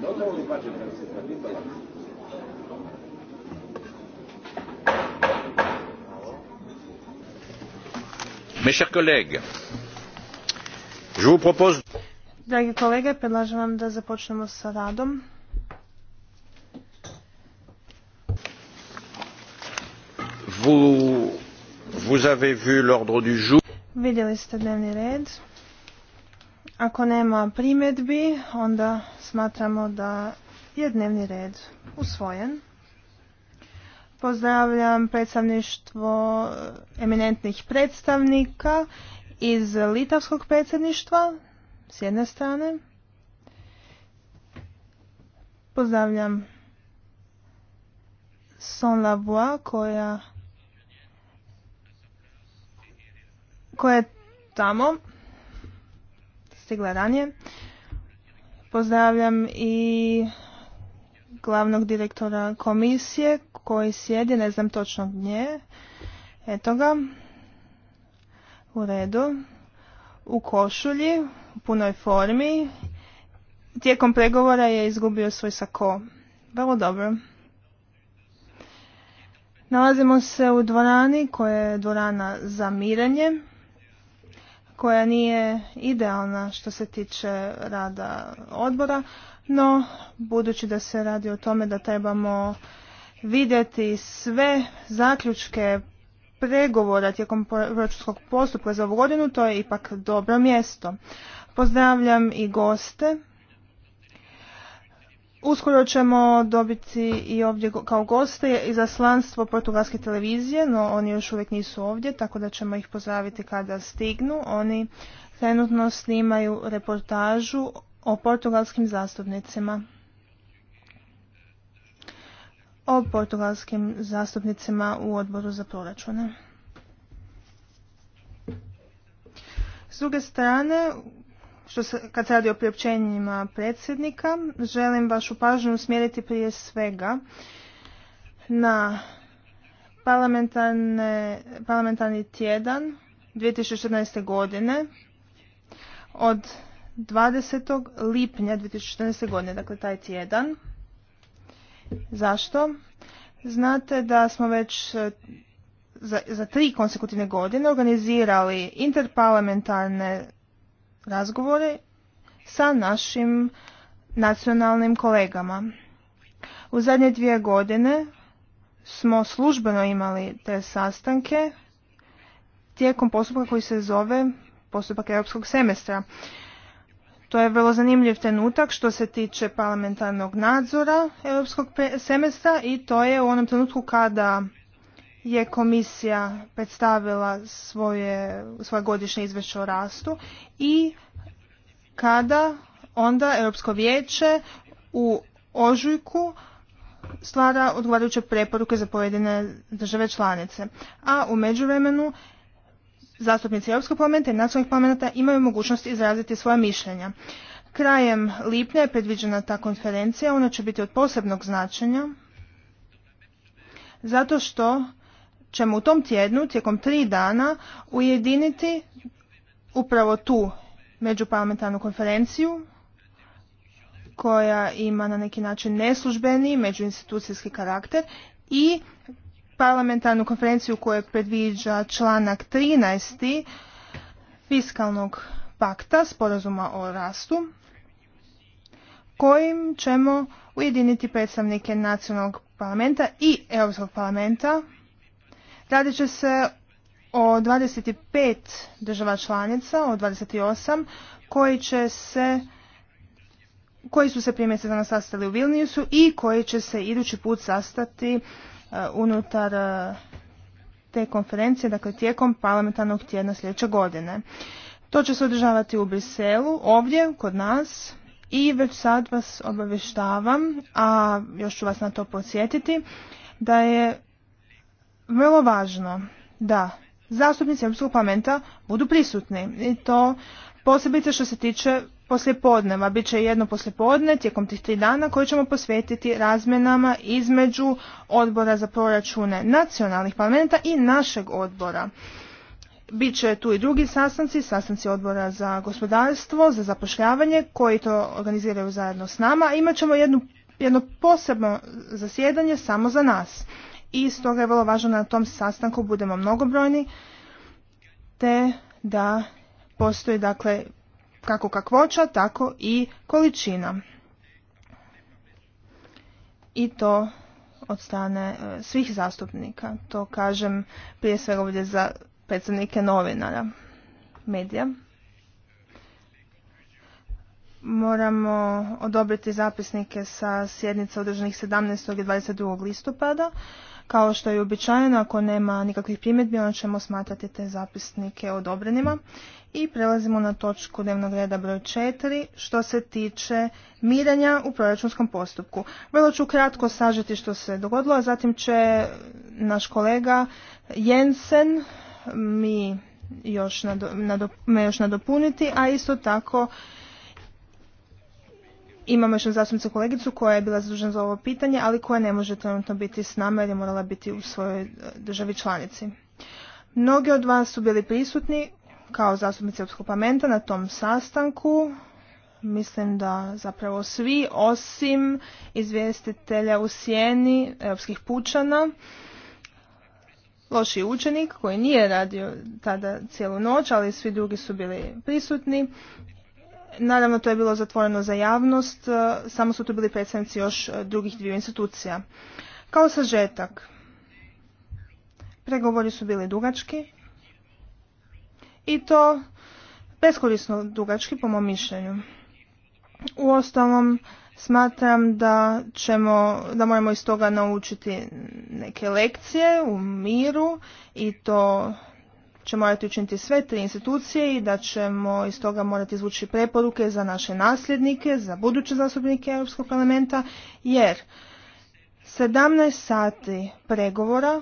Not only budget Mes chers collègues, je vous propose... Dragi kolege, predlažem vam da započnemo sa radom. Vous, vous avez vu l'ordre du jour. Vidjeli ste dnevni red. Ako nema primjedbi, onda smatramo da je dnevni red usvojen. Pozdravljam predstavništvo eminentnih predstavnika iz Litavskog predsjedništva s jedne strane. Pozdravljam Son Labua, koja koja je tamo stigla ranije. Pozdravljam i glavnog direktora komisije koji sjedi, ne znam točno gdje. Eto ga. U redu. U košulji, u punoj formi. Tijekom pregovora je izgubio svoj sako. Vrlo dobro. Nalazimo se u dvorani koja je dvorana za miranje koja nije idealna što se tiče rada odbora, no budući da se radi o tome da trebamo vidjeti sve zaključke pregovora tijekom proračunskog postupka za ovu godinu, to je ipak dobro mjesto. Pozdravljam i goste Uskoro ćemo dobiti i ovdje kao goste zaslanstvo portugalske televizije, no oni još uvijek nisu ovdje, tako da ćemo ih pozdraviti kada stignu. Oni trenutno snimaju reportažu o portugalskim zastupnicima. O portugalskim zastupnicima u odboru za proračune. S druge strane, što se, kad se radi o priopćenjima predsjednika, želim vašu pažnju usmjeriti prije svega na parlamentarni tjedan 2014. godine od 20. lipnja 2014. godine, dakle taj tjedan. Zašto? Znate da smo već e, za, za tri konsekutivne godine organizirali interparlamentarne razgovore sa našim nacionalnim kolegama. U zadnje dvije godine smo službeno imali te sastanke tijekom postupka koji se zove postupak europskog semestra. To je vrlo zanimljiv trenutak što se tiče parlamentarnog nadzora europskog semestra i to je u onom trenutku kada je komisija predstavila svoje, svoje godišnje izvješće o rastu i kada onda Europsko vijeće u ožujku stvara odgovarajuće preporuke za pojedine države članice. A u međuvremenu zastupnici Europskog parlamenta i nacionalnih parlamenta imaju mogućnost izraziti svoja mišljenja. Krajem lipnja je predviđena ta konferencija, ona će biti od posebnog značenja zato što ćemo u tom tjednu tijekom tri dana ujediniti upravo tu međuparlamentarnu konferenciju koja ima na neki način neslužbeni međuinstitucijski karakter i parlamentarnu konferenciju koju predviđa članak 13. fiskalnog pakta, sporazuma o rastu, kojim ćemo ujediniti predstavnike nacionalnog parlamenta i Europskog parlamenta Radit će se o 25 država članica, od 28, koji će se koji su se prije danas sastali u Vilniusu i koji će se idući put sastati e, unutar e, te konferencije, dakle tijekom parlamentarnog tjedna sljedeće godine. To će se održavati u Briselu, ovdje, kod nas i već sad vas obavještavam, a još ću vas na to podsjetiti, da je vrlo važno da zastupnici Europskog parlamenta budu prisutni i to posebice što se tiče poslijepodneva. Biće jedno poslijepodne tijekom tih tri dana koje ćemo posvetiti razmjenama između odbora za proračune nacionalnih parlamenta i našeg odbora. Biće tu i drugi sastanci, sastanci odbora za gospodarstvo, za zapošljavanje koji to organiziraju zajedno s nama. Imat ćemo jedno posebno zasjedanje samo za nas i stoga je vrlo važno da na tom sastanku budemo mnogobrojni te da postoji dakle kako kakvoća, tako i količina. I to od strane e, svih zastupnika. To kažem prije svega ovdje za predstavnike novinara, medija. Moramo odobriti zapisnike sa sjednica održanih 17. i 22. listopada. Kao što je uobičajeno, ako nema nikakvih primjedbi, onda ćemo smatrati te zapisnike odobrenima. I prelazimo na točku dnevnog reda broj 4, što se tiče miranja u proračunskom postupku. Vrlo ću kratko sažeti što se dogodilo, a zatim će naš kolega Jensen mi još me još nadopuniti, a isto tako Imamo još zastupnicu kolegicu koja je bila zadužena za ovo pitanje, ali koja ne može trenutno biti s nama jer je morala biti u svojoj e, državi članici. Mnogi od vas su bili prisutni kao zastupnici Europskog parlamenta na tom sastanku. Mislim da zapravo svi, osim izvjestitelja u sjeni europskih pučana, loši učenik koji nije radio tada cijelu noć, ali svi drugi su bili prisutni. Naravno, to je bilo zatvoreno za javnost, e, samo su tu bili predstavnici još e, drugih dviju institucija. Kao sažetak, pregovori su bili dugački i to beskorisno dugački po mom mišljenju. U smatram da ćemo, da moramo iz toga naučiti neke lekcije u miru i to će morati učiniti sve tri institucije i da ćemo iz toga morati izvući preporuke za naše nasljednike, za buduće zastupnike Europskog parlamenta, jer 17 sati pregovora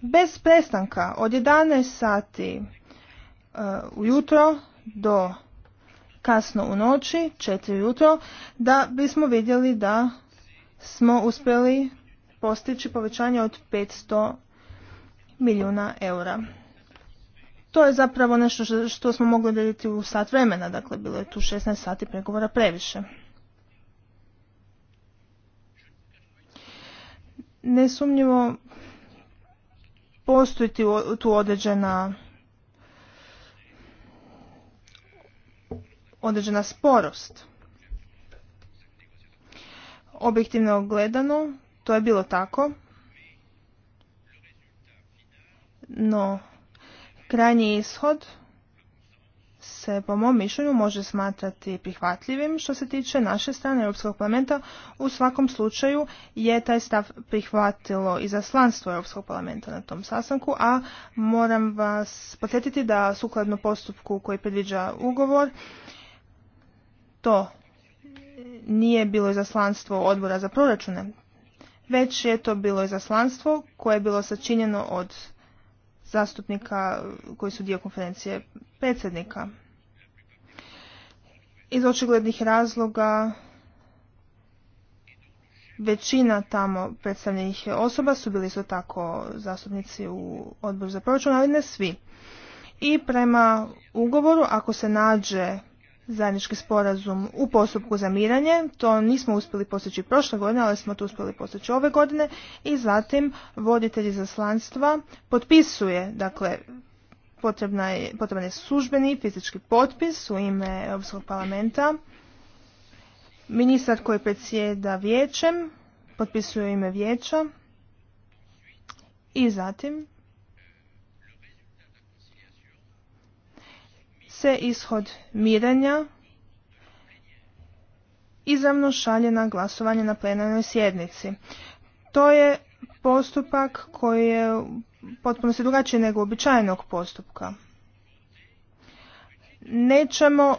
bez prestanka od 11 sati uh, ujutro do kasno u noći, 4 ujutro, da bismo vidjeli da smo uspjeli postići povećanje od 500 milijuna eura. To je zapravo nešto što smo mogli vidjeti u sat vremena, dakle bilo je tu 16 sati pregovora previše. Nesumnjivo postoji tu određena određena sporost. Objektivno gledano, to je bilo tako, no Krajnji ishod se po mom mišljenju može smatrati prihvatljivim što se tiče naše strane Europskog parlamenta. U svakom slučaju je taj stav prihvatilo i zaslanstvo Europskog parlamenta na tom sastanku, a moram vas podsjetiti da sukladno postupku koji predviđa ugovor, to nije bilo izaslanstvo odbora za proračune, već je to bilo izaslanstvo koje je bilo sačinjeno od zastupnika koji su dio konferencije predsjednika. Iz očiglednih razloga većina tamo predstavljenih osoba su bili isto tako zastupnici u odboru za proračun, ali ne svi. I prema ugovoru, ako se nađe zajednički sporazum u postupku za miranje. To nismo uspjeli postići prošle godine, ali smo to uspjeli postići ove godine. I zatim voditelj izaslanstva potpisuje, dakle, potreban je službeni fizički potpis u ime Europskog parlamenta. Ministar koji predsjeda vijećem potpisuje ime vijeća. I zatim se ishod mirenja izravno šalje na glasovanje na plenarnoj sjednici. To je postupak koji je potpuno se drugačiji nego običajnog postupka. Nećemo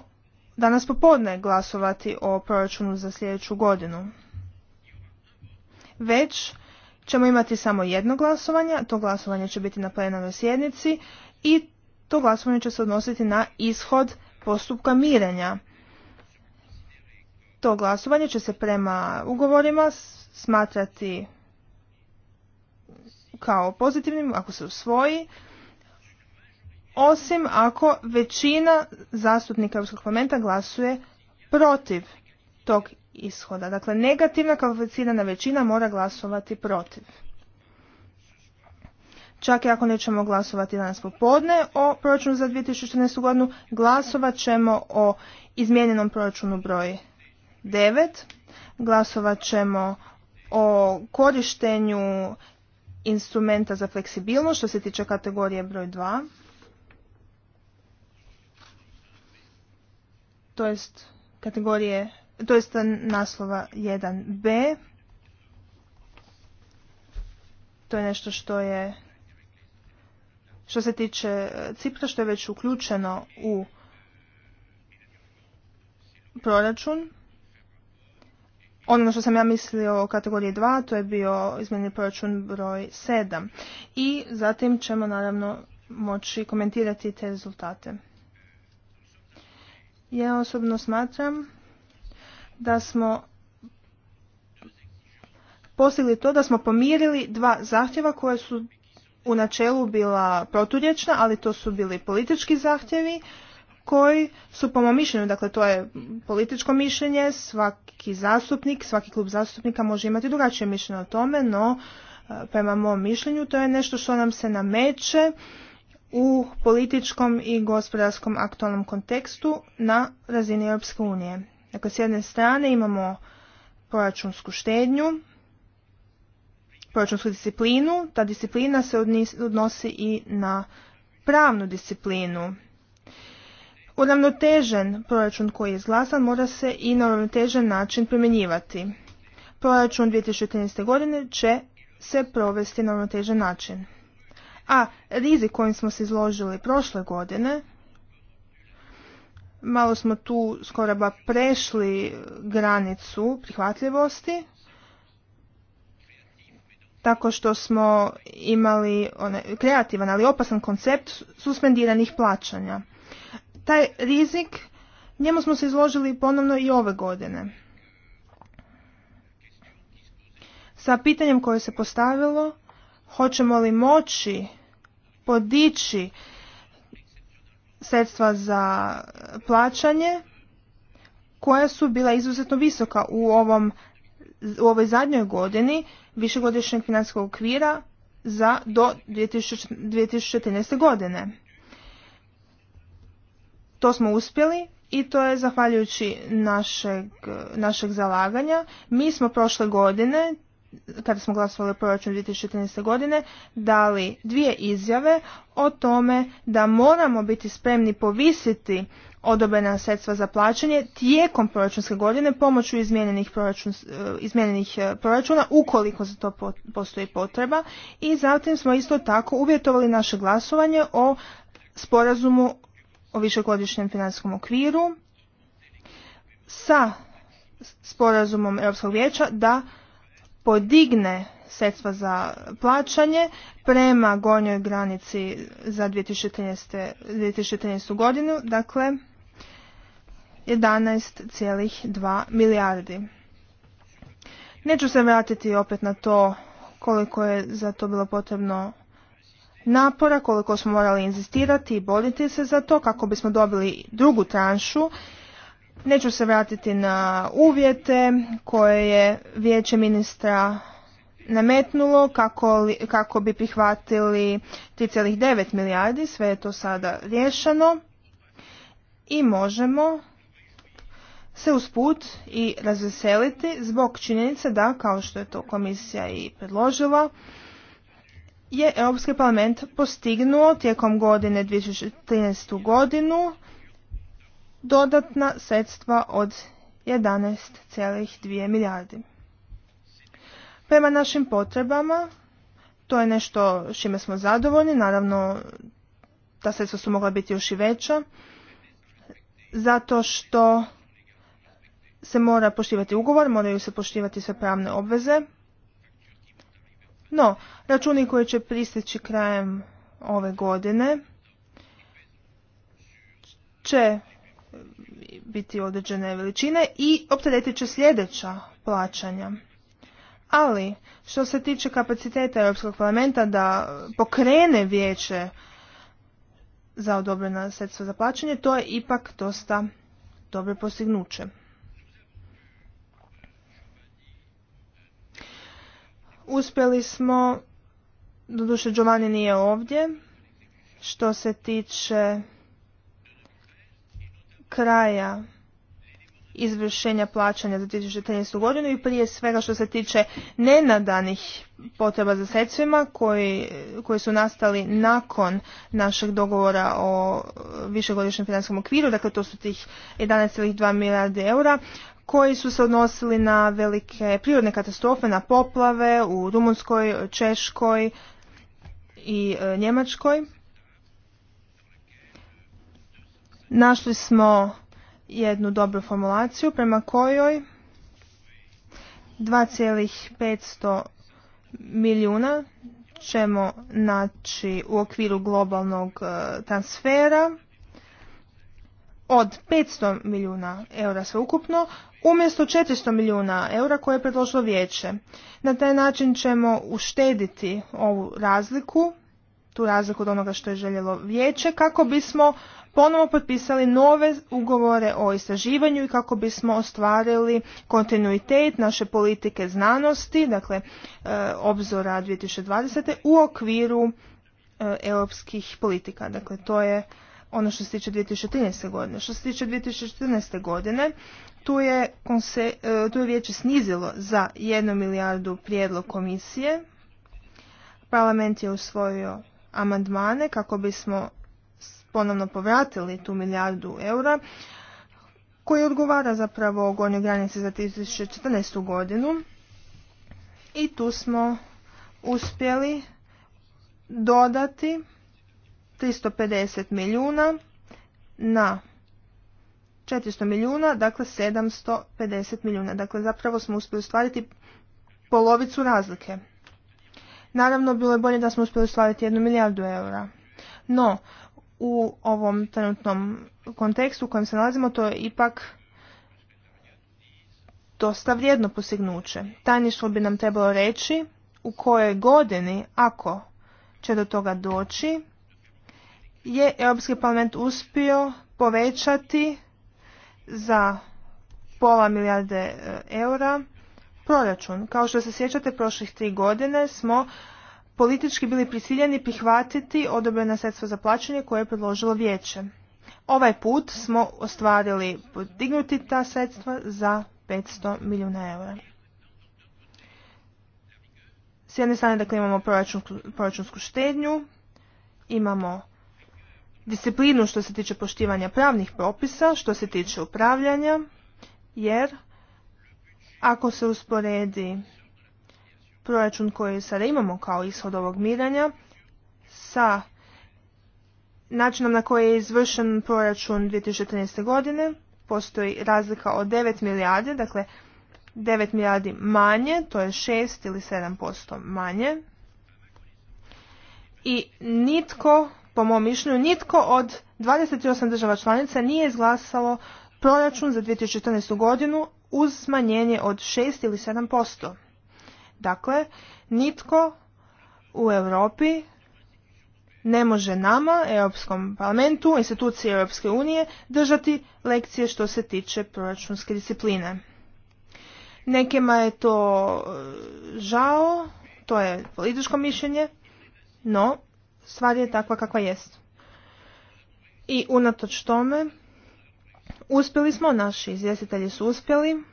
danas popodne glasovati o proračunu za sljedeću godinu. Već ćemo imati samo jedno glasovanje, to glasovanje će biti na plenarnoj sjednici i to glasovanje će se odnositi na ishod postupka mirenja. To glasovanje će se prema ugovorima smatrati kao pozitivnim ako se usvoji, osim ako većina zastupnika Europskog parlamenta glasuje protiv tog ishoda. Dakle, negativna kvalificirana većina mora glasovati protiv. Čak i ako nećemo glasovati danas popodne o proračunu za 2014. godinu, glasovat ćemo o izmijenjenom proračunu broj 9, glasovat ćemo o korištenju instrumenta za fleksibilnost što se tiče kategorije broj 2, to jest kategorije, to naslova 1b, to je nešto što je što se tiče e, Cipra, što je već uključeno u proračun, ono što sam ja mislio o kategoriji 2, to je bio izmjeni proračun broj 7. I zatim ćemo naravno moći komentirati te rezultate. Ja osobno smatram da smo postigli to da smo pomirili dva zahtjeva koje su u načelu bila proturječna, ali to su bili politički zahtjevi koji su po mom mišljenju, dakle to je političko mišljenje, svaki zastupnik, svaki klub zastupnika može imati drugačije mišljenje o tome, no e, prema mom mišljenju to je nešto što nam se nameće u političkom i gospodarskom aktualnom kontekstu na razini Europske unije. Dakle, s jedne strane imamo proračunsku štednju, proračunsku disciplinu, ta disciplina se odnosi i na pravnu disciplinu. Uravnotežen proračun koji je izglasan mora se i na uravnotežen način primjenjivati. Proračun 2013. godine će se provesti na uravnotežen način. A rizik kojim smo se izložili prošle godine, malo smo tu skoro ba prešli granicu prihvatljivosti, tako što smo imali one, kreativan, ali opasan koncept suspendiranih plaćanja. Taj rizik, njemu smo se izložili ponovno i ove godine. Sa pitanjem koje se postavilo, hoćemo li moći podići sredstva za plaćanje koja su bila izuzetno visoka u ovom u ovoj zadnjoj godini višegodišnjeg financijskog okvira za do 2013. godine. To smo uspjeli i to je zahvaljujući našeg, našeg zalaganja. Mi smo prošle godine, kada smo glasovali o proračunu 2014. godine, dali dvije izjave o tome da moramo biti spremni povisiti odobrena sredstva za plaćanje tijekom proračunske godine pomoću izmijenjenih, proračun, e, e, proračuna ukoliko za to postoji potreba i zatim smo isto tako uvjetovali naše glasovanje o sporazumu o višegodišnjem financijskom okviru sa sporazumom Europskog vijeća da podigne sredstva za plaćanje prema gornjoj granici za 2013. 2013. godinu, dakle 11,2 milijardi. Neću se vratiti opet na to koliko je za to bilo potrebno napora, koliko smo morali inzistirati i boriti se za to kako bismo dobili drugu tranšu. Neću se vratiti na uvjete koje je vijeće ministra nametnulo kako, kako bi prihvatili 3,9 milijardi, sve je to sada rješeno i možemo se usput i razveseliti zbog činjenice da, kao što je to komisija i predložila, je Europski parlament postignuo tijekom godine 2013. godinu dodatna sredstva od 11,2 milijardi prema našim potrebama. To je nešto s čime smo zadovoljni, naravno ta sredstva su mogla biti još i veća, zato što se mora poštivati ugovor, moraju se poštivati sve pravne obveze. No, računi koji će pristići krajem ove godine će biti određene veličine i opteretit će sljedeća plaćanja. Ali, što se tiče kapaciteta Europskog parlamenta da pokrene vijeće za odobrena sredstva za plaćanje, to je ipak dosta dobro postignuće. Uspjeli smo, doduše Giovanni nije ovdje, što se tiče kraja izvršenja plaćanja za 2013. godinu i prije svega što se tiče nenadanih potreba za sredstvima koji, koji su nastali nakon našeg dogovora o višegodišnjem financijskom okviru, dakle to su tih 11,2 milijarde eura, koji su se odnosili na velike prirodne katastrofe, na poplave u Rumunskoj, Češkoj i e, Njemačkoj. Našli smo jednu dobru formulaciju prema kojoj 2,500 milijuna ćemo naći u okviru globalnog e, transfera od 500 milijuna eura sveukupno umjesto 400 milijuna eura koje je predložilo vijeće. Na taj način ćemo uštediti ovu razliku, tu razliku od onoga što je željelo vijeće, kako bismo ponovo potpisali nove ugovore o istraživanju i kako bismo ostvarili kontinuitet naše politike znanosti, dakle e, obzora 2020. u okviru e, europskih politika. Dakle, to je ono što se tiče 2013. godine. Što se tiče 2014. godine, tu je, konse, e, tu je vijeće snizilo za 1 milijardu prijedlog komisije. Parlament je usvojio amandmane kako bismo ponovno povratili tu milijardu eura koji odgovara zapravo gornjoj granici za 2014. godinu i tu smo uspjeli dodati 350 milijuna na 400 milijuna, dakle 750 milijuna. Dakle, zapravo smo uspjeli ostvariti polovicu razlike. Naravno, bilo je bolje da smo uspjeli ostvariti jednu milijardu eura. No, u ovom trenutnom kontekstu u kojem se nalazimo, to je ipak dosta vrijedno postignuće. Tajništvo bi nam trebalo reći u kojoj godini, ako će do toga doći, je Europski parlament uspio povećati za pola milijarde e, eura proračun. Kao što se sjećate, prošlih tri godine smo politički bili prisiljeni prihvatiti odobrena sredstva za plaćanje koje je predložilo vijeće. Ovaj put smo ostvarili podignuti ta sredstva za 500 milijuna eura. S jedne strane dakle, imamo proračunsku, proračunsku štednju, imamo disciplinu što se tiče poštivanja pravnih propisa, što se tiče upravljanja, jer ako se usporedi proračun koji sada imamo kao ishod ovog miranja sa načinom na koji je izvršen proračun 2013. godine postoji razlika od 9 milijarde, dakle 9 milijardi manje, to je 6 ili 7% manje. I nitko, po mom mišljenju, nitko od 28 država članica nije izglasalo proračun za 2014. godinu uz smanjenje od 6 ili 7%. Dakle, nitko u Europi ne može nama, Europskom parlamentu, institucije Europske unije, držati lekcije što se tiče proračunske discipline. Nekima je to e, žao, to je političko mišljenje, no stvar je takva kakva jest. I unatoč tome, uspjeli smo, naši izvjestitelji su uspjeli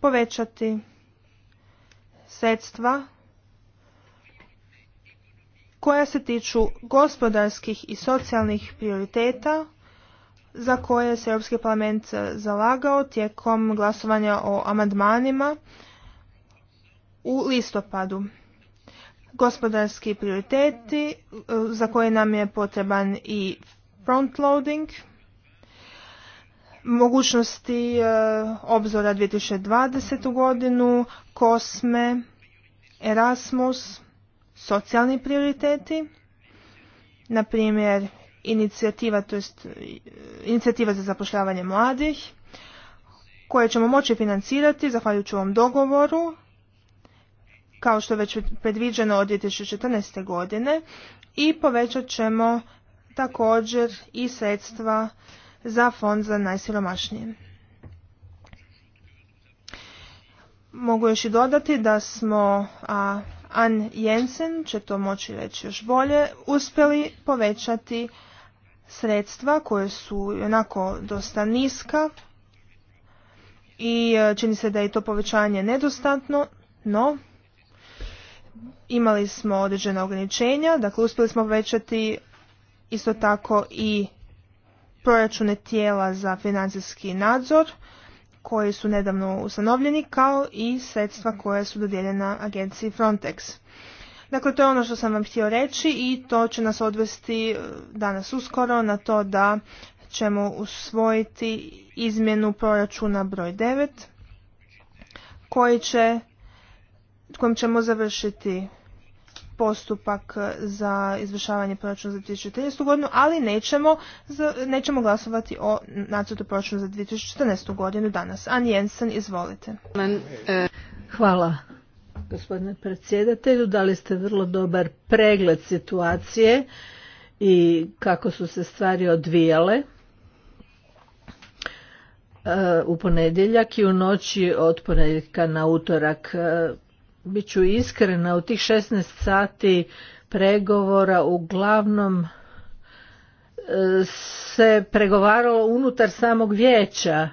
povećati sredstva koja se tiču gospodarskih i socijalnih prioriteta za koje se Europski parlament zalagao tijekom glasovanja o amandmanima u listopadu. Gospodarski prioriteti eh, za koje nam je potreban i frontloading – mogućnosti e, obzora 2020. godinu, Kosme, Erasmus, socijalni prioriteti, na primjer inicijativa, to jest, e, inicijativa za zapošljavanje mladih, koje ćemo moći financirati zahvaljujući ovom dogovoru, kao što je već predviđeno od 2014. godine i povećat ćemo također i sredstva za fond za najsiromašnije. Mogu još i dodati da smo, a Ann Jensen će to moći reći još bolje, uspjeli povećati sredstva koje su onako dosta niska i e, čini se da je to povećanje nedostatno, no imali smo određena ograničenja, dakle uspjeli smo povećati isto tako i proračune tijela za financijski nadzor koji su nedavno ustanovljeni kao i sredstva koja su dodijeljena agenciji Frontex. Dakle, to je ono što sam vam htio reći i to će nas odvesti e, danas uskoro na to da ćemo usvojiti izmjenu proračuna broj 9 koji će, kojim ćemo završiti postupak za izvršavanje proračuna za 2013. godinu, ali nećemo, nećemo glasovati o nacrtu proračuna za 2014. godinu danas. An Jensen, izvolite. Hvala gospodine predsjedatelju, dali ste vrlo dobar pregled situacije i kako su se stvari odvijale e, u ponedjeljak i u noći od ponedjeljka na utorak bit ću iskrena, u tih 16 sati pregovora uglavnom e, se pregovaralo unutar samog vijeća.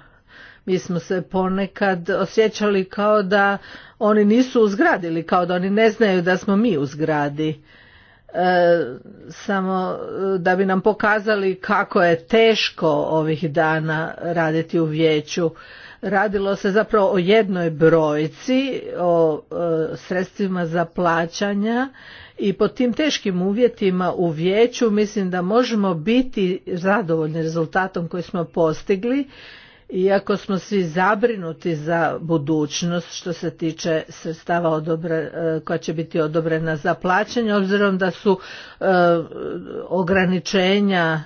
Mi smo se ponekad osjećali kao da oni nisu uzgradili, kao da oni ne znaju da smo mi u zgradi. E, samo e, da bi nam pokazali kako je teško ovih dana raditi u vijeću radilo se zapravo o jednoj brojci, o e, sredstvima za plaćanja i pod tim teškim uvjetima u vijeću mislim da možemo biti zadovoljni rezultatom koji smo postigli iako smo svi zabrinuti za budućnost što se tiče sredstava odobre, koja će biti odobrena za plaćanje obzirom da su e, ograničenja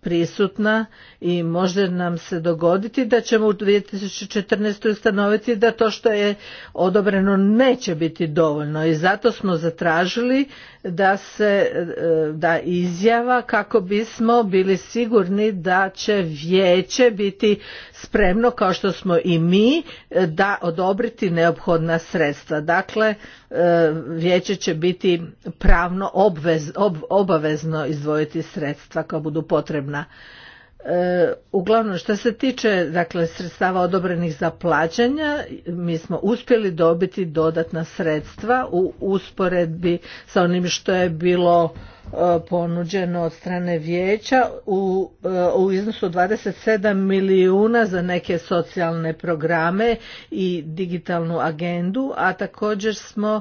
prisutna i može nam se dogoditi da ćemo u 2014. ustanoviti da to što je odobreno neće biti dovoljno i zato smo zatražili da se e, da izjava kako bismo bili sigurni da će vijeće biti spremno kao što smo i mi e, da odobriti neophodna sredstva. Dakle, e, vijeće će biti pravno obavezno izdvojiti sredstva koja budu potrebna E, uglavnom što se tiče dakle sredstava odobrenih za plaćanja mi smo uspjeli dobiti dodatna sredstva u usporedbi sa onim što je bilo e, ponuđeno od strane vijeća u, iznosu e, u iznosu 27 milijuna za neke socijalne programe i digitalnu agendu a također smo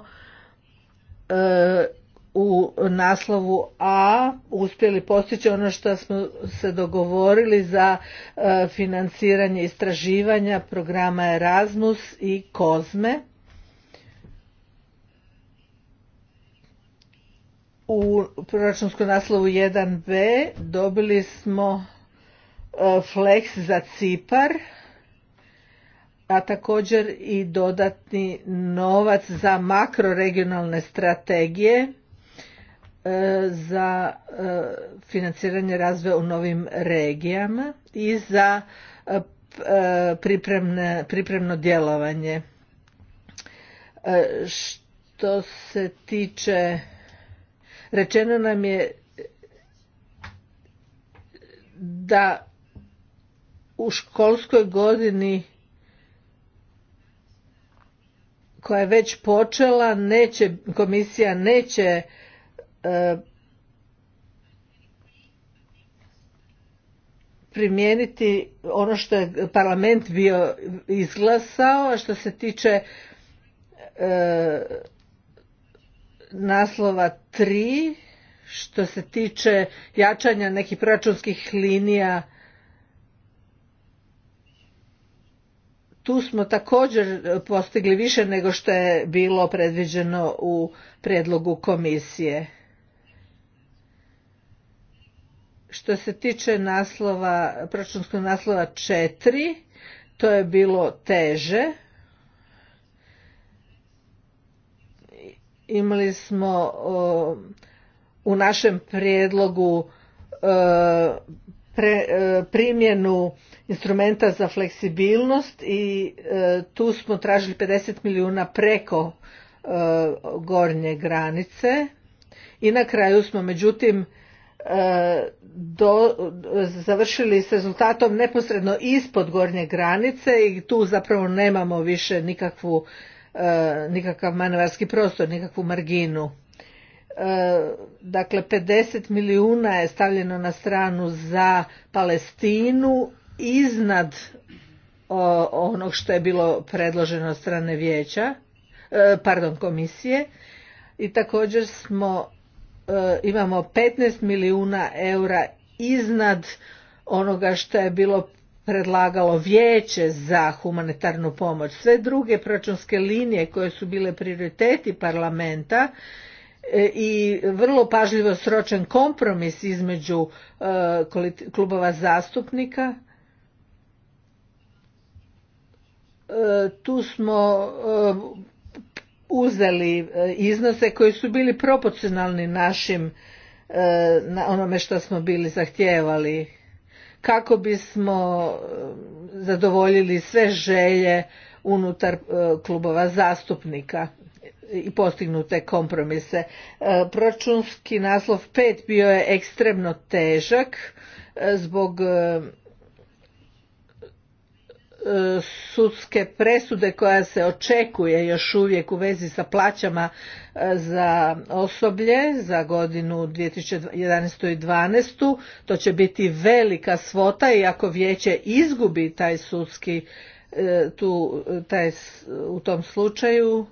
e, u naslovu A uspjeli postići ono što smo se dogovorili za e, financiranje istraživanja programa Erasmus i Kozme. U proračunskom naslovu 1B dobili smo e, Flex za Cipar a također i dodatni novac za makroregionalne strategije E, za e, financiranje razvoja u novim regijama i za e, pripremno djelovanje. Što se tiče, rečeno nam je da u školskoj godini koja je već počela, neće, komisija neće E, primijeniti ono što je parlament bio izglasao, a što se tiče e, naslova 3, što se tiče jačanja nekih proračunskih linija, tu smo također postigli više nego što je bilo predviđeno u predlogu komisije. Što se tiče naslova, proračunskog naslova četiri, to je bilo teže. Imali smo u našem prijedlogu primjenu instrumenta za fleksibilnost i e, tu smo tražili 50 milijuna preko gornje granice i na kraju smo međutim E, do, završili s rezultatom neposredno ispod gornje granice i tu zapravo nemamo više nikakvu, e, nikakav manevarski prostor, nikakvu marginu. E, dakle, 50 milijuna je stavljeno na stranu za Palestinu iznad onog što je bilo predloženo od strane vijeća, pardon, komisije. I također smo E, imamo 15 milijuna eura iznad onoga što je bilo predlagalo vijeće za humanitarnu pomoć. Sve druge proračunske linije koje su bile prioriteti parlamenta e, i vrlo pažljivo sročen kompromis između e, klubova zastupnika. Tu smo uzeli e, iznose koji su bili proporcionalni našim e, na onome što smo bili zahtijevali kako bismo e, zadovoljili sve želje unutar klubova zastupnika i postignute kompromise. Proračunski naslov 5 bio je ekstremno težak zbog E, sudske presude koja se očekuje još uvijek u vezi sa plaćama e, za osoblje za godinu 2011. i 2012. To će biti velika svota i ako vijeće izgubi taj sudski e, tu, taj, u tom slučaju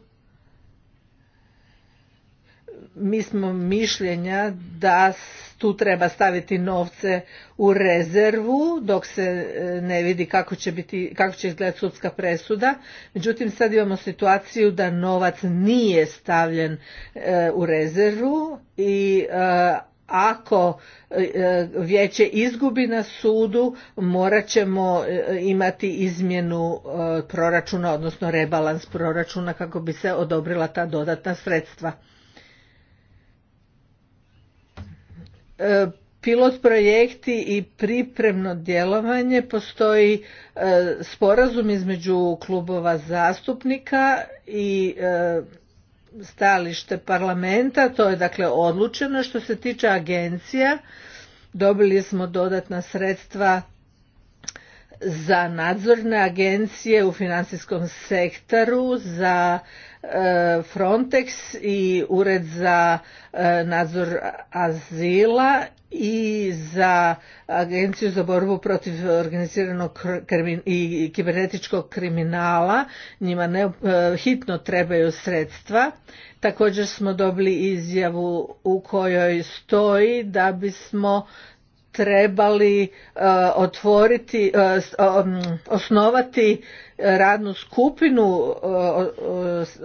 mi smo mišljenja da tu treba staviti novce u rezervu dok se e, ne vidi kako će, biti, kako će izgledati sudska presuda. Međutim, sad imamo situaciju da novac nije stavljen e, u rezervu i e, ako vijeće izgubi na sudu morat ćemo imati izmjenu proračuna odnosno rebalans proračuna kako bi se odobrila ta dodatna sredstva. E, pilot projekti i pripremno djelovanje postoji e, sporazum između klubova zastupnika i e, stajalište parlamenta to je dakle odlučeno što se tiče agencija dobili smo dodatna sredstva za nadzorne agencije u financijskom sektoru, za e, Frontex i Ured za e, nadzor azila i za Agenciju za borbu protiv organiziranog i kibernetičkog kriminala. Njima ne, e, hitno trebaju sredstva. Također smo dobili izjavu u kojoj stoji da bismo trebali e, otvoriti, e, osnovati radnu skupinu e,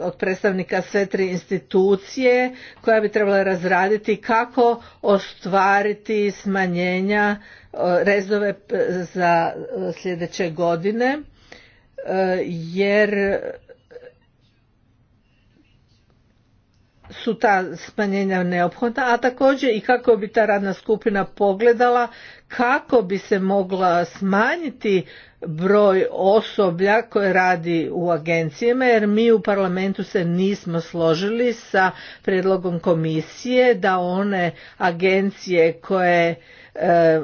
od predstavnika sve tri institucije koja bi trebala razraditi kako ostvariti smanjenja rezove za sljedeće godine jer su ta smanjenja neophodna, a također i kako bi ta radna skupina pogledala kako bi se mogla smanjiti broj osoblja koje radi u agencijama jer mi u parlamentu se nismo složili sa predlogom komisije da one agencije koje e,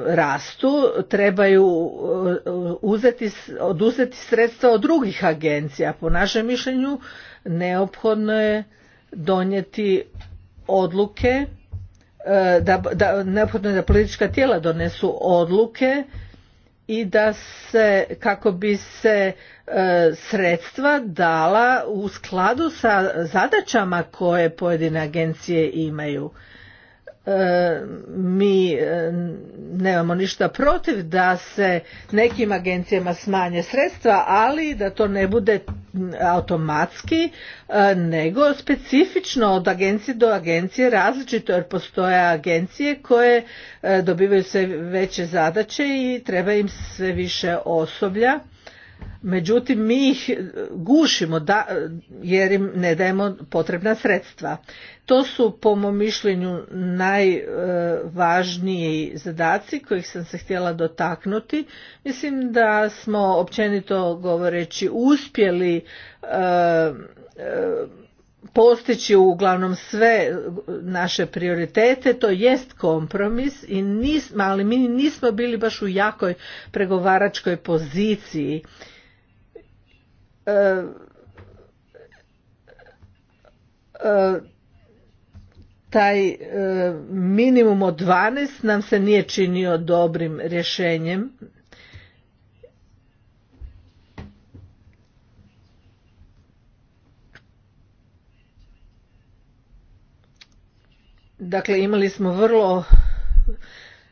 rastu trebaju e, uzeti, oduzeti sredstva od drugih agencija. Po našem mišljenju neophodno je donijeti odluke e, da, da neophodno je da politička tijela donesu odluke i da se kako bi se e, sredstva dala u skladu sa zadaćama koje pojedine agencije imaju E, mi e, nemamo ništa protiv da se nekim agencijama smanje sredstva, ali da to ne bude automatski, e, nego specifično od agencije do agencije različito, jer postoje agencije koje dobivaju sve veće zadaće i treba im sve više osoblja međutim mi ih e, gušimo da, e, jer im ne dajemo potrebna sredstva. To su po mom mišljenju najvažniji e, zadaci kojih sam se htjela dotaknuti. Mislim da smo općenito govoreći uspjeli postići uglavnom sve naše prioritete, to jest kompromis, i nismo, ali mi nismo bili baš u jakoj pregovaračkoj poziciji. E, e, taj e, minimum od 12 nam se nije činio dobrim rješenjem Dakle, imali smo vrlo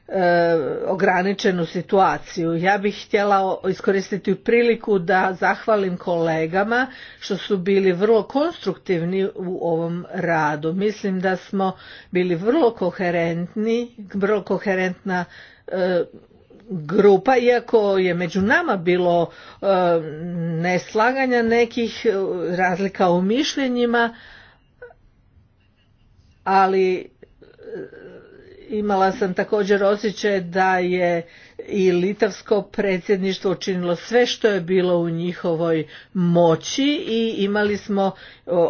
e, ograničenu situaciju. Ja bih htjela iskoristiti priliku da zahvalim kolegama što su bili vrlo konstruktivni u ovom radu. Mislim da smo bili vrlo koherentni, vrlo koherentna e, grupa iako je među nama bilo e, neslaganja nekih e, razlika u mišljenjima ali imala sam također osjećaj da je i litavsko predsjedništvo učinilo sve što je bilo u njihovoj moći i imali smo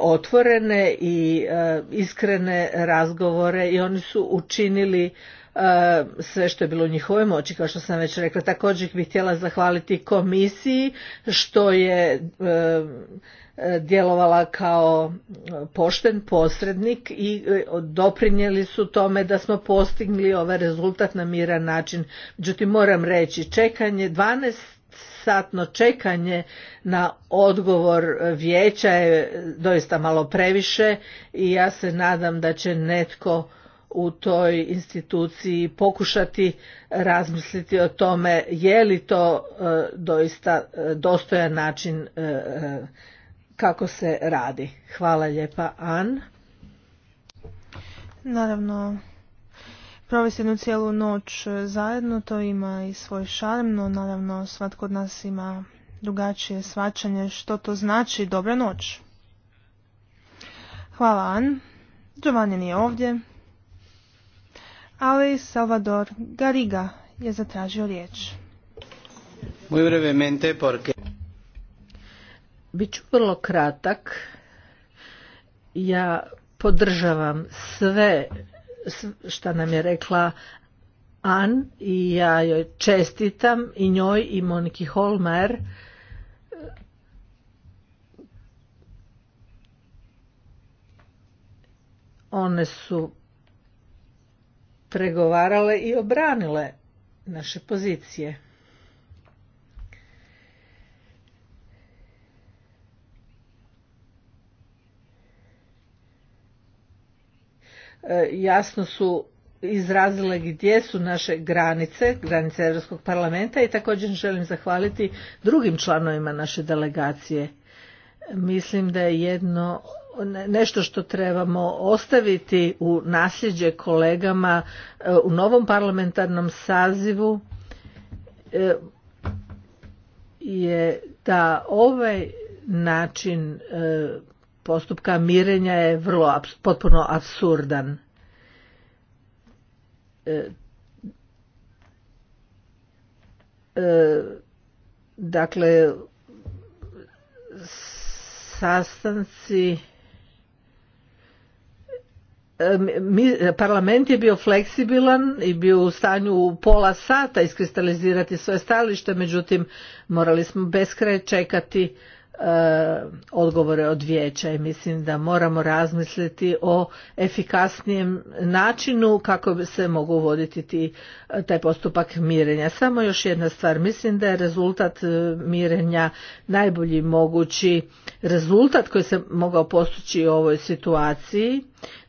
otvorene i e, iskrene razgovore i oni su učinili e, sve što je bilo u njihovoj moći, kao što sam već rekla. Također bih htjela zahvaliti komisiji što je e, E, djelovala kao pošten posrednik i e, doprinijeli su tome da smo postigli ovaj rezultat na miran način. Međutim, moram reći, čekanje 12 satno čekanje na odgovor vijeća je doista malo previše i ja se nadam da će netko u toj instituciji pokušati razmisliti o tome je li to e, doista dostojan način kako se radi. Hvala lijepa, An. Naravno, provesti jednu cijelu noć zajedno, to ima i svoj šarm, no naravno svatko od nas ima drugačije svačanje što to znači dobra noć. Hvala An. Giovanni nije ovdje. Ali Salvador Gariga je zatražio riječ. Muy brevemente porque... Biću vrlo kratak. Ja podržavam sve što nam je rekla An i ja joj čestitam i njoj i Moniki Holmer one su pregovarale i obranile naše pozicije. E, jasno su izrazile gdje su naše granice, granice Europskog parlamenta i također želim zahvaliti drugim članovima naše delegacije. Mislim da je jedno nešto što trebamo ostaviti u nasljeđe kolegama e, u novom parlamentarnom sazivu e, je da ovaj način postupka mirenja je vrlo potpuno absurdan. E, e, dakle, sastanci e, parlament je bio fleksibilan i bio u stanju u pola sata iskristalizirati svoje stajalište, međutim morali smo beskraj čekati E, odgovore od vijeća i mislim da moramo razmisliti o efikasnijem načinu kako bi se mogu voditi e, taj postupak mirenja. Samo još jedna stvar, mislim da je rezultat e, mirenja najbolji mogući rezultat koji se mogao postići u ovoj situaciji.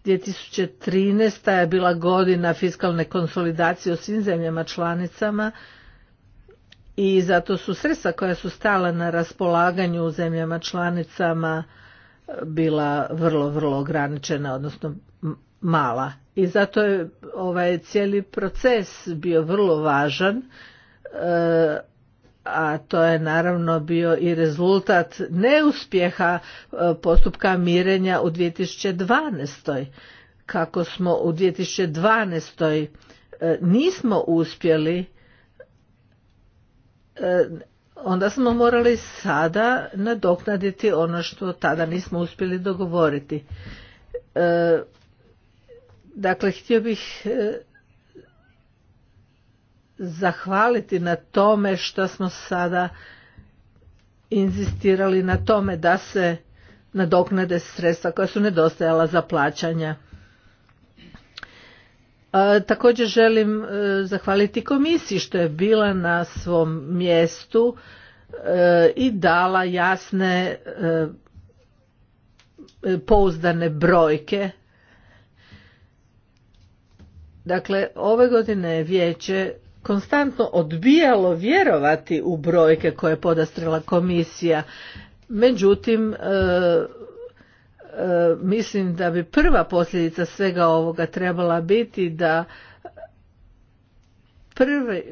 2013. je bila godina fiskalne konsolidacije u svim zemljama članicama i zato su sredstva koja su stala na raspolaganju u zemljama članicama e, bila vrlo, vrlo ograničena, odnosno mala. I zato je ovaj cijeli proces bio vrlo važan, e, a to je naravno bio i rezultat neuspjeha e, postupka mirenja u 2012. Kako smo u 2012. nismo uspjeli onda smo morali sada nadoknaditi ono što tada nismo uspjeli dogovoriti. E, dakle, htio bih e, zahvaliti na tome što smo sada inzistirali na tome da se nadoknade sredstva koja su nedostajala za plaćanja a, također želim e, zahvaliti komisiji što je bila na svom mjestu e, i dala jasne e, pouzdane brojke. Dakle, ove godine je vijeće konstantno odbijalo vjerovati u brojke koje je podastrila komisija. Međutim, E, mislim da bi prva posljedica svega ovoga trebala biti da prve.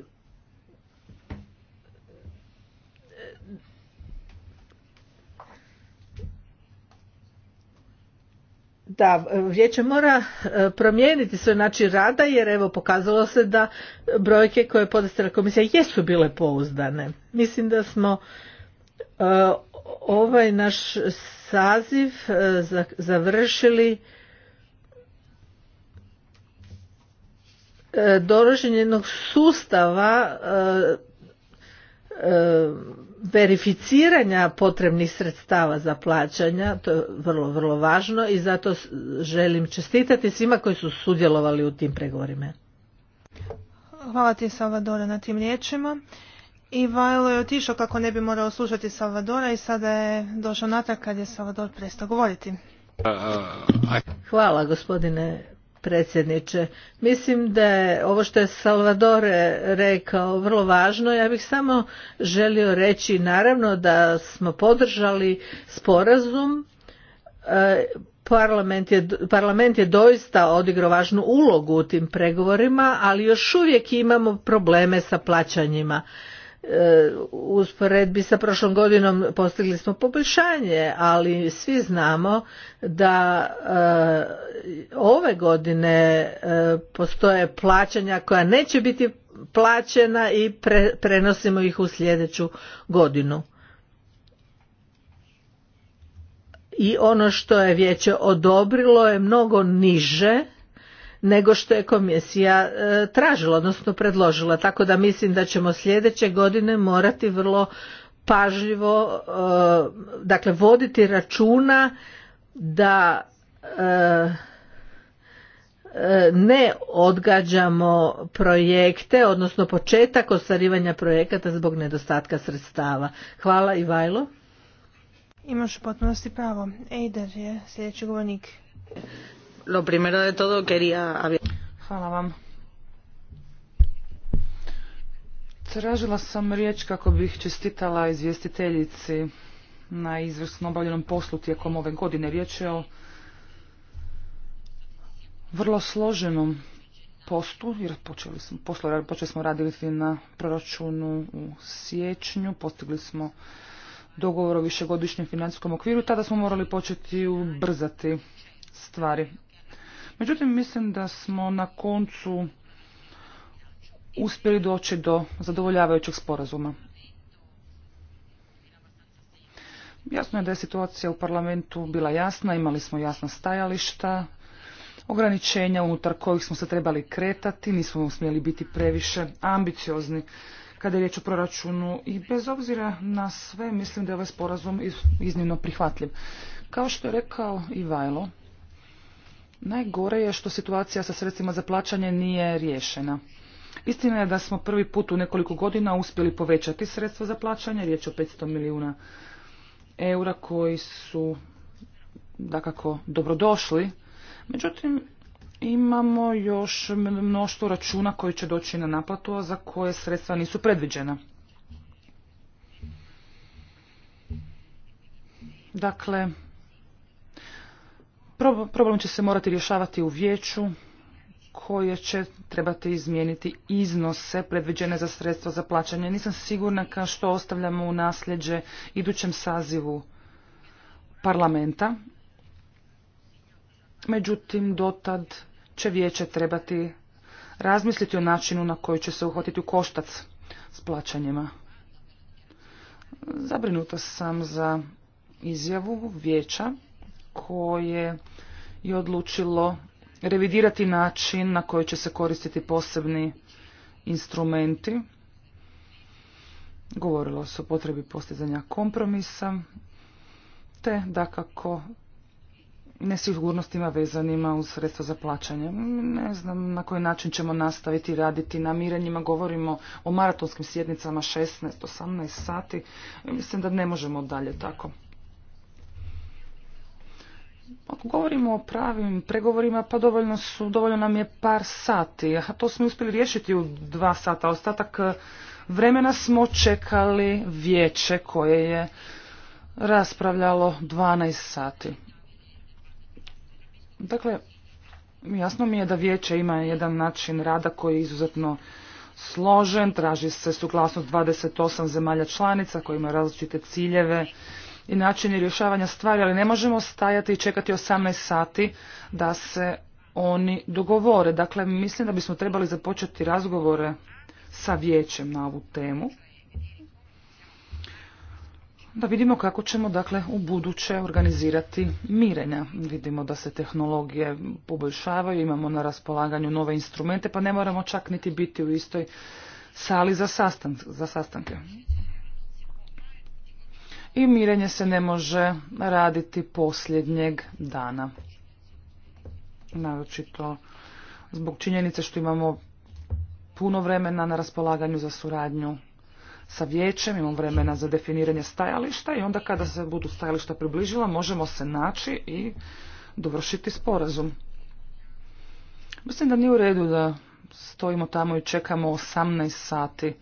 da vijeće mora e, promijeniti svoj način rada jer evo pokazalo se da brojke koje je podastila komisija jesu bile pouzdane. Mislim da smo E, ovaj naš saziv e, završili e, donošenje jednog sustava verificiranja potrebnih sredstava za plaćanja, to je vrlo, vrlo važno i zato želim čestitati svima koji su sudjelovali u tim pregovorima. Hvala ti Salvadora, na tim riječima. I Vajlo je otišao kako ne bi morao slušati Salvadora i sada je došao natrag kad je Salvador prestao govoriti. Hvala gospodine predsjedniče. Mislim da je ovo što je Salvadore rekao vrlo važno. Ja bih samo želio reći naravno da smo podržali sporazum. E, parlament je, parlament je doista odigrao važnu ulogu u tim pregovorima, ali još uvijek imamo probleme sa plaćanjima. E, usporedbi sa prošlom godinom postigli smo poboljšanje, ali svi znamo da e, ove godine e, postoje plaćanja koja neće biti plaćena i prenosimo ih u sljedeću godinu. I ono što je vijeće odobrilo je mnogo niže nego što je komisija e, tražila, odnosno predložila. Tako da mislim da ćemo sljedeće godine morati vrlo pažljivo, e, dakle voditi računa da e, ne odgađamo projekte, odnosno početak ostvarivanja projekata zbog nedostatka sredstava. Hvala Vajlo. Imaš potpunosti pravo. Ejder je sljedeći govornik lo primero Hvala vam. Tražila sam riječ kako bih čestitala izvjestiteljici na izvrsno obavljenom poslu tijekom ove godine. Riječ je o vrlo složenom poslu jer počeli smo, poslo, počeli smo raditi na proračunu u siječnju, postigli smo dogovor o višegodišnjem financijskom okviru, tada smo morali početi ubrzati stvari. Međutim, mislim da smo na koncu uspjeli doći do zadovoljavajućeg sporazuma. Jasno je da je situacija u parlamentu bila jasna, imali smo jasna stajališta, ograničenja unutar kojih smo se trebali kretati, nismo smjeli biti previše ambiciozni kada je riječ o proračunu i bez obzira na sve mislim da je ovaj sporazum iznimno prihvatljiv. Kao što je rekao i Vajlo, Najgore je što situacija sa sredstvima za plaćanje nije riješena. Istina je da smo prvi put u nekoliko godina uspjeli povećati sredstva za plaćanje, riječ je o 500 milijuna eura koji su dakako dobrodošli. Međutim, imamo još mnoštvo računa koji će doći na naplatu, a za koje sredstva nisu predviđena. Dakle, Problem će se morati rješavati u vijeću koje će trebati izmijeniti iznose predviđene za sredstva za plaćanje. Nisam sigurna kao što ostavljamo u nasljeđe idućem sazivu parlamenta. Međutim, dotad će vijeće trebati razmisliti o načinu na koji će se uhvatiti u koštac s plaćanjima. Zabrinuta sam za izjavu vijeća koje je odlučilo revidirati način na koji će se koristiti posebni instrumenti. Govorilo se o potrebi postizanja kompromisa, te dakako nesigurnostima vezanima uz sredstva za plaćanje. Ne znam na koji način ćemo nastaviti raditi na mirenjima. Govorimo o maratonskim sjednicama 16-18 sati. Mislim da ne možemo dalje tako. Ako govorimo o pravim pregovorima, pa dovoljno, su, dovoljno nam je par sati, a to smo uspjeli riješiti u dva sata. Ostatak e, vremena smo čekali vijeće koje je raspravljalo 12 sati. Dakle, jasno mi je da vijeće ima jedan način rada koji je izuzetno složen, traži se suglasnost 28 zemalja članica koji imaju različite ciljeve i načini rješavanja stvari, ali ne možemo stajati i čekati 18 sati da se oni dogovore. Dakle, mislim da bismo trebali započeti razgovore sa vijećem na ovu temu. Da vidimo kako ćemo dakle u buduće organizirati mirenja. Vidimo da se tehnologije poboljšavaju, imamo na raspolaganju nove instrumente, pa ne moramo čak niti biti u istoj sali za, za sastanke i mirenje se ne može raditi posljednjeg dana. Naročito zbog činjenice što imamo puno vremena na raspolaganju za suradnju sa vijećem, imamo vremena za definiranje stajališta i onda kada se budu stajališta približila možemo se naći i dovršiti sporazum. Mislim da nije u redu da stojimo tamo i čekamo 18 sati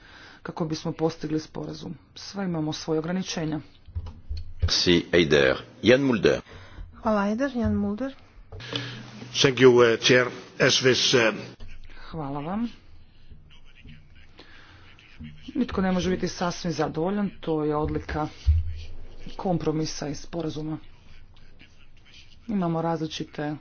kako bismo postigli sporazum. Sve imamo svoje ograničenja. Hvala, Hvala vam. Nitko ne može biti sasvim zadovoljan, to je odlika kompromisa i sporazuma. Imamo različite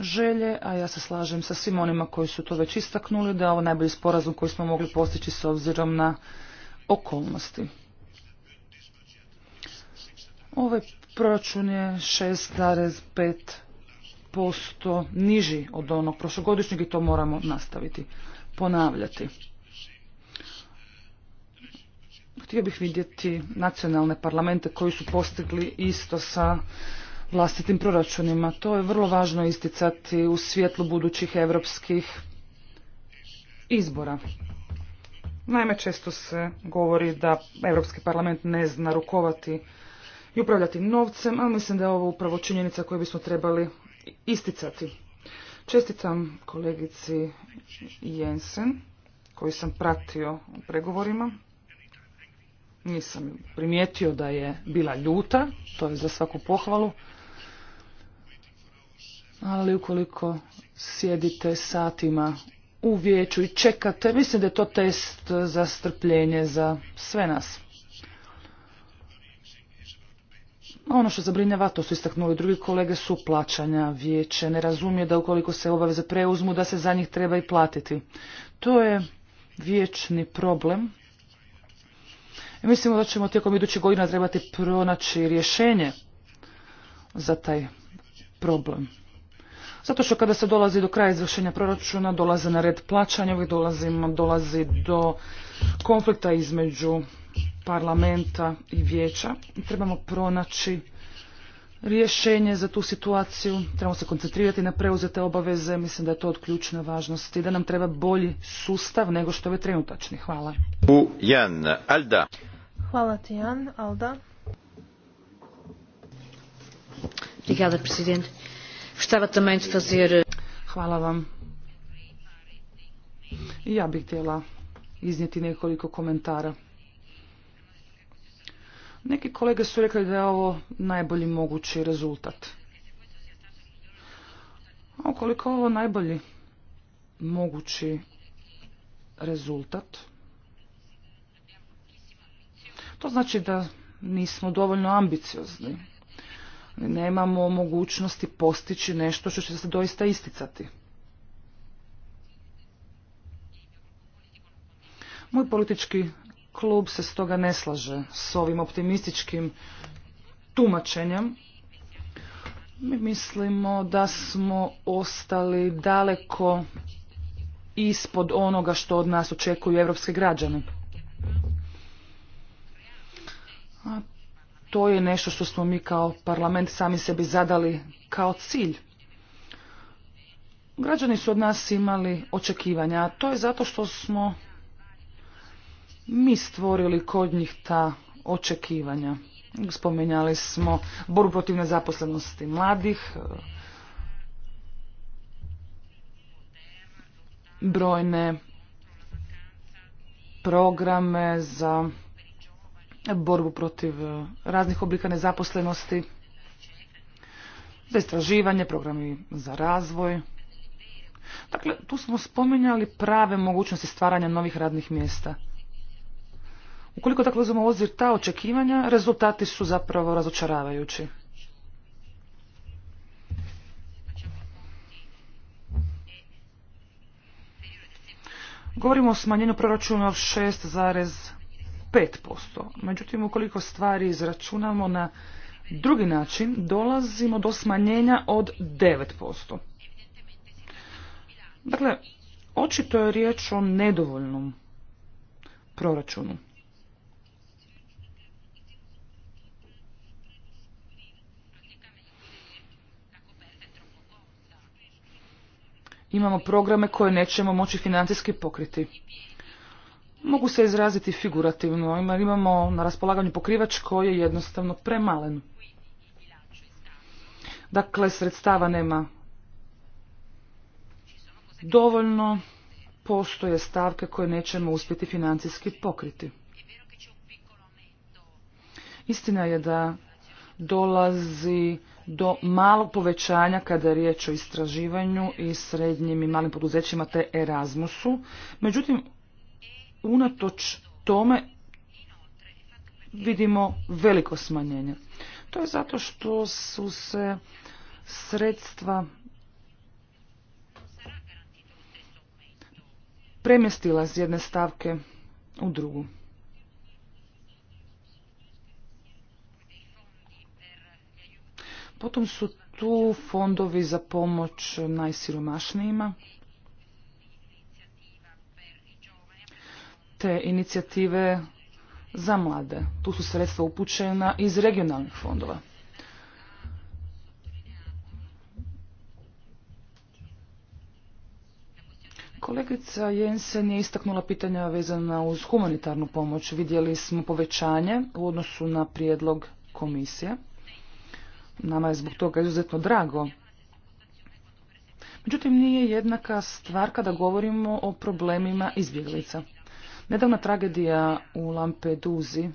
želje, a ja se slažem sa svim onima koji su to već istaknuli da je ovo najbolji sporazum koji smo mogli postići s obzirom na okolnosti. Ovaj proračun je 6,5% niži od onog prošlogodišnjeg i to moramo nastaviti ponavljati. Htio bih vidjeti nacionalne parlamente koji su postigli isto sa vlastitim proračunima. To je vrlo važno isticati u svjetlu budućih europskih izbora. Naime, često se govori da Europski parlament ne zna rukovati i upravljati novcem, a mislim da je ovo upravo činjenica koju bismo trebali isticati. Čestitam kolegici Jensen, koju sam pratio u pregovorima. Nisam primijetio da je bila ljuta, to je za svaku pohvalu. Ali ukoliko sjedite satima u vijeću i čekate, mislim da je to test za strpljenje za sve nas. Ono što zabrinjava, to su istaknuli drugi kolege, su plaćanja vijeće. Ne razumije da ukoliko se obaveze preuzmu, da se za njih treba i platiti. To je vječni problem. I mislimo da ćemo tijekom idućih godina trebati pronaći rješenje za taj problem. Zato što kada se dolazi do kraja izvršenja proračuna, dolaze na red plaćanja, uvijek dolazimo, dolazi do konflikta između parlamenta i vijeća. Trebamo pronaći rješenje za tu situaciju, trebamo se koncentrirati na preuzete obaveze, mislim da je to od ključne važnosti i da nam treba bolji sustav nego što je trenutačni. Hvala. U Jan, Alda. Hvala ti Jan, Alda. Eh, Hvala vam. I ja bih htjela iznijeti nekoliko komentara. Neki kolege su rekli da je ovo najbolji mogući rezultat. A ukoliko je ovo najbolji mogući rezultat, to znači da nismo dovoljno ambiciozni nemamo mogućnosti postići nešto što će se doista isticati. Moj politički klub se stoga ne slaže s ovim optimističkim tumačenjem. Mi mislimo da smo ostali daleko ispod onoga što od nas očekuju evropske građani. A to je nešto što smo mi kao parlament sami sebi zadali kao cilj. Građani su od nas imali očekivanja, a to je zato što smo mi stvorili kod njih ta očekivanja. Spomenjali smo boru protiv nezaposlenosti mladih, brojne programe za borbu protiv e, raznih oblika nezaposlenosti, za istraživanje, programi za razvoj. Dakle, tu smo spominjali prave mogućnosti stvaranja novih radnih mjesta. Ukoliko dakle uzmemo obzir ta očekivanja, rezultati su zapravo razočaravajući. Govorimo o smanjenju proračuna od 5%. Međutim, ukoliko stvari izračunamo na drugi način, dolazimo do smanjenja od 9%. Dakle, očito je riječ o nedovoljnom proračunu. Imamo programe koje nećemo moći financijski pokriti mogu se izraziti figurativno, imamo na raspolaganju pokrivač koji je jednostavno premalen. Dakle, sredstava nema dovoljno, postoje stavke koje nećemo uspjeti financijski pokriti. Istina je da dolazi do malog povećanja kada je riječ o istraživanju i srednjim i malim poduzećima te Erasmusu. Međutim, unatoč tome vidimo veliko smanjenje. To je zato što su se sredstva premjestila s jedne stavke u drugu. Potom su tu fondovi za pomoć najsiromašnijima. te inicijative za mlade. Tu su sredstva upućena iz regionalnih fondova. Kolegica Jensen je istaknula pitanja vezana uz humanitarnu pomoć. Vidjeli smo povećanje u odnosu na prijedlog komisije. Nama je zbog toga izuzetno drago. Međutim, nije jednaka stvar kada govorimo o problemima izbjeglica. Nedavna tragedija u Lampeduzi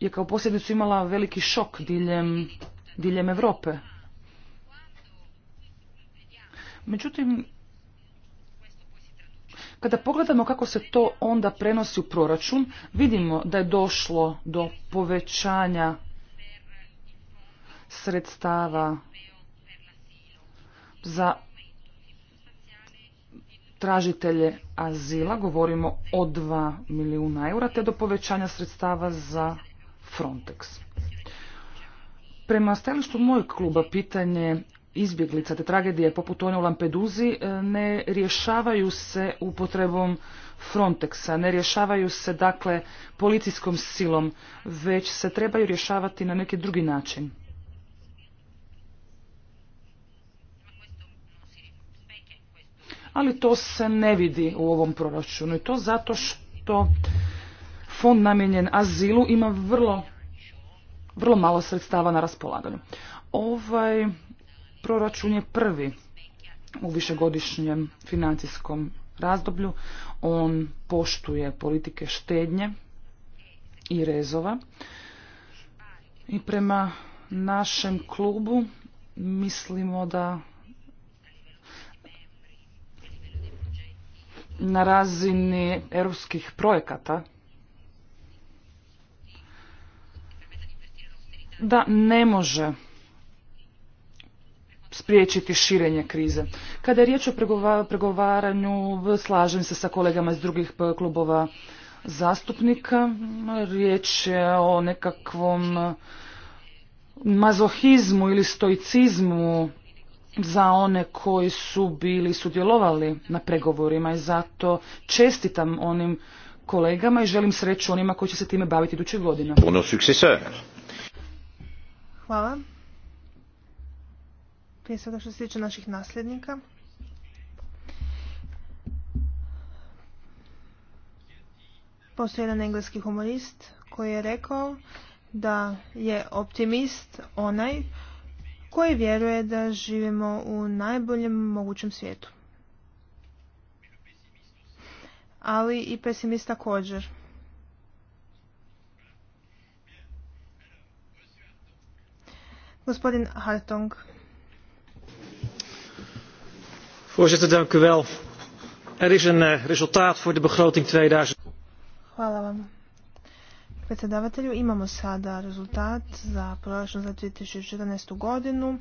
je kao posljedicu imala veliki šok diljem, diljem Europe. Međutim, kada pogledamo kako se to onda prenosi u proračun, vidimo da je došlo do povećanja sredstava za tražitelje azila, govorimo o 2 milijuna eura, te do povećanja sredstava za Frontex. Prema stajalištu mojeg kluba pitanje izbjeglica te tragedije poput one u Lampeduzi e, ne rješavaju se upotrebom Frontexa, ne rješavaju se dakle policijskom silom, već se trebaju rješavati na neki drugi način. ali to se ne vidi u ovom proračunu i to zato što fond namijenjen azilu ima vrlo, vrlo malo sredstava na raspolaganju. Ovaj proračun je prvi u višegodišnjem financijskom razdoblju. On poštuje politike štednje i rezova. I prema našem klubu mislimo da na razini europskih projekata da ne može spriječiti širenje krize. Kada je riječ o pregovaranju, slažem se sa kolegama iz drugih eh, klubova zastupnika. Riječ je o nekakvom eh, mazohizmu ili stoicizmu za one koji su bili sudjelovali na pregovorima i zato čestitam onim kolegama i želim sreću onima koji će se time baviti idućih godina. Hvala. Prije svega što se tiče naših nasljednika. Postoji jedan engleski humorist koji je rekao da je optimist onaj koji vjeruje da živimo u najboljem mogućem svijetu. Ali i pesimist također. Gospodin Hartong. Voorzitter, dank u wel. Er is een eh, resultaat voor de begroting 2000. Hvala vam predsjedavatelju. Imamo sada rezultat za proračun za 2014. godinu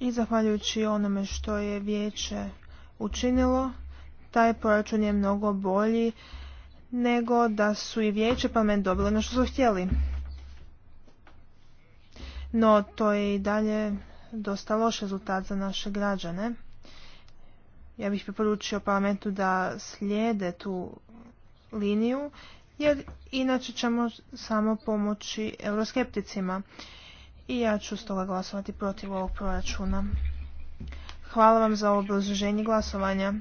i zahvaljujući onome što je vijeće učinilo, taj proračun je mnogo bolji nego da su i vijeće parlament dobili ono što su htjeli. No, to je i dalje dosta loš rezultat za naše građane. Ja bih preporučio parlamentu da slijede tu liniju jer inače ćemo samo pomoći euroskepticima. I ja ću stoga glasovati protiv ovog proračuna. Hvala vam za obrazloženje glasovanja.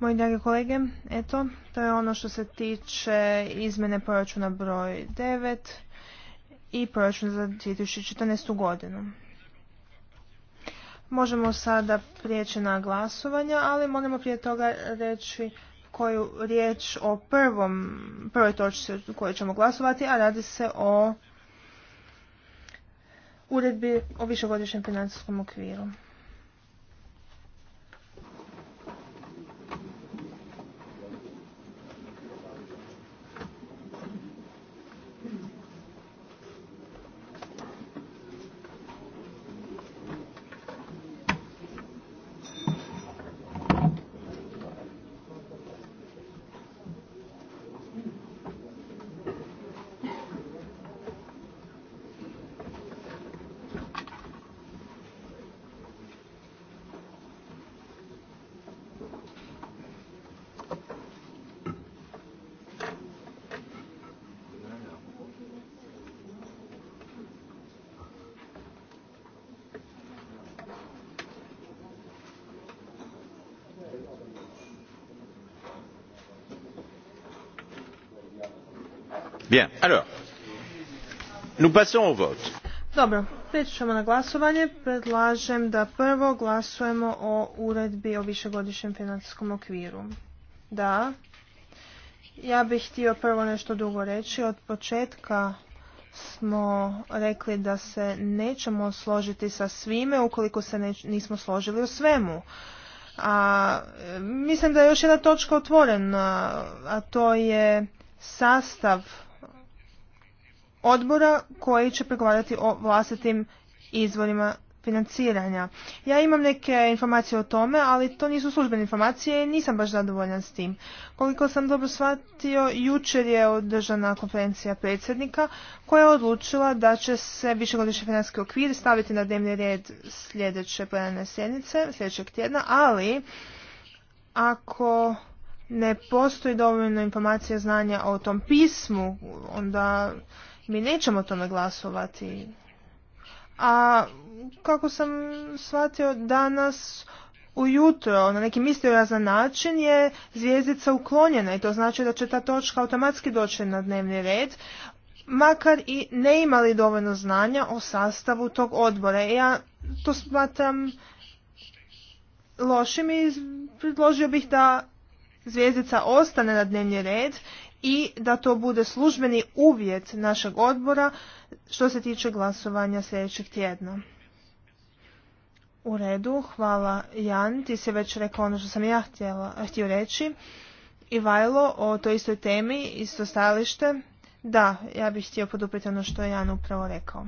Moji dragi kolege, eto, to je ono što se tiče izmjene proračuna broj 9 i proračuna za 2014. godinu. Možemo sada prijeći na glasovanja, ali moramo prije toga reći koju riječ o prvom, prvoj točci u kojoj ćemo glasovati, a radi se o uredbi o višegodišnjem financijskom okviru. Dobro, na glasovanje. Predlažem da prvo glasujemo o uredbi o višegodišnjem financijskom okviru. Da. Ja bih htio prvo nešto dugo reći. Od početka smo rekli da se nećemo složiti sa svime ukoliko se nismo složili u svemu. A mislim da je još jedna točka otvorena, a to je sastav odbora koji će pregovarati o vlastitim izvorima financiranja. Ja imam neke informacije o tome, ali to nisu službene informacije i nisam baš zadovoljan s tim. Koliko sam dobro shvatio, jučer je održana konferencija predsjednika koja je odlučila da će se višegodišnji financijski okvir staviti na dnevni red sljedeće plenarne sjednice, sljedećeg tjedna, ali ako ne postoji dovoljno informacija znanja o tom pismu, onda mi nećemo to glasovati. A kako sam shvatio danas ujutro na neki misteriozan način je zvijezdica uklonjena i to znači da će ta točka automatski doći na dnevni red makar i ne imali dovoljno znanja o sastavu tog odbora. Ja to smatram lošim i predložio bih da zvijezdica ostane na dnevni red i da to bude službeni uvjet našeg odbora što se tiče glasovanja sljedećeg tjedna. U redu, hvala Jan, ti si već rekao ono što sam ja htjela, htio reći. I Vajlo, o toj istoj temi, isto stajalište. Da, ja bih htio poduprijeti ono što je Jan upravo rekao.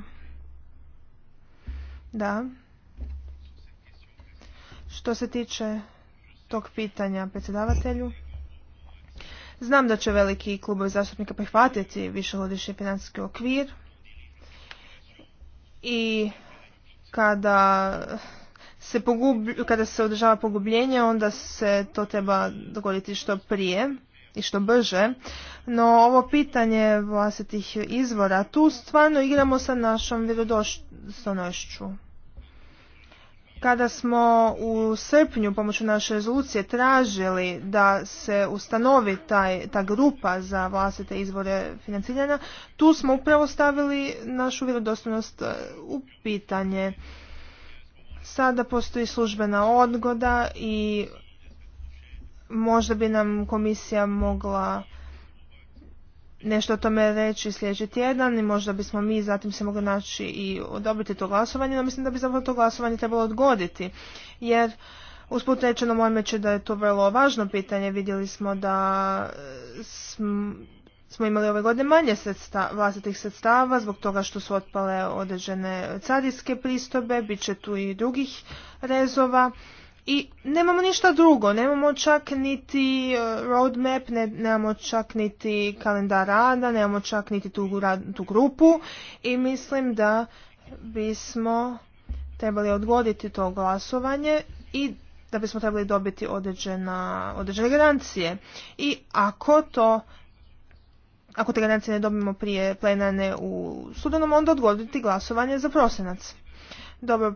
Da. Što se tiče tog pitanja predsjedavatelju, Znam da će veliki klubovi zastupnika prihvatiti višegodišnji financijski okvir i kada se kada se održava pogubljenje onda se to treba dogoditi što prije i što brže. No ovo pitanje vlastitih izvora, tu stvarno igramo sa našom vjerodostojnošću. Kada smo u srpnju pomoću naše rezolucije tražili da se ustanovi taj, ta grupa za vlastite izvore financiranja, tu smo upravo stavili našu vjerodostojnost e, u pitanje. Sada postoji službena odgoda i možda bi nam komisija mogla nešto o tome reći sljedeći tjedan i možda bismo mi zatim se mogli naći i odobiti to glasovanje, no mislim da bi zapravo to glasovanje trebalo odgoditi. Jer usput rečeno moram reći da je to vrlo važno pitanje, vidjeli smo da e, smo imali ove godine manje sredsta, vlastitih sredstava zbog toga što su otpale određene carijske pristobe, bit će tu i drugih rezova. I nemamo ništa drugo, nemamo čak niti e, roadmap, ne, nemamo čak niti kalendar rada, nemamo čak niti tu, tu grupu i mislim da bismo trebali odgoditi to glasovanje i da bismo trebali dobiti određena, određene garancije. I ako to ako te garancije ne dobimo prije plenane u studenom, onda odgoditi glasovanje za prosinac. Dobro,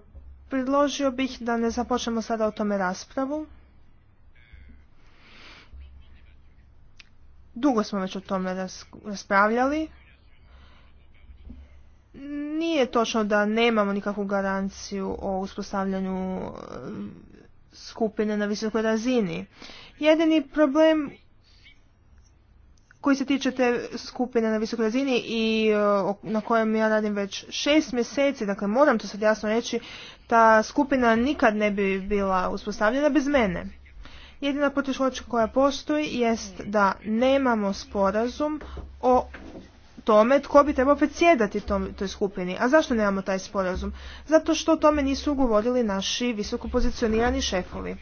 Predložio bih da ne započnemo sada o tome raspravu. Dugo smo već o tome raspravljali. Nije točno da nemamo nikakvu garanciju o uspostavljanju e, skupine na visokoj razini. Jedini problem koji se tiče te skupine na visokoj razini i e, na kojem ja radim već šest mjeseci, dakle moram to sad jasno reći, ta skupina nikad ne bi bila uspostavljena bez mene. Jedina poteškoća koja postoji jest da nemamo sporazum o tome tko bi trebao predsjedati tom, toj skupini. A zašto nemamo taj sporazum? Zato što o tome nisu ugovorili naši visoko pozicionirani šefovi.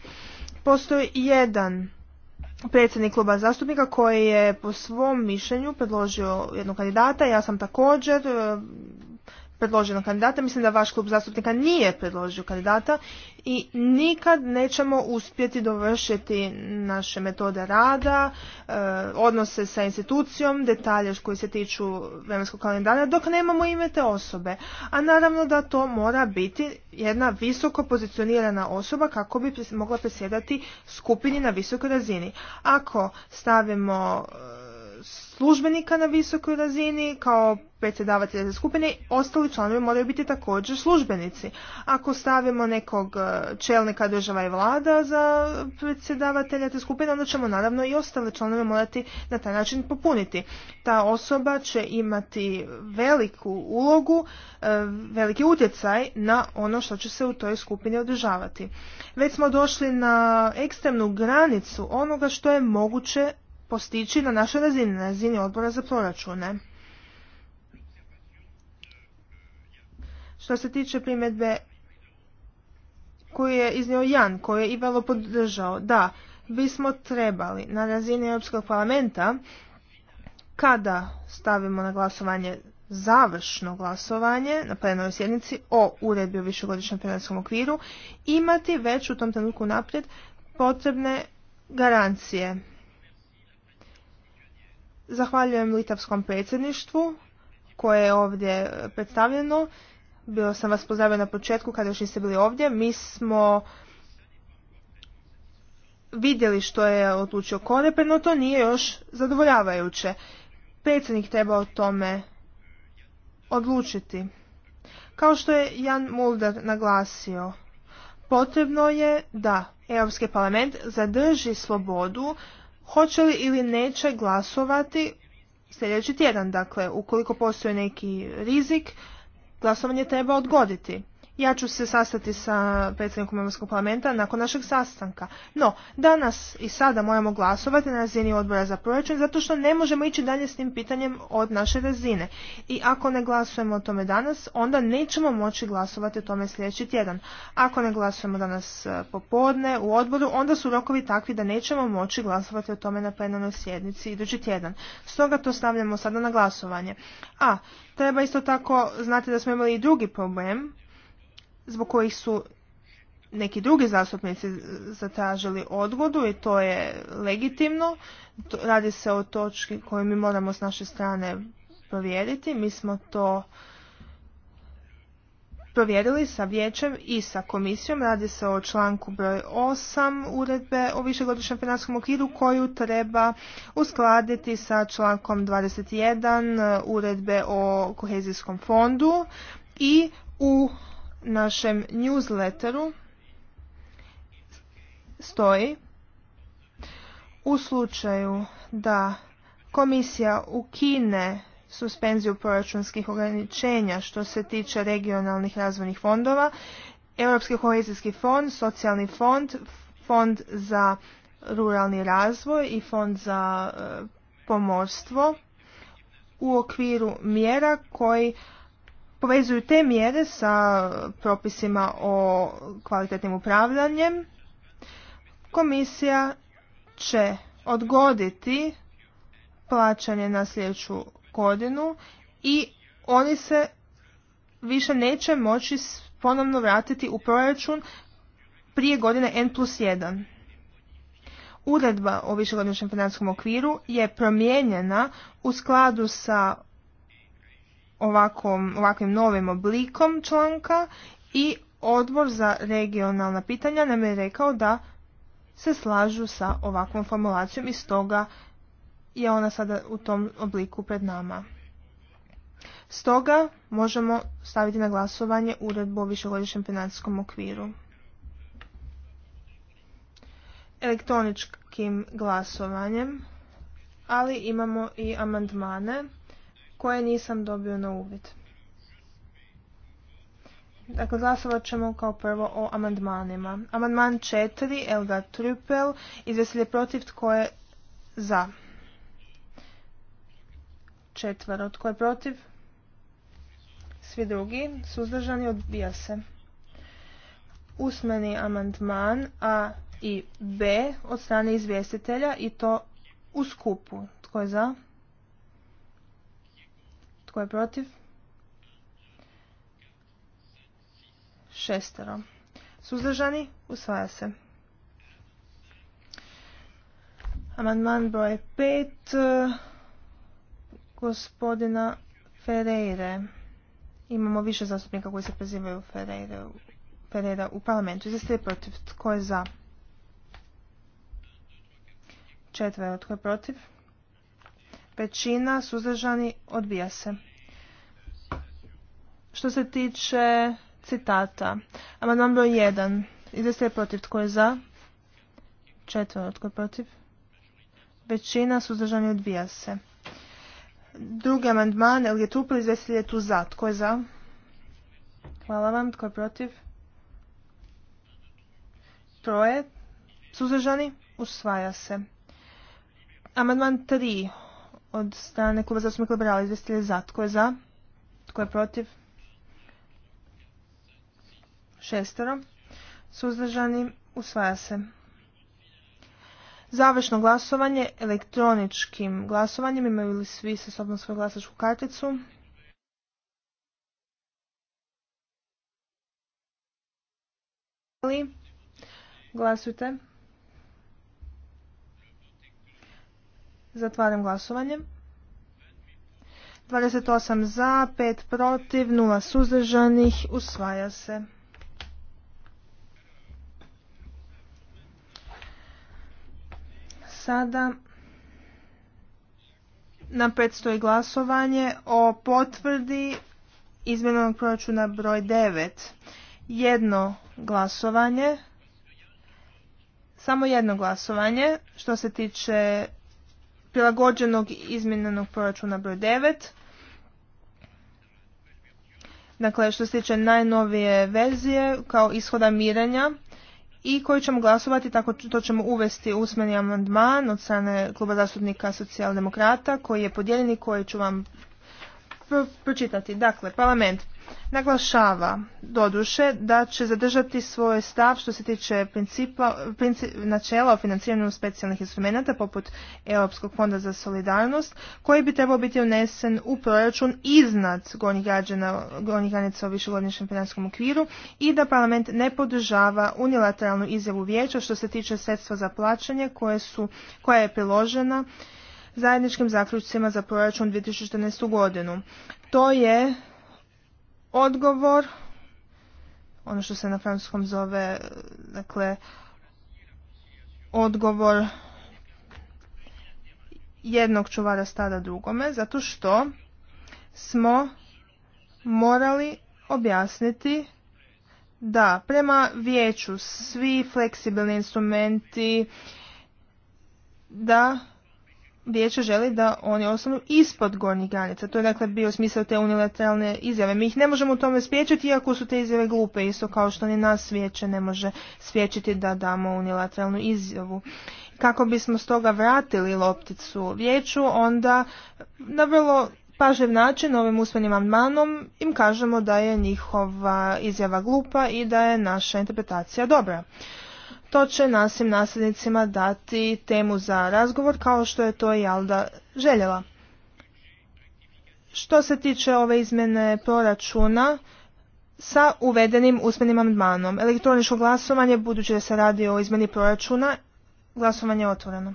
Postoji jedan predsjednik kluba zastupnika koji je po svom mišljenju predložio jednog kandidata, ja sam također predloženo kandidata. Mislim da vaš klub zastupnika nije predložio kandidata i nikad nećemo uspjeti dovršiti naše metode rada, e, odnose sa institucijom, detalje koji se tiču vremenskog kalendara dok nemamo ime te osobe. A naravno da to mora biti jedna visoko pozicionirana osoba kako bi mogla presjedati skupini na visokoj razini. Ako stavimo e, službenika na visokoj razini kao predsjedavatelja skupine, ostali članovi moraju biti također službenici. Ako stavimo nekog e, čelnika država i vlada za predsjedavatelja te skupine, onda ćemo naravno i ostale članove morati na taj način popuniti. Ta osoba će imati veliku ulogu, e, veliki utjecaj na ono što će se u toj skupini održavati. Već smo došli na ekstremnu granicu onoga što je moguće postići na našoj razini, na razini odbora za proračune. Što se tiče primjedbe koju je iznio Jan, koju je Ivalo podržao, da, bismo trebali na razini Europskog parlamenta, kada stavimo na glasovanje završno glasovanje na plenarnoj sjednici o uredbi o višegodišnjem financijskom okviru, imati već u tom trenutku naprijed potrebne garancije. Zahvaljujem Litavskom predsjedništvu koje je ovdje predstavljeno bilo sam vas pozdravio na početku kada još niste bili ovdje. Mi smo vidjeli što je odlučio Koreper, no to nije još zadovoljavajuće. Predsjednik treba o tome odlučiti. Kao što je Jan Mulder naglasio, potrebno je da Europski parlament zadrži slobodu hoće li ili neće glasovati sljedeći tjedan. Dakle, ukoliko postoji neki rizik, glasovanje treba odgoditi. Ja ću se sastati sa predsjednikom Europskog parlamenta nakon našeg sastanka. No, danas i sada moramo glasovati na razini odbora za proračun zato što ne možemo ići dalje s tim pitanjem od naše razine. I ako ne glasujemo o tome danas, onda nećemo moći glasovati o tome sljedeći tjedan. Ako ne glasujemo danas e, popodne u odboru, onda su rokovi takvi da nećemo moći glasovati o tome na plenarnoj sjednici idući tjedan. Stoga to stavljamo sada na glasovanje. A, treba isto tako znati da smo imali i drugi problem zbog kojih su neki drugi zastupnici zatražili odgodu i to je legitimno. Radi se o točki koju mi moramo s naše strane provjeriti. Mi smo to provjerili sa vijećem i sa komisijom. Radi se o članku broj 8 uredbe o višegodišnjem financijskom okviru koju treba uskladiti sa člankom 21 uredbe o kohezijskom fondu i u našem newsletteru stoji u slučaju da komisija ukine suspenziju proračunskih ograničenja što se tiče regionalnih razvojnih fondova, Europski kohezijski fond, socijalni fond, fond za ruralni razvoj i fond za e, pomorstvo u okviru mjera koji povezuju te mjere sa propisima o kvalitetnim upravljanjem, komisija će odgoditi plaćanje na sljedeću godinu i oni se više neće moći ponovno vratiti u proračun prije godine N plus 1. Uredba o višegodišnjem financijskom okviru je promijenjena u skladu sa ovakvom, ovakvim novim oblikom članka i odbor za regionalna pitanja nam je rekao da se slažu sa ovakvom formulacijom i stoga je ona sada u tom obliku pred nama. Stoga možemo staviti na glasovanje uredbu o višegodišnjem financijskom okviru. Elektroničkim glasovanjem, ali imamo i amandmane koje nisam dobio na uvid. Dakle, glasovat ćemo kao prvo o amandmanima. Amandman 4, Elga Trupel, je protiv, tko je za? Četvaro, tko je protiv? Svi drugi, suzdržani, odbija se. Usmeni amandman A i B od strane izvjestitelja i to u skupu. Tko je za? Tko je protiv? Šestero. Suzdržani? Usvaja se. Amandman broj pet. Eh, gospodina Ferreire. Imamo više zastupnika koji se prezivaju Ferreira, u parlamentu. ste protiv. Tko je za? Četvero. Tko je protiv? većina, suzdržani, odbija se. Što se tiče citata, amandman broj 1, ide se protiv, tko je za? Četvoro, tko je protiv? Većina, suzdržani, odbija se. Drugi amandman, ili je tupli, izvjestitelj je tu za, tko je za? Hvala vam, tko je protiv? Troje, suzdržani, usvaja se. Amandman 3, od strane Kluba zastupnika liberala. Izvjestitelj je za. Tko je za? Tko je protiv? Šestero. Suzdržani. Usvaja se. Završno glasovanje elektroničkim glasovanjem. Imaju li svi sa sobom svoju glasačku karticu? Glasujte. Zatvaram glasovanje. 28 za, 5 protiv, 0 suzdržanih, usvaja se. Sada nam predstoji glasovanje o potvrdi izmjenog proračuna broj 9. Jedno glasovanje, samo jedno glasovanje što se tiče prilagođenog izmjenjenog proračuna broj 9. Dakle, što se tiče najnovije verzije kao ishoda mirenja i koji ćemo glasovati, tako to ćemo uvesti usmeni amandman od strane Kluba zastupnika socijaldemokrata koji je podijeljen i koji ću vam pročitati. Dakle, parlament naglašava doduše da će zadržati svoj stav što se tiče principa, načela o financiranju specijalnih instrumenata poput Europskog fonda za solidarnost koji bi trebao biti unesen u proračun iznad gornjih granica u višegodnišnjem financijskom okviru i da parlament ne podržava unilateralnu izjavu vijeća što se tiče sredstva za plaćanje koje su, koja je priložena zajedničkim zaključcima za proračun 2014. godinu. To je odgovor, ono što se na francuskom zove, dakle, odgovor jednog čuvara stada drugome, zato što smo morali objasniti da prema vijeću svi fleksibilni instrumenti da vijeće želi da oni ostanu ispod gornjih granica. To je dakle bio smisao te unilateralne izjave. Mi ih ne možemo u tome spriječiti, iako su te izjave glupe, isto kao što ni nas vijeće ne može spriječiti da damo unilateralnu izjavu. Kako bismo stoga vratili lopticu vijeću, onda na vrlo pažljiv način ovim usmenim amandmanom im kažemo da je njihova izjava glupa i da je naša interpretacija dobra. To će nasim nasljednicima dati temu za razgovor kao što je to i Alda željela. Što se tiče ove izmjene proračuna sa uvedenim usmenim amandmanom, elektroničko glasovanje, budući da se radi o izmjeni proračuna, glasovanje je otvoreno.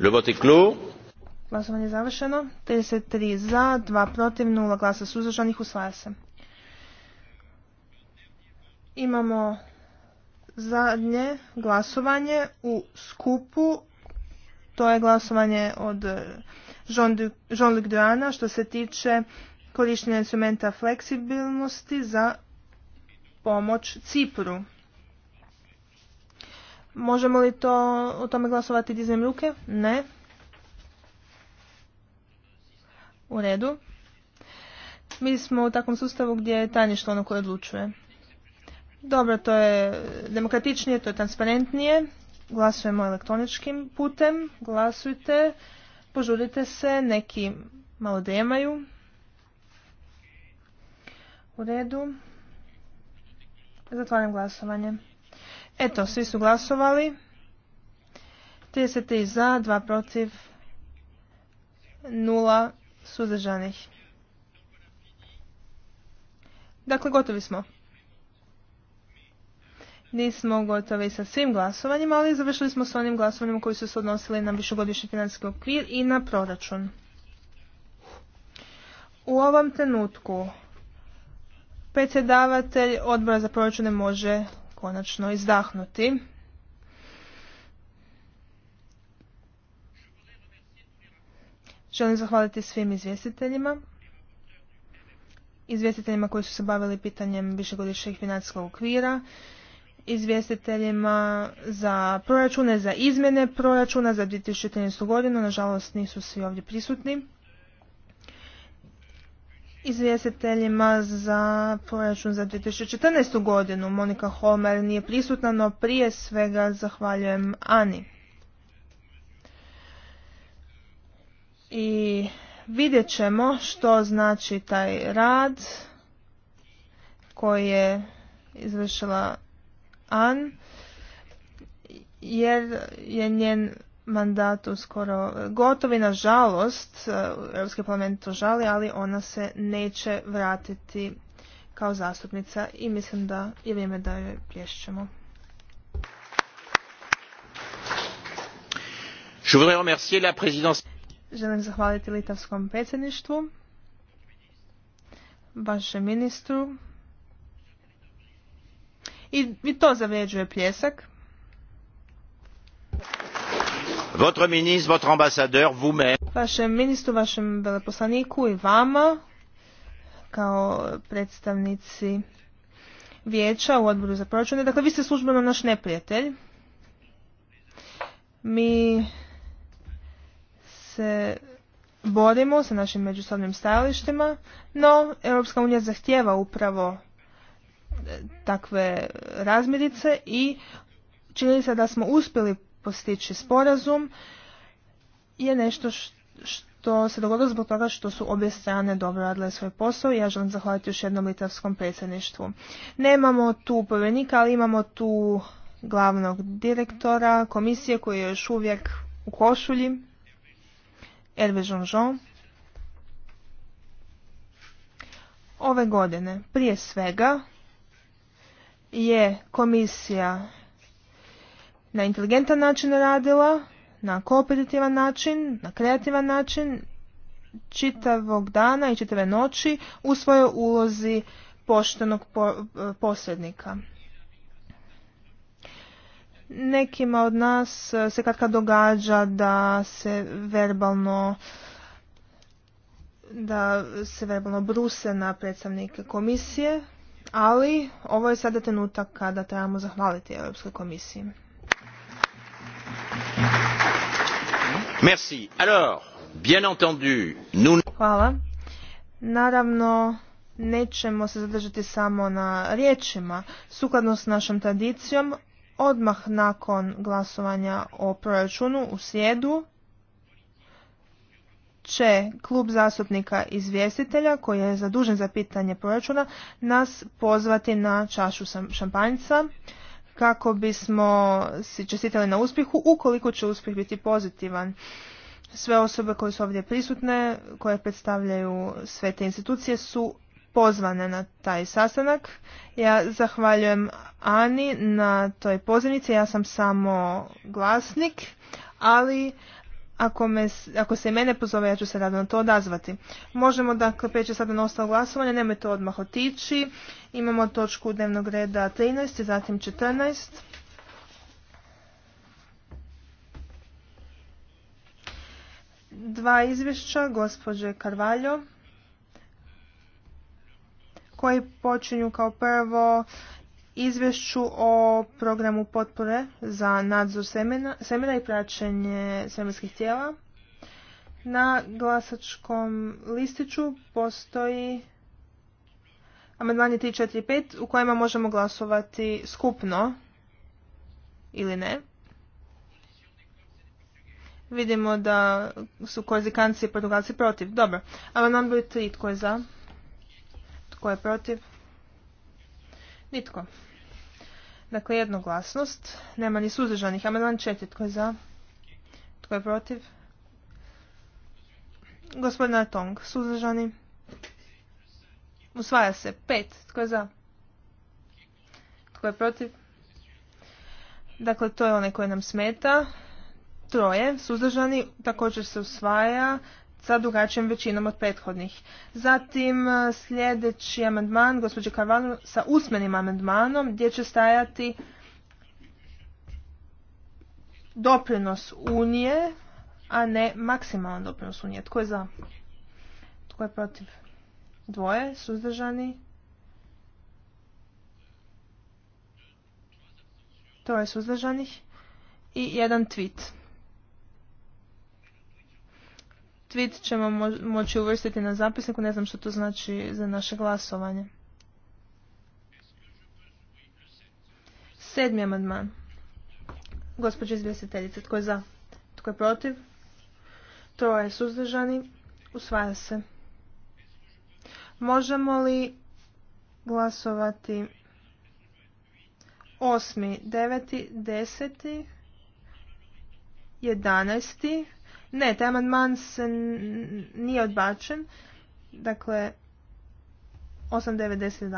Le vote est clos. Glasovanje je završeno. 33 za, 2 protiv, 0 glasa suzdržanih, usvaja se. Imamo zadnje glasovanje u skupu. To je glasovanje od Jean-Luc Duana što se tiče korištenja instrumenta fleksibilnosti za pomoć Cipru. Možemo li to o tome glasovati dizanjem ruke? Ne. U redu. Mi smo u takvom sustavu gdje je tajništvo ono koje odlučuje. Dobro, to je demokratičnije, to je transparentnije. Glasujemo elektroničkim putem. Glasujte, požurite se, neki malo demaju. U redu. Zatvaram glasovanje. Eto, svi su glasovali. 33 za, 2 protiv, 0 suzdržanih. Dakle, gotovi smo. Nismo gotovi sa svim glasovanjima, ali završili smo s onim glasovanjima koji su se odnosili na višegodišnji financijski okvir i na proračun. U ovom trenutku predsjedavatelj odbora za proračune može konačno izdahnuti. Želim zahvaliti svim izvjestiteljima, izvjestiteljima koji su se bavili pitanjem višegodišnjeg financijskog okvira, izvjestiteljima za proračune, za izmjene proračuna za 2014. godinu. Nažalost nisu svi ovdje prisutni. Izvjestiteljima za proračun za 2014. godinu Monika Homer nije prisutna, no prije svega zahvaljujem Ani. i vidjet ćemo što znači taj rad koji je izvršila An jer je njen mandat uskoro gotovi i nažalost e, Europski parlament to žali ali ona se neće vratiti kao zastupnica i mislim da je vrijeme da joj plješćemo. Je voudrais remercier la Želim zahvaliti Litavskom predsjedništvu, vašem ministru. I, to zavređuje pljesak. Votre ministre, votre ambassadeur, vous Vašem ministru, vašem veleposlaniku i vama kao predstavnici vijeća u odboru za proračune. Dakle, vi ste službeno naš neprijatelj. Mi se borimo sa našim međusobnim stajalištima, no Europska unija zahtjeva upravo e, takve razmirice i čini se da smo uspjeli postići sporazum je nešto što se dogodilo zbog toga što su obje strane dobro radile svoj posao i ja želim zahvaliti još jednom litavskom predsjedništvu. Nemamo tu povjerenika, ali imamo tu glavnog direktora komisije koji je još uvijek u košulji Hervé Jean-Jean ove godine prije svega je komisija na inteligentan način radila, na kooperativan način, na kreativan način, čitavog dana i čitave noći u svojoj ulozi poštenog posrednika. Nekima od nas e, se kadka događa da se verbalno da se verbalno bruse na predstavnike komisije, ali ovo je sada trenutak kada trebamo zahvaliti Europskoj komisiji. Merci. Alors, bien entendu, nous... Hvala. Naravno, nećemo se zadržati samo na riječima. Sukladno s našom tradicijom, odmah nakon glasovanja o proračunu u sjedu će klub zastupnika izvjestitelja koji je zadužen za pitanje proračuna nas pozvati na čašu šampanjca kako bismo se čestitali na uspjehu ukoliko će uspjeh biti pozitivan. Sve osobe koje su ovdje prisutne, koje predstavljaju sve te institucije su pozvane na taj sastanak. Ja zahvaljujem Ani na toj pozivnici, ja sam samo glasnik, ali ako, me, ako se i mene pozove, ja ću se rado na to odazvati. Možemo dakle preći sada na ostalo glasovanje, nemojte odmah otići. Imamo točku dnevnog reda 13 i zatim 14. Dva izvješća, gospođe Karvaljo koji počinju kao prvo izvješću o programu potpore za nadzor semena, i praćenje semenskih tijela. Na glasačkom listiću postoji amandmani 3, 4, 5 u kojima možemo glasovati skupno ili ne. Vidimo da su kozikanci i portugalci protiv. Dobro. Amandman broj 3, tko je za? Tko je protiv? Nitko. Dakle, jednoglasnost. Nema ni suzdržanih. Amandman četiri. Tko je za? Tko je protiv? Gospodina Tong. Suzdržani. Usvaja se. Pet. Tko je za? Tko je protiv? Dakle, to je onaj koji nam smeta. Troje. Suzdržani. Također se usvaja sa drugačijom većinom od prethodnih. Zatim e, sljedeći amandman gospođe Karvalu sa usmenim amandmanom gdje će stajati doprinos Unije, a ne maksimalan doprinos Unije. Tko je za? Tko je protiv? Dvoje, suzdržani. je suzdržanih i jedan tweet tweet ćemo moći uvrstiti na zapisniku, ne znam što to znači za naše glasovanje. Sedmi amandman. Gospođa izvjestiteljica, tko je za? Tko je protiv? Troje suzdržani. Usvaja se. Možemo li glasovati osmi, deveti, deseti, jedanesti, ne, taj amandman se nije odbačen. Dakle, 8, 9, 10,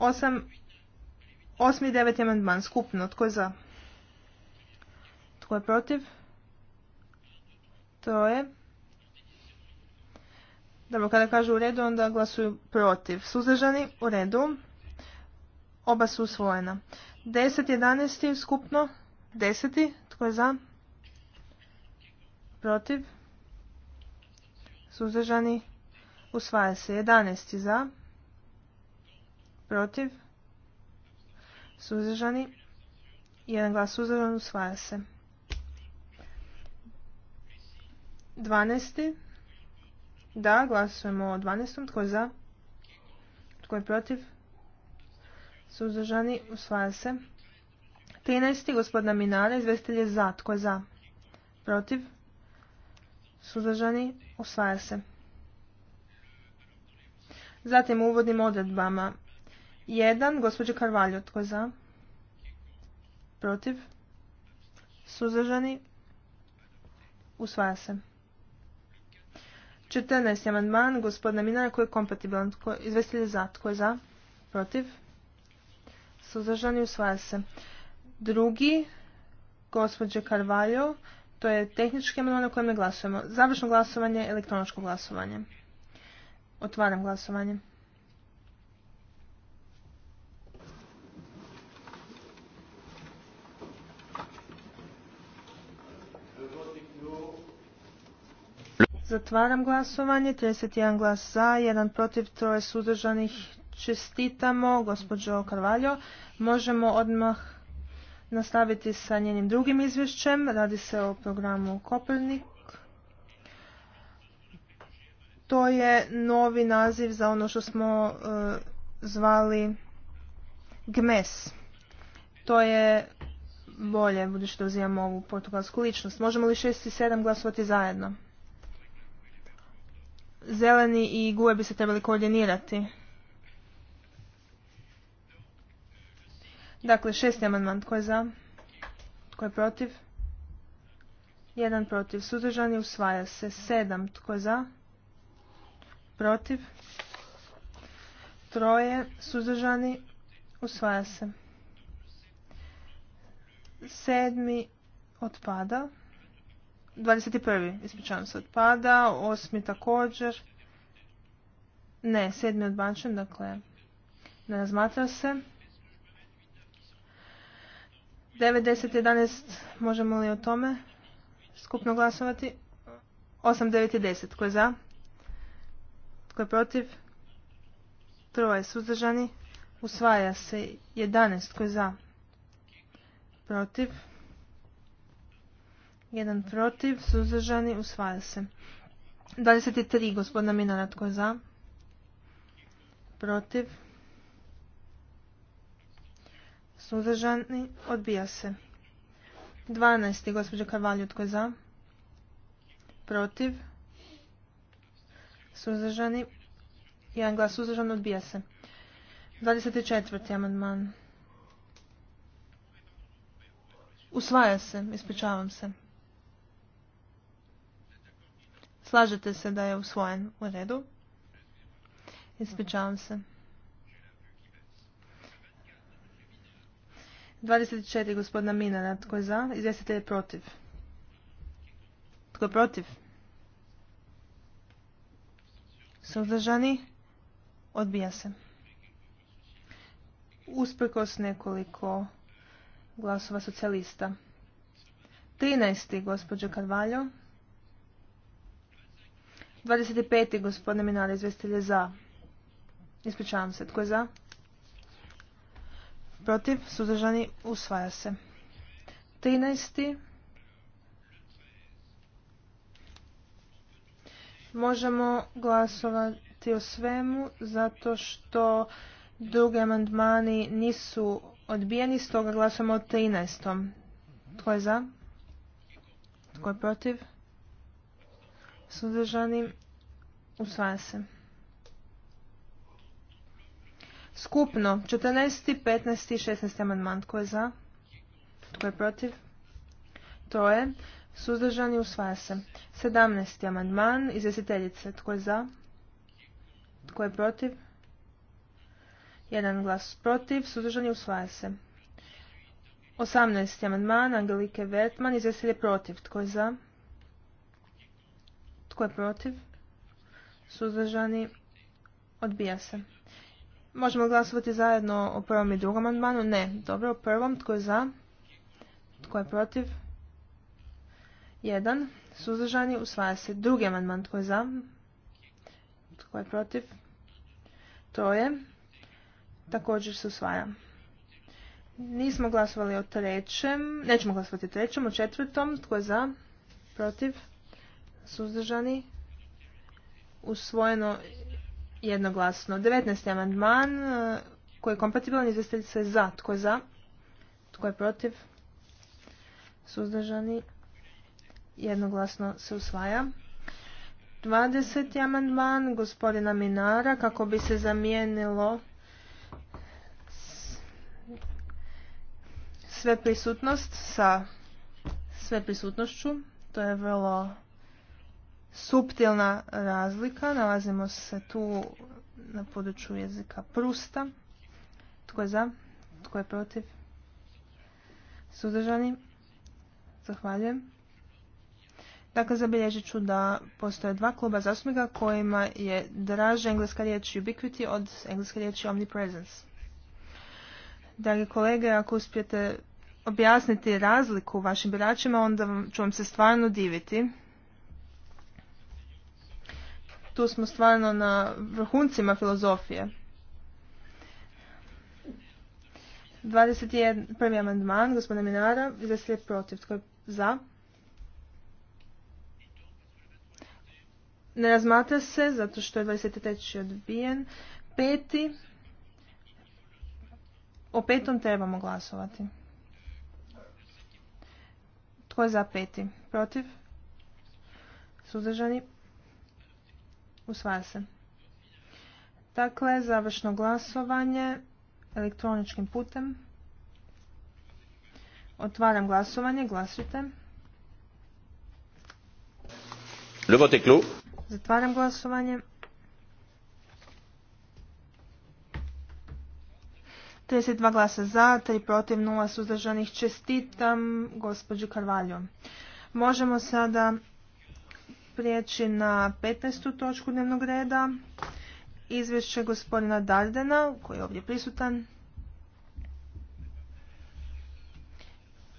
11. 8, i 9 amandman, skupno. Tko je za? Tko je protiv? To je. Dobro, kada kažu u redu, onda glasuju protiv. Suzdržani, u redu. Oba su usvojena. 10, 11 skupno. 10. Tko je za? Protiv? Suzdržani? Usvaja se. 11. Za? Protiv? Suzdržani? Jedan glas suzdržan usvaja se. 12. Da, glasujemo o 12. Tko je za? Tko je protiv? Suzdržani? Usvaja se. 13. Gospodina Minara. izvestilje je za. Tko je za? Protiv? Suzdržani? Usvaja se. Zatim uvodim uvodnim odredbama. 1. Gospođa Karvaljo. Tko je za? Protiv? Suzdržani? Usvaja se. 14. amandman gospodina Minara koji je kompatibilan. Izvestilje za. Tko je za? Protiv? Suzdržani usvaja se. Drugi, gospođe Carvalho, to je tehnički amandman o kojem ne glasujemo. Završno glasovanje, elektroničko glasovanje. Otvaram glasovanje. Zatvaram glasovanje. 31 glas za, 1 protiv, 3 suzdržanih, Čestitamo, gospođo Karvaljo. Možemo odmah nastaviti sa njenim drugim izvješćem. Radi se o programu Kopernik. To je novi naziv za ono što smo e, zvali GMES. To je bolje, budući da uzimamo ovu portugalsku ličnost. Možemo li 6 i 7 glasovati zajedno? Zeleni i guje bi se trebali koordinirati. Dakle, šesti amandman. Tko je za? Tko je protiv? Jedan protiv. Suzdržani usvaja se. Sedam. Tko je za? Protiv. Troje. Suzdržani usvaja se. Sedmi otpada. 21. ispričavam se otpada. Osmi također. Ne, sedmi odbačen, dakle ne razmatra se. 9, 10, 11, možemo li o tome skupno glasovati? 8, 9 i 10, tko je za? Tko je protiv? Troje suzdržani. Usvaja se 11, tko je za? Protiv. Jedan protiv, suzdržani, usvaja se. 23, gospodina Minara, tko je za? Protiv. Suzdržani? Odbija se. 12. Gospođa Karvalju, tko je za? Protiv? Suzdržani? Jedan glas suzdržan, odbija se. 24. amandman. Usvaja se, ispričavam se. Slažete se da je usvojen u redu? Ispričavam se. 24 gospodina Minana. Tko je za? Izvjestitelj je protiv. Tko je protiv? Suzdržani? Odbija se. Usprkos nekoliko glasova socijalista. 13. gospođo Karvaljo. 25. gospodina Minara izvjestitelj je za. Ispričavam se. Tko je za? protiv, suzdržani, usvaja se. 13. Možemo glasovati o svemu zato što drugi amandmani nisu odbijeni, stoga glasujemo o 13. Tko je za? Tko je protiv? Suzdržani, usvaja se. Skupno, 14., 15. i 16. amandman. Tko je za? Tko je protiv? To je. Suzdržani usvaja se. 17. amandman. Izvjestiteljice. Tko je za? Tko je protiv? Jedan glas protiv. Suzdržani usvaja se. 18. amandman. Angelike Vertman. Izvjestitelj protiv. Tko je za? Tko je protiv? Suzdržani odbija se. Možemo glasovati zajedno o prvom i drugom amandmanu? Ne. Dobro, o prvom. Tko je za? Tko je protiv? Jedan. Suzdržani usvaja se. Drugi amandman. Tko je za? Tko je protiv? Troje. Također se usvaja. Nismo glasovali o trećem. Nećemo glasovati o trećem. O četvrtom. Tko je za? Protiv? Suzdržani? Usvojeno jednoglasno. 19. amandman e, koji je kompatibilan izvestelj se za. Tko je za? Tko je protiv? Suzdržani? Jednoglasno se usvaja. 20. amandman gospodina Minara kako bi se zamijenilo sve prisutnost sa sve prisutnošću. To je vrlo suptilna razlika. Nalazimo se tu na području jezika prusta. Tko je za? Tko je protiv? Sudržani? Zahvaljujem. Dakle, zabilježit ću da postoje dva kluba zastupnika kojima je draža engleska riječ ubiquity od engleske riječi omnipresence. Dragi kolege, ako uspijete objasniti razliku vašim biračima, onda ću vam se stvarno diviti tu smo stvarno na vrhuncima filozofije. 21. prvi amandman, gospodina Minara, za je protiv, tko je za? Ne razmatra se, zato što je 23. odbijen. Peti, o petom trebamo glasovati. Tko je za peti? Protiv? Suzdržani? Usvaja se. Dakle, završno glasovanje elektroničkim putem. Otvaram glasovanje, glasujte. Zatvaram glasovanje. 32 glasa za, 3 protiv, 0 suzdržanih. Čestitam gospođu Karvalju. Možemo sada prijeći na 15. točku dnevnog reda. Izvješće gospodina Dardena, koji je ovdje prisutan.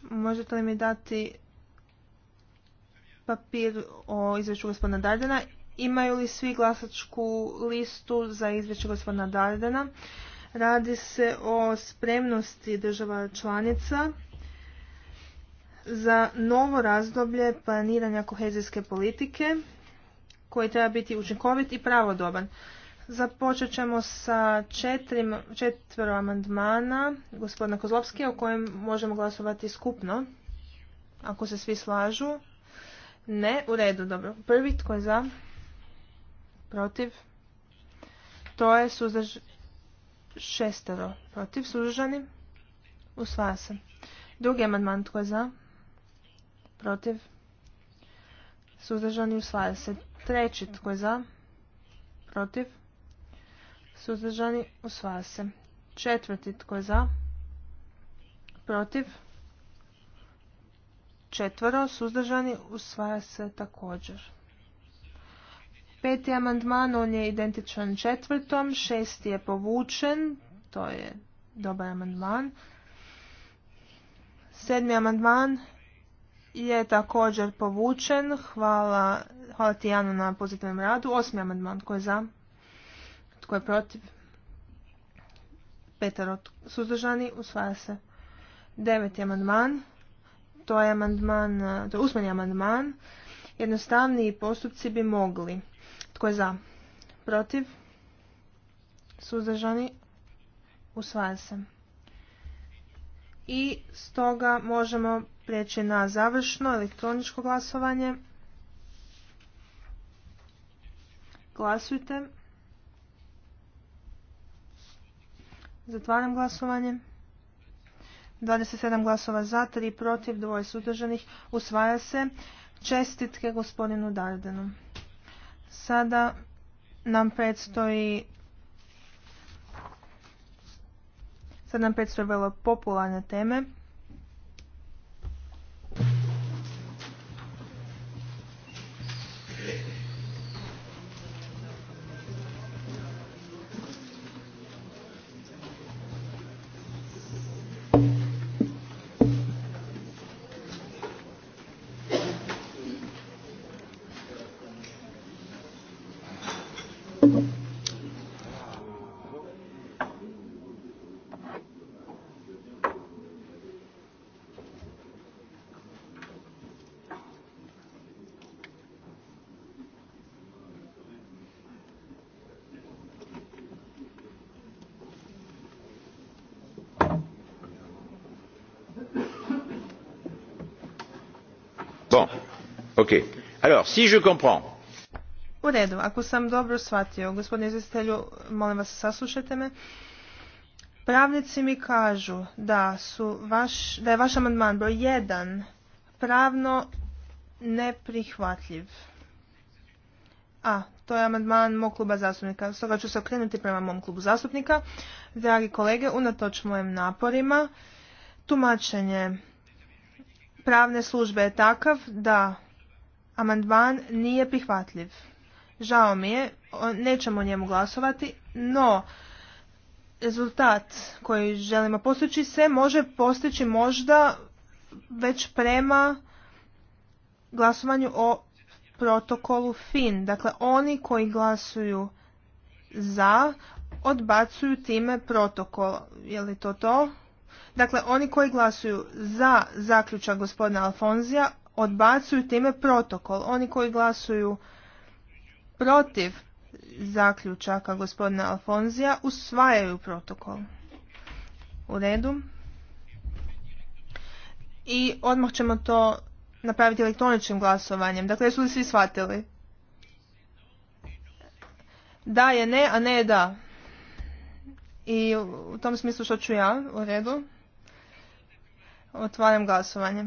Možete li mi dati papir o izvješću gospodina Dardena? Imaju li svi glasačku listu za izvješće gospodina Dardena? Radi se o spremnosti država članica za novo razdoblje planiranja kohezijske politike koji treba biti učinkovit i pravodoban. Započet ćemo sa četiri, četvero amandmana gospodina Kozlovskija o kojem možemo glasovati skupno. Ako se svi slažu. Ne, u redu, dobro. Prvi, tko je za? Protiv? To je suzdrž... šestero. Protiv, suzdržani? Usvaja se. Drugi amandman, tko je za? protiv, suzdržani usvaja se. Treći tko je za, protiv, suzdržani usvaja se. Četvrti tko je za, protiv, četvoro, suzdržani usvaja se također. Peti amandman, on je identičan četvrtom, šesti je povučen, to je dobar amandman. Sedmi amandman, je također povučen. Hvala, hvala ti na pozitivnom radu. Osmi amandman, tko je za? Tko je protiv? Petar suzdržani, usvaja se. Deveti amandman, to je amandman, to je usmeni amandman. Jednostavniji postupci bi mogli. Tko je za? Protiv? Suzdržani, usvaja se i stoga možemo prijeći na završno elektroničko glasovanje. Glasujte. Zatvaram glasovanje. 27 glasova za, 3 protiv, dvoje sudržanih. Usvaja se. Čestitke gospodinu Dardenu. Sada nam predstoji Sad nam predstavljaju popularne teme. U redu, ako sam dobro shvatio, gospodine izvjestitelju, molim vas saslušajte me. Pravnici mi kažu da, su vaš, da je vaš amandman broj jedan pravno neprihvatljiv. A, to je amandman mog kluba zastupnika. Stoga ću se okrenuti prema mom klubu zastupnika. Dragi kolege, unatoč mojim naporima, tumačenje pravne službe je takav da amandman nije prihvatljiv. Žao mi je, nećemo o njemu glasovati, no rezultat koji želimo postići se može postići možda već prema glasovanju o protokolu FIN. Dakle, oni koji glasuju za odbacuju time protokol. Je li to to? Dakle, oni koji glasuju za zaključak gospodina Alfonzija odbacuju time protokol. Oni koji glasuju protiv zaključaka gospodina Alfonzija usvajaju protokol. U redu. I odmah ćemo to napraviti elektroničnim glasovanjem. Dakle, jesu li svi shvatili? Da je ne, a ne da. I u tom smislu što ću ja, u redu. Otvaram glasovanje.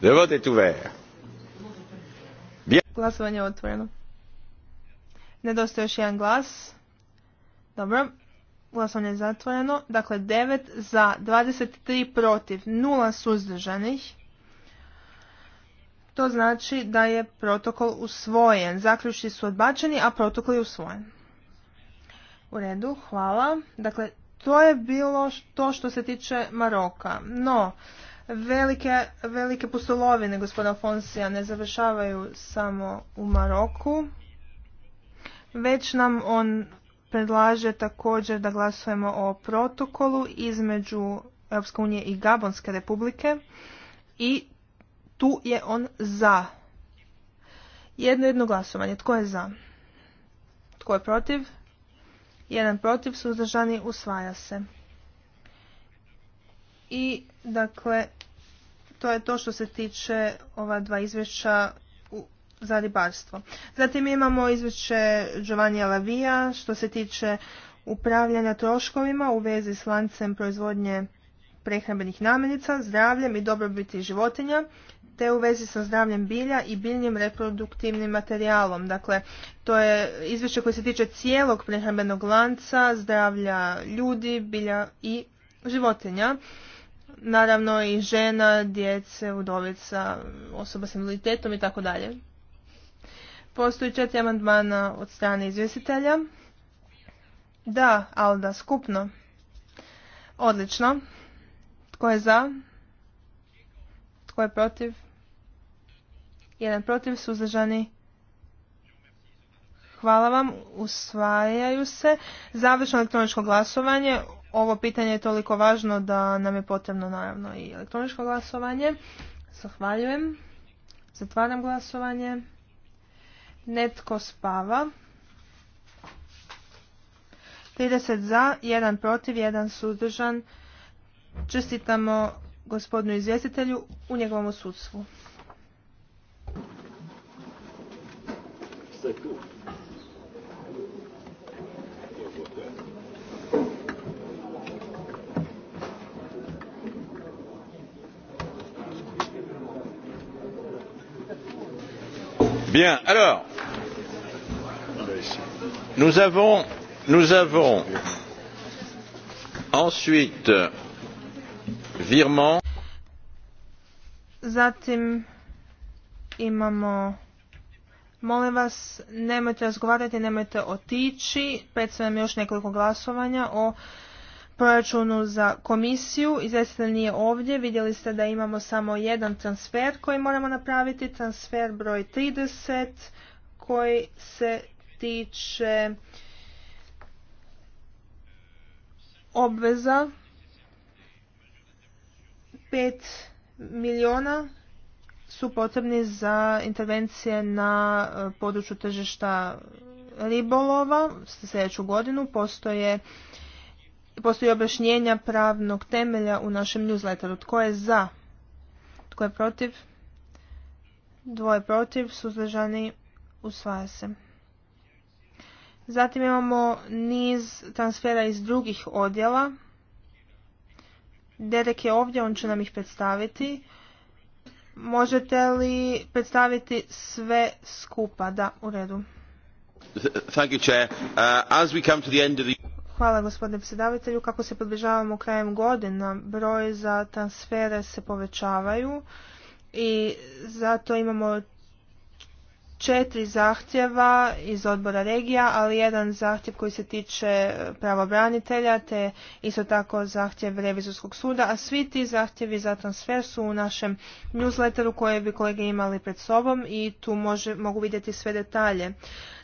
est Glasovanje je otvoreno. Nedostaje još jedan glas. Dobro. Glasovanje je zatvoreno. Dakle, 9 za, 23 protiv, nula suzdržanih. To znači da je protokol usvojen. Zaključci su odbačeni, a protokol je usvojen. U redu, hvala. Dakle, to je bilo to što se tiče Maroka. No, velike, velike pustolovine gospoda Fonsija ne završavaju samo u Maroku, već nam on predlaže također da glasujemo o protokolu između Europske unije i Gabonske republike i tu je on za. Jedno jedno glasovanje. Tko je za? Tko je protiv? Jedan protiv, suzdržani, usvaja se. I, dakle, to je to što se tiče ova dva izvješća za ribarstvo. Zatim imamo izvješće Giovanni Lavija što se tiče upravljanja troškovima u vezi s lancem proizvodnje prehrambenih namirnica, zdravljem i dobrobiti životinja te u vezi sa zdravljem bilja i biljnim reproduktivnim materijalom. Dakle, to je izvješće koje se tiče cijelog prehrambenog lanca, zdravlja ljudi, bilja i životinja. Naravno i žena, djece, udovica, osoba s invaliditetom i tako dalje. Postoji četiri amandmana od strane izvjestitelja. Da, Alda, skupno. Odlično. Tko je za? Tko je protiv? Jedan protiv, suzdržani. Hvala vam, usvajaju se. Završeno elektroničko glasovanje. Ovo pitanje je toliko važno da nam je potrebno naravno i elektroničko glasovanje. Zahvaljujem. Zatvaram glasovanje. Netko spava. 30 za, 1 protiv, 1 suzdržan. Čestitamo gospodinu izvjestitelju u njegovom sudstvu. Bien, alors, nous avons, nous avons ensuite virement. Zatim imamo Molim vas, nemojte razgovarati, nemojte otići. Pet sam još nekoliko glasovanja o proračunu za komisiju. Izvjestitelj nije ovdje. Vidjeli ste da imamo samo jedan transfer koji moramo napraviti. Transfer broj 30 koji se tiče obveza 5 milijuna su potrebni za intervencije na e, području tržišta ribolova sljedeću godinu. Postoje Postoji objašnjenja pravnog temelja u našem newsletteru. Tko je za? Tko je protiv? Dvoje protiv, suzdržani, usvaja se. Zatim imamo niz transfera iz drugih odjela. Derek je ovdje, on će nam ih predstaviti. Možete li predstaviti sve skupa? Da, u redu. Hvala gospodine predsjedavatelju. Kako se približavamo krajem godina, broj za transfere se povećavaju i zato imamo četiri zahtjeva iz odbora regija, ali jedan zahtjev koji se tiče pravobranitelja, te isto tako zahtjev revizorskog suda, a svi ti zahtjevi za transfer su u našem newsletteru koje bi kolege imali pred sobom i tu mogu vidjeti sve detalje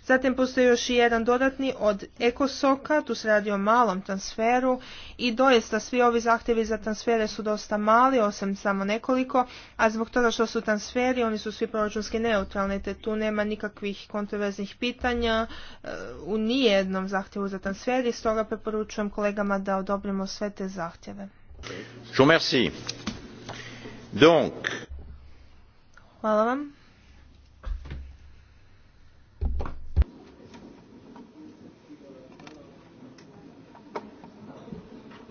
Zatim postoji još i jedan dodatni od ekosoka, tu se radi o malom transferu i doista svi ovi zahtjevi za transfere su dosta mali, osim samo nekoliko, a zbog toga što su transferi, oni su svi proračunski neutralni, te tu nema nikakvih kontroverznih pitanja e, u nijednom zahtjevu za transferi, i stoga preporučujem kolegama da odobrimo sve te zahtjeve. Hvala vam.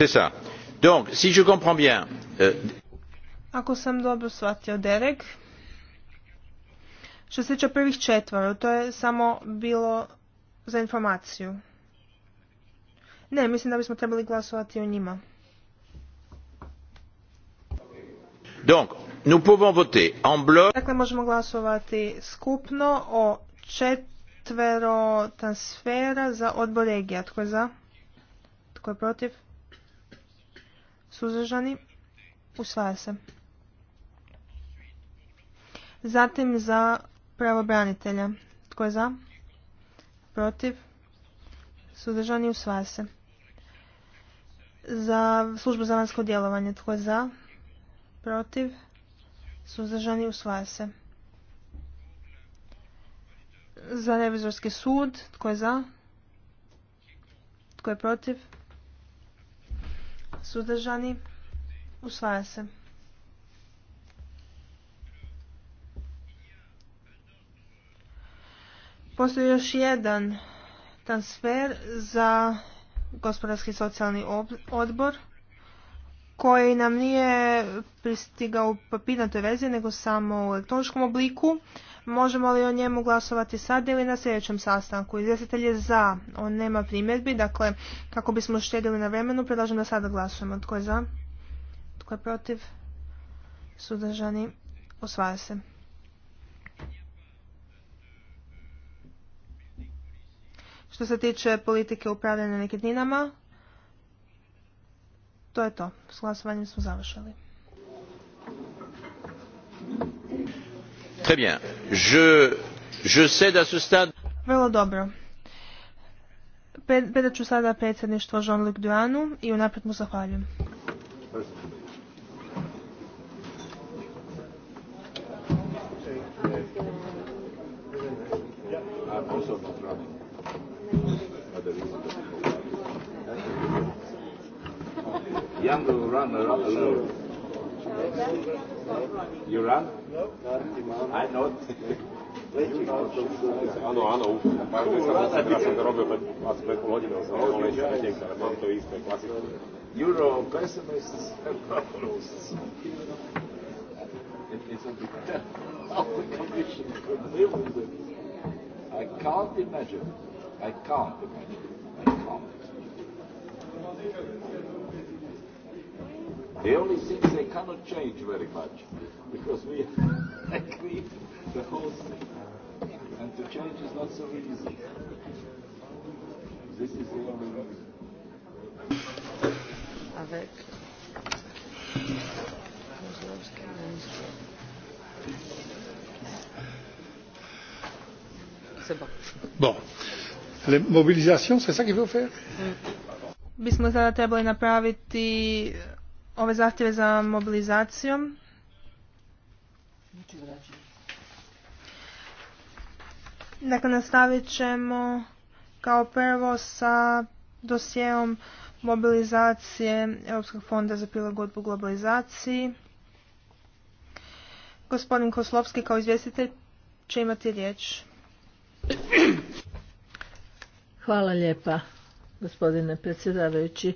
Euh, Ako sam dobro shvatio Derek, što se tiče prvih četvaro, to je samo bilo za informaciju. Ne, mislim da bismo trebali glasovati o njima. Dakle, možemo glasovati skupno o četvero transfera za odbor regija. Tko je za? Tko je protiv? suzdržani, usvaja se. Zatim za pravobranitelja. Tko je za? Protiv? Suzdržani usvaja se. Za službu za vanjsko djelovanje. Tko je za? Protiv? Suzdržani usvaja se. Za revizorski sud. Tko je za? Tko je protiv? Suzdržani? Usvaja se. Postoji još jedan transfer za gospodarski socijalni odbor koji nam nije pristigao u papirnatoj vezi nego samo u elektroničkom obliku. Možemo li o njemu glasovati sad ili na sljedećem sastanku? Izvjestitelj je za, on nema primjedbi, dakle kako bismo štedili na vremenu predlažem da sada glasujemo. Tko je za? Tko je protiv? Sudržani? Osvaja se. Što se tiče politike upravljanja nekretninama, to je to. S glasovanjem smo završili. Vrlo dobro. Predat ću sada predsjedništvo Jean-Luc Duanu i unaprijed mu zahvaljujem. Young You run? No. Ano, ano, Euro pessimists I can't imagine. I can't imagine. The only thing they cannot change very much because we agree the whole thing. And to change is not so easy. This is the only reason. Avec. Bon. bon. Les mobilisations, c'est ça qu'il faut faire? Bismo sada trebali napraviti ove zahtjeve za mobilizacijom. Dakle, nastavit ćemo kao prvo sa dosijevom mobilizacije Europskog fonda za prilagodbu globalizaciji. Gospodin Koslovski kao izvjestitelj će imati riječ. Hvala lijepa gospodine predsjedavajući.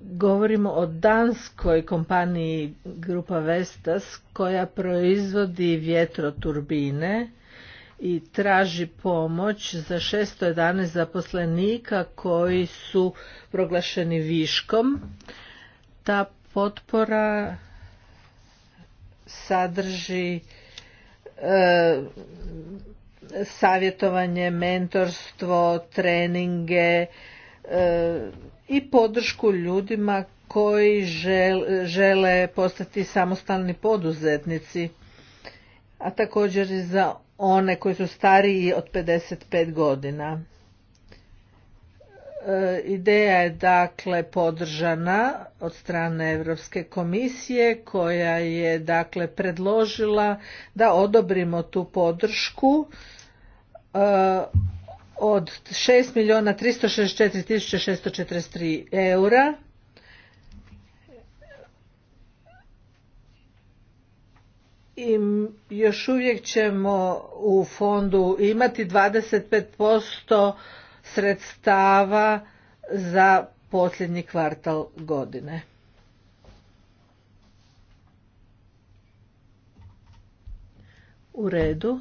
Govorimo o danskoj kompaniji Grupa Vestas koja proizvodi vjetroturbine i traži pomoć za 611 zaposlenika koji su proglašeni viškom. Ta potpora sadrži e, savjetovanje, mentorstvo, treninge, E, i podršku ljudima koji žele postati samostalni poduzetnici, a također i za one koji su stariji od 55 godina. E, ideja je dakle podržana od strane Europske komisije koja je dakle predložila da odobrimo tu podršku e, od 6 milijuna 364 četrdeset eura i još uvijek ćemo u fondu imati 25% sredstava za posljednji kvartal godine. U redu.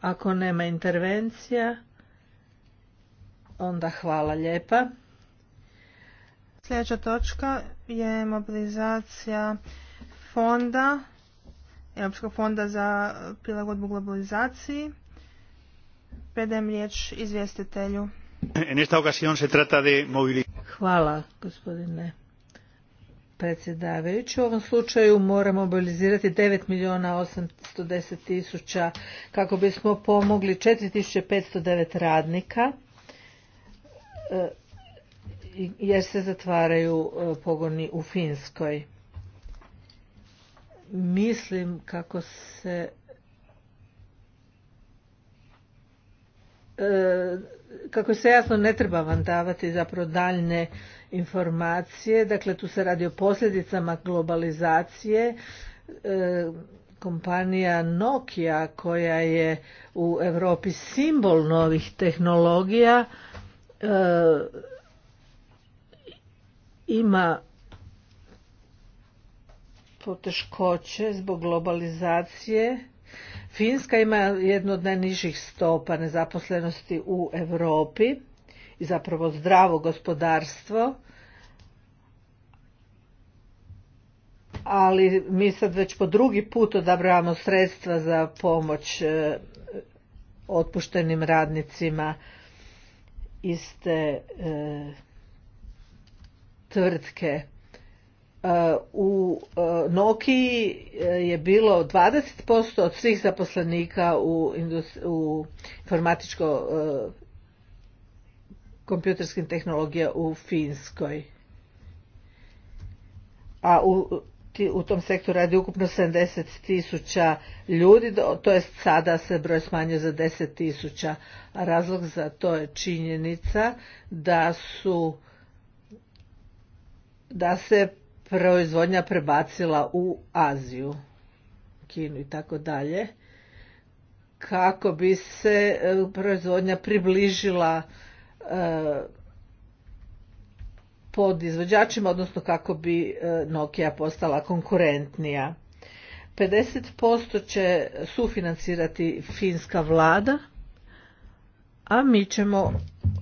Ako nema intervencija Onda hvala lijepa. Sljedeća točka je mobilizacija fonda, Europskog fonda za prilagodbu globalizaciji. Predajem riječ izvjestitelju. En esta ocasión se trata de Hvala, gospodine predsjedavajući. U ovom slučaju moramo mobilizirati 9 miliona 810 tisuća kako bismo pomogli 4509 radnika E, jer se zatvaraju e, pogoni u Finskoj. Mislim kako se e, kako se jasno ne treba vam davati zapravo daljne informacije, dakle tu se radi o posljedicama globalizacije, kompanija Nokia koja je u Europi simbol novih tehnologija E, ima poteškoće zbog globalizacije. Finska ima jednu od najnižih stopa nezaposlenosti u Europi i zapravo zdravo gospodarstvo. Ali mi sad već po drugi put odabravamo sredstva za pomoć e, otpuštenim radnicima iste e, tvrtke. E, u e, Nokiji je bilo 20% od svih zaposlenika u, u informatičko kompjuterskim tehnologija u Finskoj. A u u tom sektoru radi ukupno 70 tisuća ljudi, to je sada se broj smanjio za 10 tisuća. Razlog za to je činjenica da su da se proizvodnja prebacila u Aziju, Kinu i tako dalje, kako bi se e, proizvodnja približila e, izvođačima, odnosno kako bi e, Nokia postala konkurentnija. 50% će sufinancirati finska vlada, a mi ćemo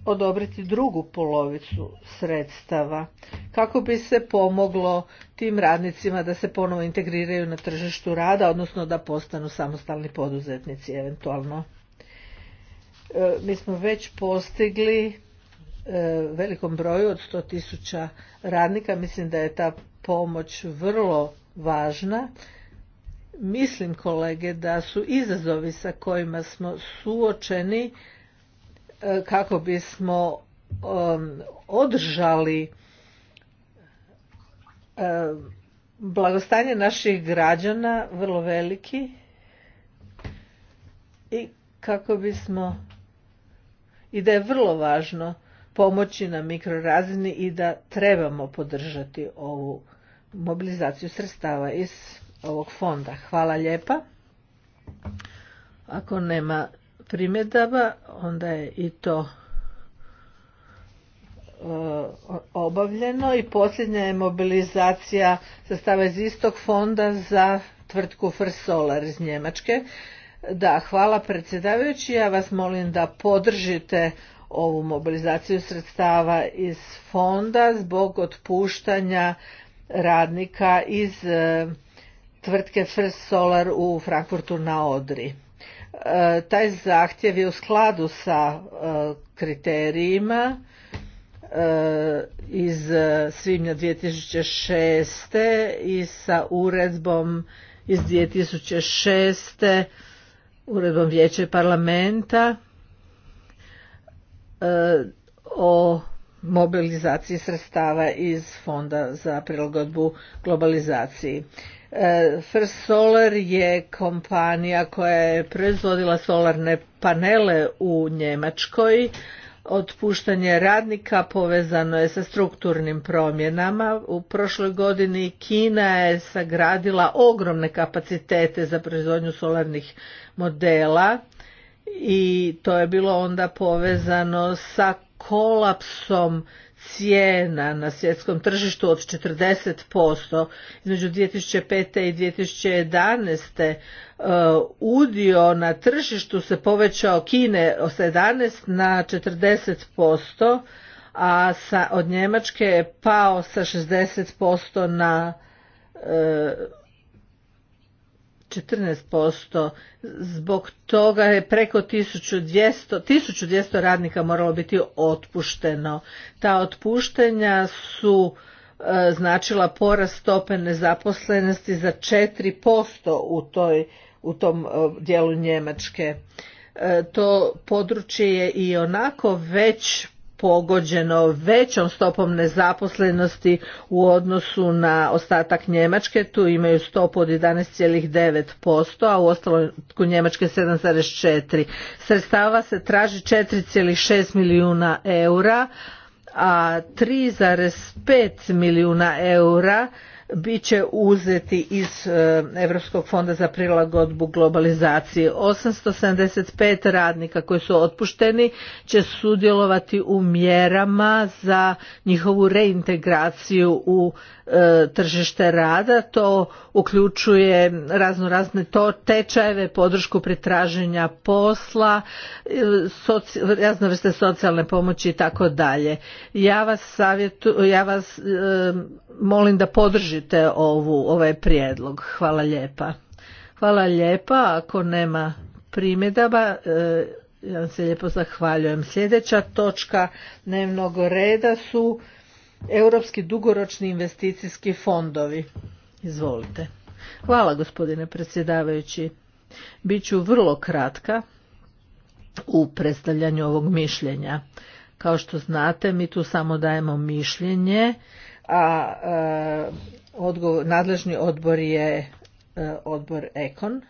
odobriti drugu polovicu sredstava kako bi se pomoglo tim radnicima da se ponovo integriraju na tržištu rada, odnosno da postanu samostalni poduzetnici eventualno. E, mi smo već postigli E, velikom broju od 100.000 radnika. Mislim da je ta pomoć vrlo važna. Mislim kolege da su izazovi sa kojima smo suočeni e, kako bismo održali blagostanje naših građana vrlo veliki i kako bismo i da je vrlo važno pomoći na mikrorazini i da trebamo podržati ovu mobilizaciju sredstava iz ovog fonda. Hvala lijepa. Ako nema primjedaba, onda je i to e, obavljeno i posljednja je mobilizacija sredstava iz istog fonda za tvrtku First Solar iz Njemačke. Da, hvala predsjedavajući, ja vas molim da podržite ovu mobilizaciju sredstava iz fonda zbog otpuštanja radnika iz e, tvrtke First Solar u Frankfurtu na Odri. E, taj zahtjev je u skladu sa e, kriterijima iz svibnja 2006. i sa uredbom iz 2006. uredbom Vijeća parlamenta o mobilizaciji sredstava iz Fonda za prilagodbu globalizaciji. E, First Solar je kompanija koja je proizvodila solarne panele u Njemačkoj. Otpuštanje radnika povezano je sa strukturnim promjenama. U prošloj godini Kina je sagradila ogromne kapacitete za proizvodnju solarnih modela i to je bilo onda povezano sa kolapsom cijena na svjetskom tržištu od 40%. Između 2005. i 2011. Uh, udio na tržištu se povećao Kine od 11 na 40%, a sa, od Njemačke je pao sa 60% na uh, 14%. Zbog toga je preko 1200, 1200 radnika moralo biti otpušteno. Ta otpuštenja su e, značila porast stope nezaposlenosti za 4% u, toj, u tom e, dijelu Njemačke. E, to područje je i onako već pogođeno većom stopom nezaposlenosti u odnosu na ostatak Njemačke. Tu imaju stopu od 11,9%, a u ostalom Njemačke 7,4%. Sredstava se traži 4,6 milijuna eura, a 3,5 milijuna eura bit će uzeti iz Europskog fonda za prilagodbu globalizaciji. 875 radnika koji su otpušteni će sudjelovati u mjerama za njihovu reintegraciju u E, tržište rada to uključuje razno razne to tečajeve podršku pretraženja posla e, soci, socijalne pomoći i tako dalje ja vas savjetu, ja vas e, molim da podržite ovu ovaj prijedlog hvala lijepa hvala lijepa ako nema primjedaba ja vam se lijepo zahvaljujem sljedeća točka dnevnog reda su europski dugoročni investicijski fondovi. Izvolite. Hvala gospodine predsjedavajući. Biću vrlo kratka u predstavljanju ovog mišljenja. Kao što znate, mi tu samo dajemo mišljenje, a e, nadležni odbor je e, odbor Ekon.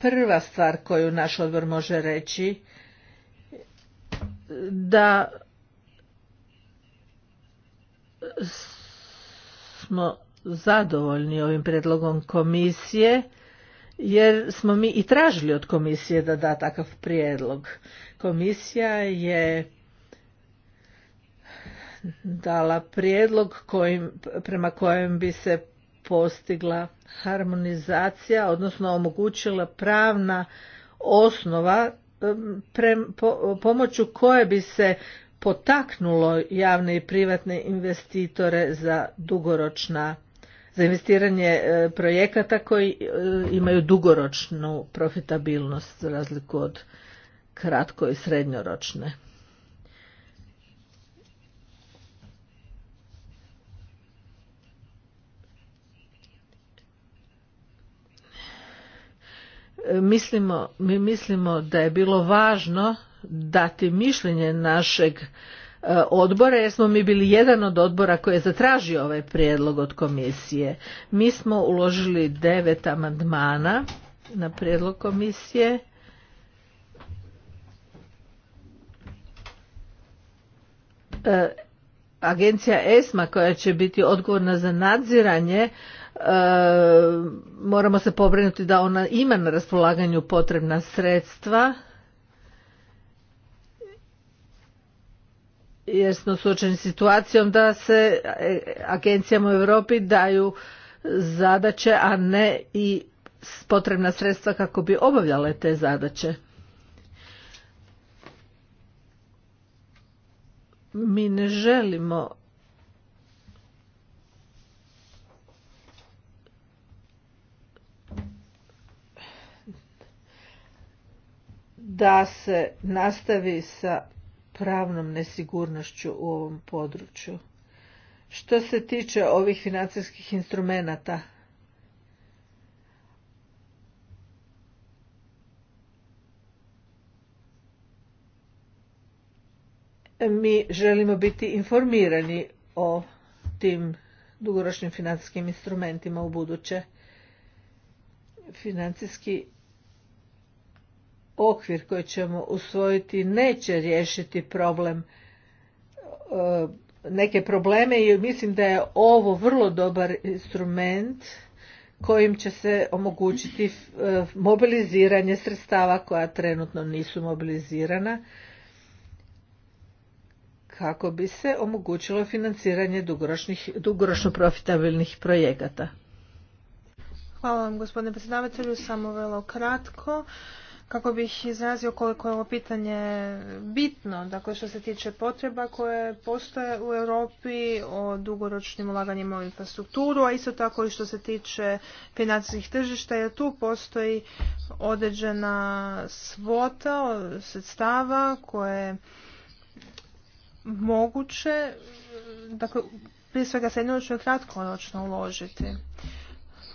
Prva stvar koju naš odbor može reći da smo zadovoljni ovim predlogom komisije jer smo mi i tražili od komisije da da takav prijedlog. Komisija je dala prijedlog kojim, prema kojem bi se postigla harmonizacija, odnosno omogućila pravna osnova pre, pomoću koje bi se potaknulo javne i privatne investitore za dugoročna za investiranje e, projekata koji e, imaju dugoročnu profitabilnost za razliku od kratko i srednjoročne. mislimo, mi mislimo da je bilo važno dati mišljenje našeg e, odbora jer smo mi bili jedan od odbora koji je zatražio ovaj prijedlog od komisije. Mi smo uložili devet amandmana na prijedlog komisije. E, agencija ESMA koja će biti odgovorna za nadziranje E, moramo se pobrinuti da ona ima na raspolaganju potrebna sredstva jer smo suočeni situacijom da se e, agencijama u Europi daju zadaće, a ne i potrebna sredstva kako bi obavljale te zadaće. Mi ne želimo da se nastavi sa pravnom nesigurnošću u ovom području. Što se tiče ovih financijskih instrumenata, mi želimo biti informirani o tim dugoročnim financijskim instrumentima u buduće. Financijski okvir koji ćemo usvojiti neće riješiti problem e, neke probleme i mislim da je ovo vrlo dobar instrument kojim će se omogućiti e, mobiliziranje sredstava koja trenutno nisu mobilizirana kako bi se omogućilo financiranje dugoročno profitabilnih projekata. Hvala vam gospodine predsjedavatelju, samo vrlo kratko kako bih izrazio koliko je ovo pitanje bitno, dakle što se tiče potreba koje postoje u Europi o dugoročnim ulaganjima u infrastrukturu, a isto tako i što se tiče financijskih tržišta, jer tu postoji određena svota sredstava koje moguće, dakle prije svega srednjoročno i kratkoročno uložiti.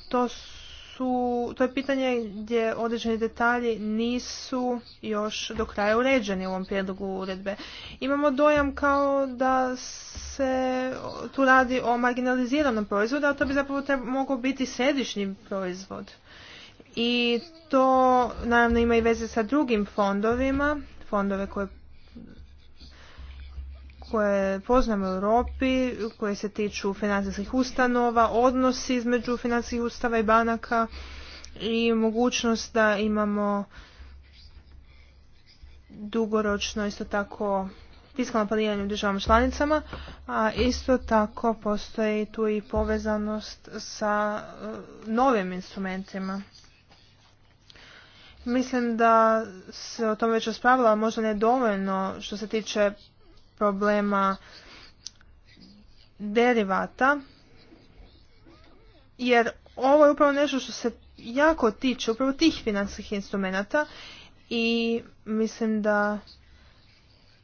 To su su, to je pitanje gdje određeni detalji nisu još do kraja uređeni u ovom prijedlogu uredbe. Imamo dojam kao da se tu radi o marginaliziranom proizvodu, a to bi zapravo mogao biti središnji proizvod. I to naravno ima i veze sa drugim fondovima, fondove koje koje poznamo u Europi, koje se tiču financijskih ustanova, odnosi između financijskih ustava i banaka i mogućnost da imamo dugoročno isto tako fiskalno planiranje u državama članicama, a isto tako postoji tu i povezanost sa e, novim instrumentima. Mislim da se o tome već raspravila, možda ne dovoljno što se tiče problema derivata, jer ovo je upravo nešto što se jako tiče upravo tih financijskih instrumenata i mislim da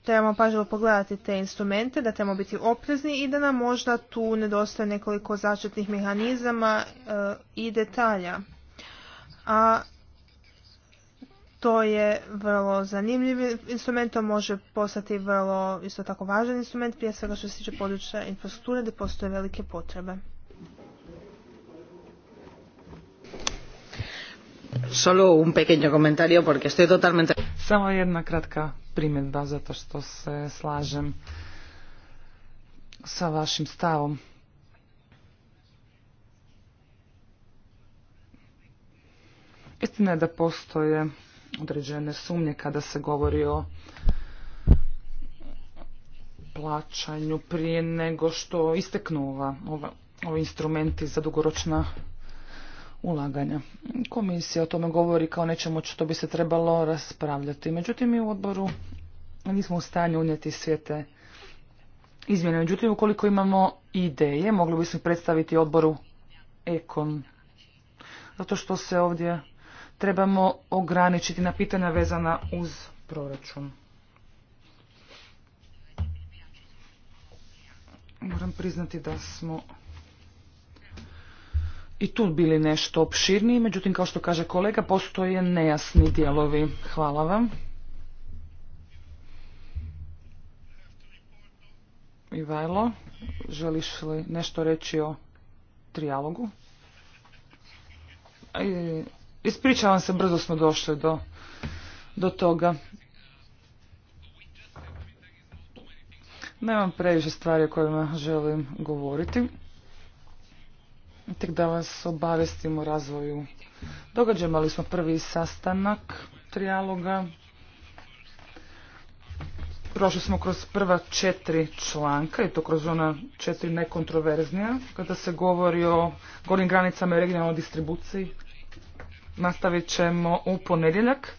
trebamo pažljivo pogledati te instrumente, da trebamo biti oprezni i da nam možda tu nedostaje nekoliko začetnih mehanizama e, i detalja. A to je vrlo zanimljiv instrument, to može postati vrlo isto tako važan instrument, prije svega što se tiče područja infrastrukture gdje postoje velike potrebe. Solo un pequeño comentario porque estoy totalmente... Samo jedna kratka primjedba zato što se slažem sa vašim stavom. Istina je da postoje određene sumnje kada se govori o plaćanju prije nego što isteknu ova, ova, ovi instrumenti za dugoročna ulaganja. Komisija o tome govori kao nečemu što bi se trebalo raspravljati. Međutim, mi u odboru nismo u stanju unijeti sve te izmjene. Međutim, ukoliko imamo ideje, mogli bismo predstaviti odboru Ekon. Zato što se ovdje trebamo ograničiti na pitanja vezana uz proračun. Moram priznati da smo i tu bili nešto opširniji, međutim kao što kaže kolega postoje nejasni dijelovi. Hvala vam. Ivajlo, želiš li nešto reći o trijalogu? E, Ispričavam se, brzo smo došli do, do toga. Nemam previše stvari o kojima želim govoriti. Tek da vas obavestim o razvoju događaja. smo prvi sastanak trijaloga. Prošli smo kroz prva četiri članka i to kroz ona četiri nekontroverznija kada se govori o gornjim granicama i regionalnoj distribuciji nastavit ćemo u ponedjeljak.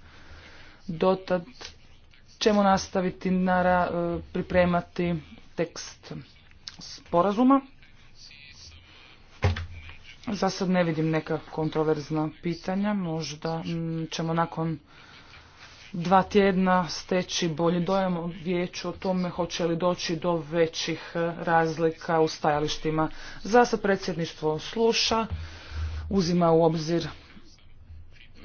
Dotad ćemo nastaviti nara, e, pripremati tekst sporazuma. Za sad ne vidim neka kontroverzna pitanja. Možda mm, ćemo nakon dva tjedna steći bolji dojam o vijeću o tome hoće li doći do većih e, razlika u stajalištima. Za sad predsjedništvo sluša, uzima u obzir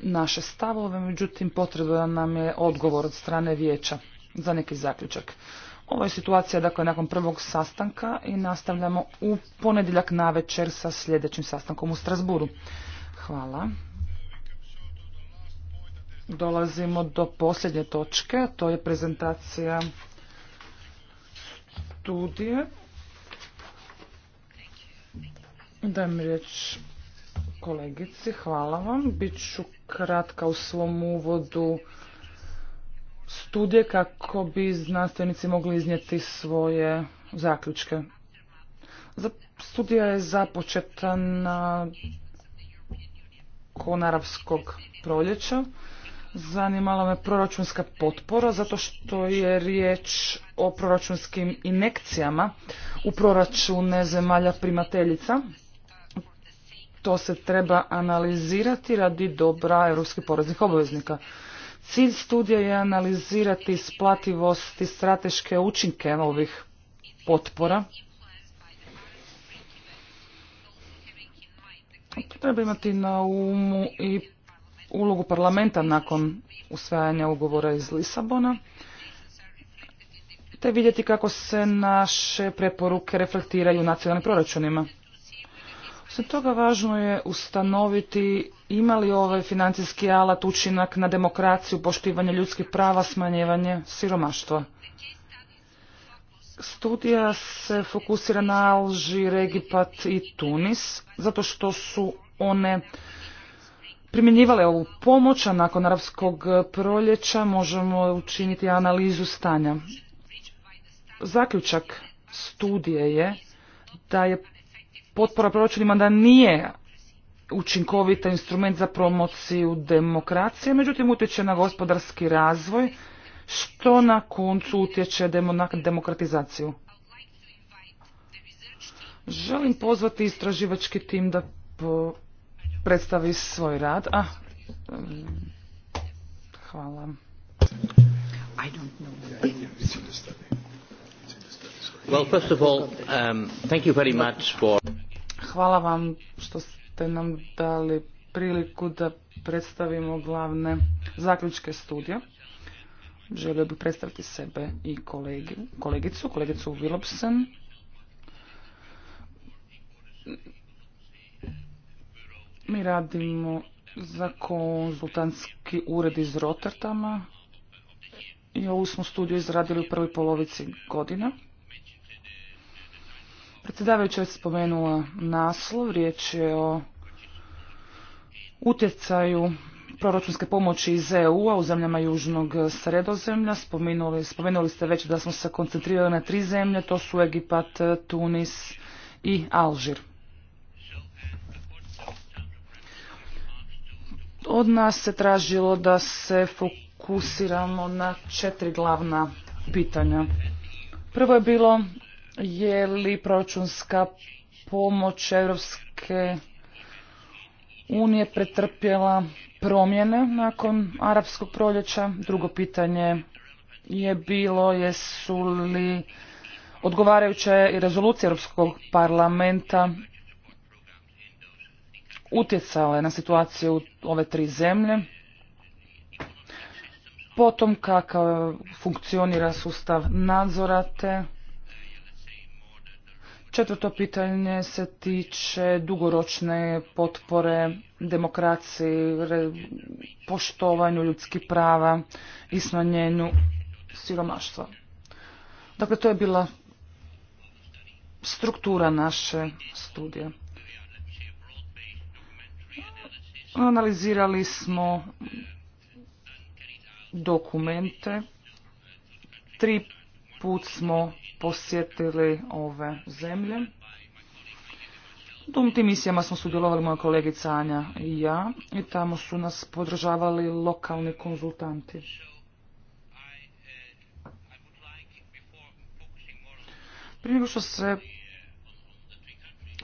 naše stavove, međutim potreban nam je odgovor od strane vijeća za neki zaključak. Ovo je situacija dakle nakon prvog sastanka i nastavljamo u ponedjeljak na večer sa sljedećim sastankom u Strasburu. Hvala. Dolazimo do posljednje točke, to je prezentacija studije. Dajem riječ kolegici, hvala vam. Biću kratka u svom uvodu studije kako bi znanstvenici mogli iznijeti svoje zaključke. Studija je započeta na konaravskog proljeća. Zanimala me proračunska potpora zato što je riječ o proračunskim inekcijama u proračune zemalja primateljica to se treba analizirati radi dobra europskih poreznih obveznika. Cilj studije je analizirati splativost i strateške učinke ovih potpora. Treba imati na umu i ulogu parlamenta nakon usvajanja ugovora iz Lisabona te vidjeti kako se naše preporuke reflektiraju u nacionalnim proračunima. Osim toga važno je ustanoviti ima li ovaj financijski alat učinak na demokraciju, poštivanje ljudskih prava, smanjevanje siromaštva. Studija se fokusira na Alži, Regipat i Tunis, zato što su one primjenjivale ovu pomoć, a nakon arapskog proljeća možemo učiniti analizu stanja. Zaključak studije je da je potpora proračunima da nije učinkovita instrument za promociju demokracije, međutim utječe na gospodarski razvoj, što na koncu utječe na demokratizaciju. Želim pozvati istraživački tim da predstavi svoj rad. a. Ah, mm, hvala. Well, first of all, um, thank you very much for... Hvala vam što ste nam dali priliku da predstavimo glavne zaključke studija. Želio bih predstaviti sebe i kolegi, kolegicu, kolegicu Wilopsen. Mi radimo za konzultantski ured iz Rotterdama i ovu smo studiju izradili u prvoj polovici godina. Predsjedavajuća je spomenula naslov, riječ je o utjecaju proračunske pomoći iz EU-a u zemljama Južnog sredozemlja. spomenuli ste već da smo se koncentrirali na tri zemlje, to su Egipat, Tunis i Alžir. Od nas se tražilo da se fokusiramo na četiri glavna pitanja. Prvo je bilo je li proračunska pomoć Europske unije pretrpjela promjene nakon arapskog proljeća? Drugo pitanje je bilo jesu li odgovarajuće i rezolucije Europskog parlamenta utjecale na situaciju u ove tri zemlje? Potom kakav funkcionira sustav nadzora te Četvrto pitanje se tiče dugoročne potpore demokraciji, poštovanju ljudskih prava i smanjenju siromaštva. Dakle, to je bila struktura naše studije. Analizirali smo dokumente, tri put smo posjetili ove zemlje. U tim misijama smo sudjelovali moja kolegica Anja i ja i tamo su nas podržavali lokalni konzultanti. Prije nego što se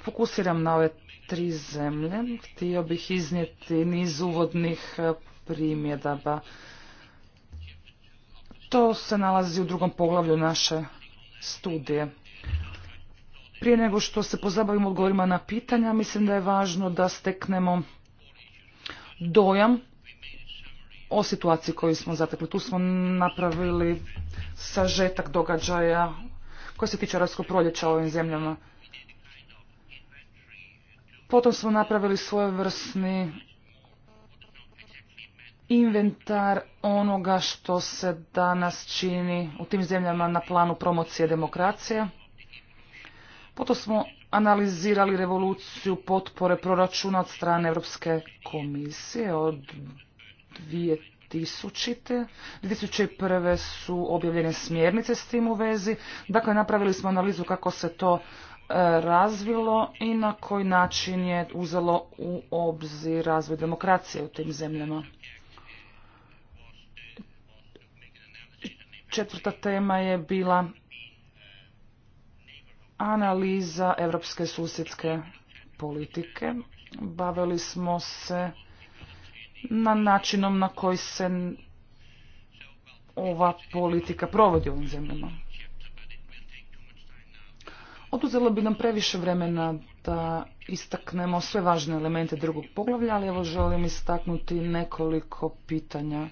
fokusiram na ove tri zemlje, htio bih iznijeti niz uvodnih e, primjedaba. To se nalazi u drugom poglavlju naše studije. Prije nego što se pozabavimo odgovorima na pitanja, mislim da je važno da steknemo dojam o situaciji koju smo zatekli. Tu smo napravili sažetak događaja koji se tiče arabskog proljeća ovim zemljama. Potom smo napravili svojevrsni inventar onoga što se danas čini u tim zemljama na planu promocije demokracije. Potom smo analizirali revoluciju potpore proračuna od strane Europske komisije od 2000. 2001. su objavljene smjernice s tim u vezi. Dakle, napravili smo analizu kako se to e, razvilo i na koji način je uzelo u obzir razvoj demokracije u tim zemljama. Četvrta tema je bila analiza europske susjedske politike. Bavili smo se na načinom na koji se ova politika provodi u ovim zemljama. Oduzelo bi nam previše vremena da istaknemo sve važne elemente drugog poglavlja, ali evo želim istaknuti nekoliko pitanja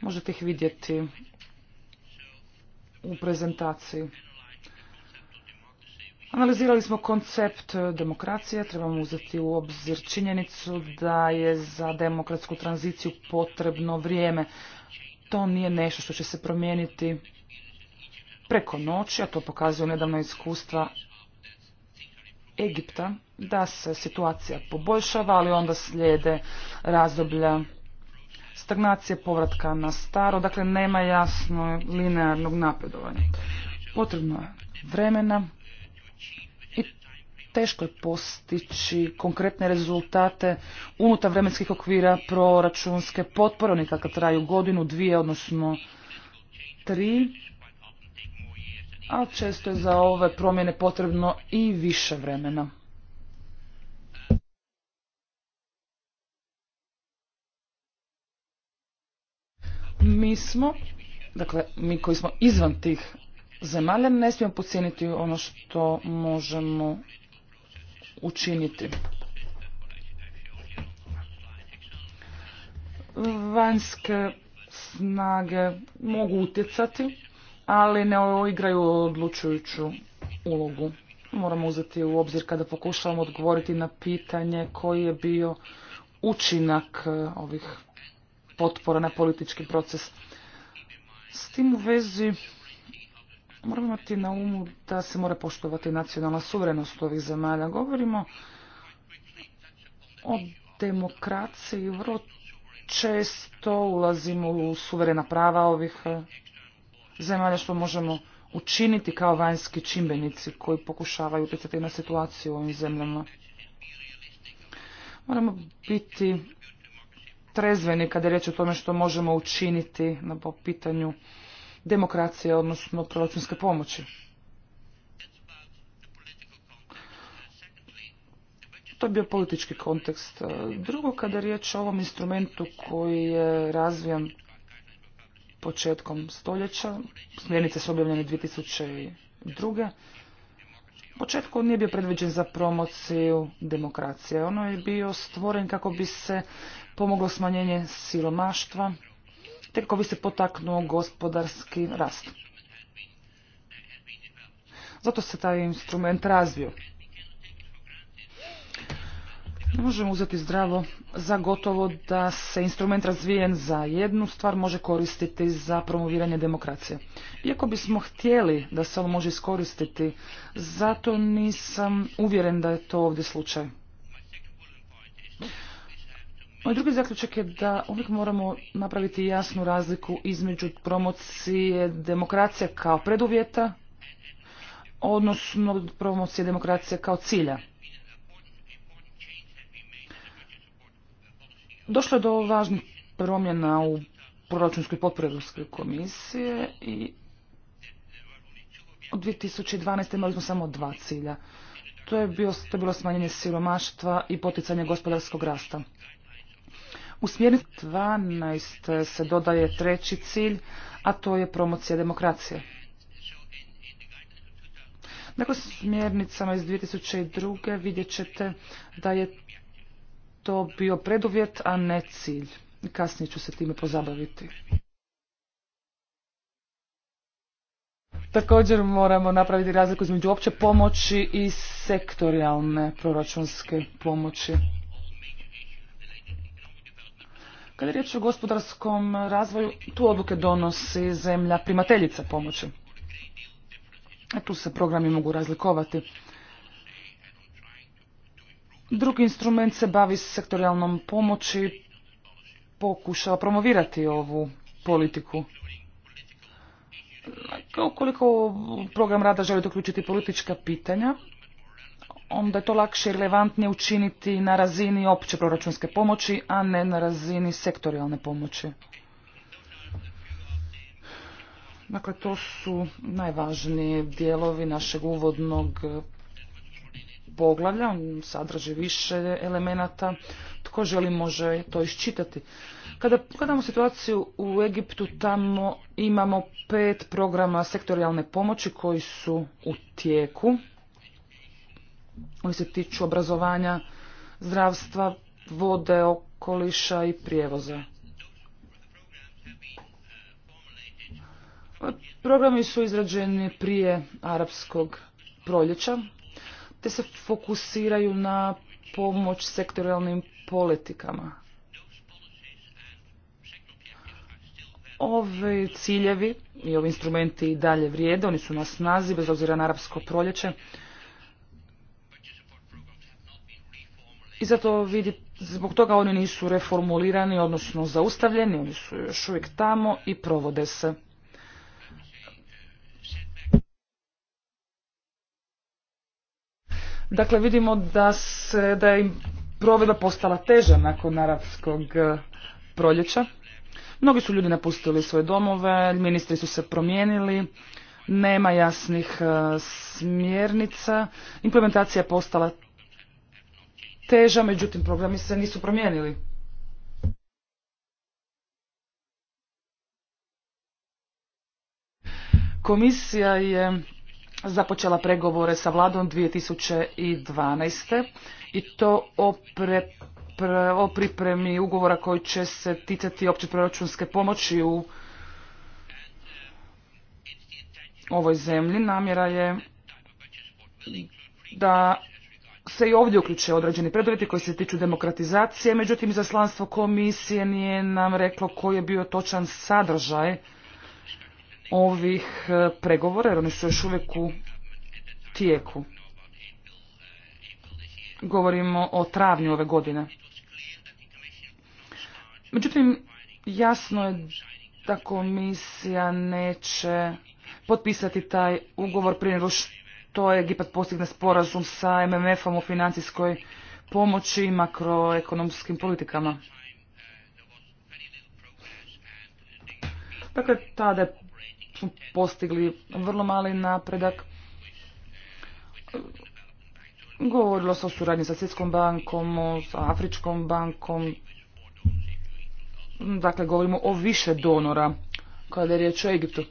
Možete ih vidjeti u prezentaciji. Analizirali smo koncept demokracije, trebamo uzeti u obzir činjenicu da je za demokratsku tranziciju potrebno vrijeme. To nije nešto što će se promijeniti preko noći, a to pokazuju nedavno iskustva Egipta, da se situacija poboljšava, ali onda slijede razdoblja stagnacije povratka na staro, dakle nema jasno linearnog napredovanja. Potrebno je vremena i teško je postići konkretne rezultate unutar vremenskih okvira proračunske potpore, oni kakav traju godinu, dvije, odnosno tri, a često je za ove promjene potrebno i više vremena. Mi smo, dakle, mi koji smo izvan tih zemalja, ne smijemo pocijeniti ono što možemo učiniti. Vanjske snage mogu utjecati, ali ne igraju odlučujuću ulogu. Moramo uzeti u obzir kada pokušavamo odgovoriti na pitanje koji je bio učinak eh, ovih potpora na politički proces. S tim u vezi moramo imati na umu da se mora poštovati nacionalna suverenost ovih zemalja. Govorimo o demokraciji, vrlo često ulazimo u suverena prava ovih eh, zemalja što možemo učiniti kao vanjski čimbenici koji pokušavaju utjecati na situaciju u ovim zemljama. Moramo biti trezveni kada je riječ o tome što možemo učiniti na po pitanju demokracije, odnosno proračunske pomoći. To je bio politički kontekst. Drugo, kada je riječ o ovom instrumentu koji je razvijan početkom stoljeća, smjernice su objavljene 2002. Početku nije bio predviđen za promociju demokracije. Ono je bio stvoren kako bi se pomoglo smanjenje siromaštva, te kako bi se potaknuo gospodarski rast. Zato se taj instrument razvio. Ne možemo uzeti zdravo za gotovo da se instrument razvijen za jednu stvar može koristiti za promoviranje demokracije. Iako bismo htjeli da se on može iskoristiti, zato nisam uvjeren da je to ovdje slučaj. Moj drugi zaključak je da uvijek moramo napraviti jasnu razliku između promocije demokracije kao preduvjeta, odnosno promocije demokracije kao cilja. Došlo je do važnih promjena u proračunskoj potpori komisije i od 2012. imali smo samo dva cilja. To je, bilo smanjenje siromaštva i poticanje gospodarskog rasta. U smjernici 12 se dodaje treći cilj, a to je promocija demokracije. Dakle, smjernicama iz 2002. vidjet ćete da je to bio preduvjet, a ne cilj. Kasnije ću se time pozabaviti. Također moramo napraviti razliku između opće pomoći i sektorijalne proračunske pomoći. Kada je riječ o gospodarskom razvoju, tu odluke donosi zemlja primateljica pomoći. A e, tu se programi mogu razlikovati. Drugi instrument se bavi sektorijalnom pomoći, pokušava promovirati ovu politiku. Koliko program rada želite uključiti politička pitanja, onda je to lakše i relevantnije učiniti na razini opće proračunske pomoći, a ne na razini sektorijalne pomoći. Dakle, to su najvažniji dijelovi našeg uvodnog eh, poglavlja. On sadrži više elemenata. Tko želi može to iščitati. Kada pogledamo situaciju u Egiptu, tamo imamo pet programa sektorijalne pomoći koji su u tijeku koji se tiču obrazovanja, zdravstva, vode, okoliša i prijevoza. Programi su izrađeni prije arapskog proljeća, te se fokusiraju na pomoć sektorijalnim politikama. Ove ciljevi i ovi instrumenti i dalje vrijede, oni su na snazi, bez obzira na arapsko proljeće, i zato vidi, zbog toga oni nisu reformulirani, odnosno zaustavljeni, oni su još uvijek tamo i provode se. Dakle, vidimo da, se, da je provedba postala teža nakon Arabskog eh, proljeća. Mnogi su ljudi napustili svoje domove, ministri su se promijenili, nema jasnih eh, smjernica, implementacija je postala teža, međutim programi se nisu promijenili. Komisija je započela pregovore sa vladom 2012. i to o, pripremi ugovora koji će se ticati opće proračunske pomoći u ovoj zemlji. Namjera je da se i ovdje uključuje određeni preduvjeti koji se tiču demokratizacije, međutim izaslanstvo komisije nije nam reklo koji je bio točan sadržaj ovih e, pregovora, jer oni su još uvijek u tijeku. Govorimo o travnju ove godine. Međutim, jasno je da komisija neće potpisati taj ugovor prije nego to je Egipat postigne sporazum sa MMF-om o financijskoj pomoći i makroekonomskim politikama. Dakle, tada smo postigli vrlo mali napredak. Govorilo se o suradnji sa Svjetskom bankom, sa Afričkom bankom. Dakle, govorimo o više donora kada je riječ o Egiptu.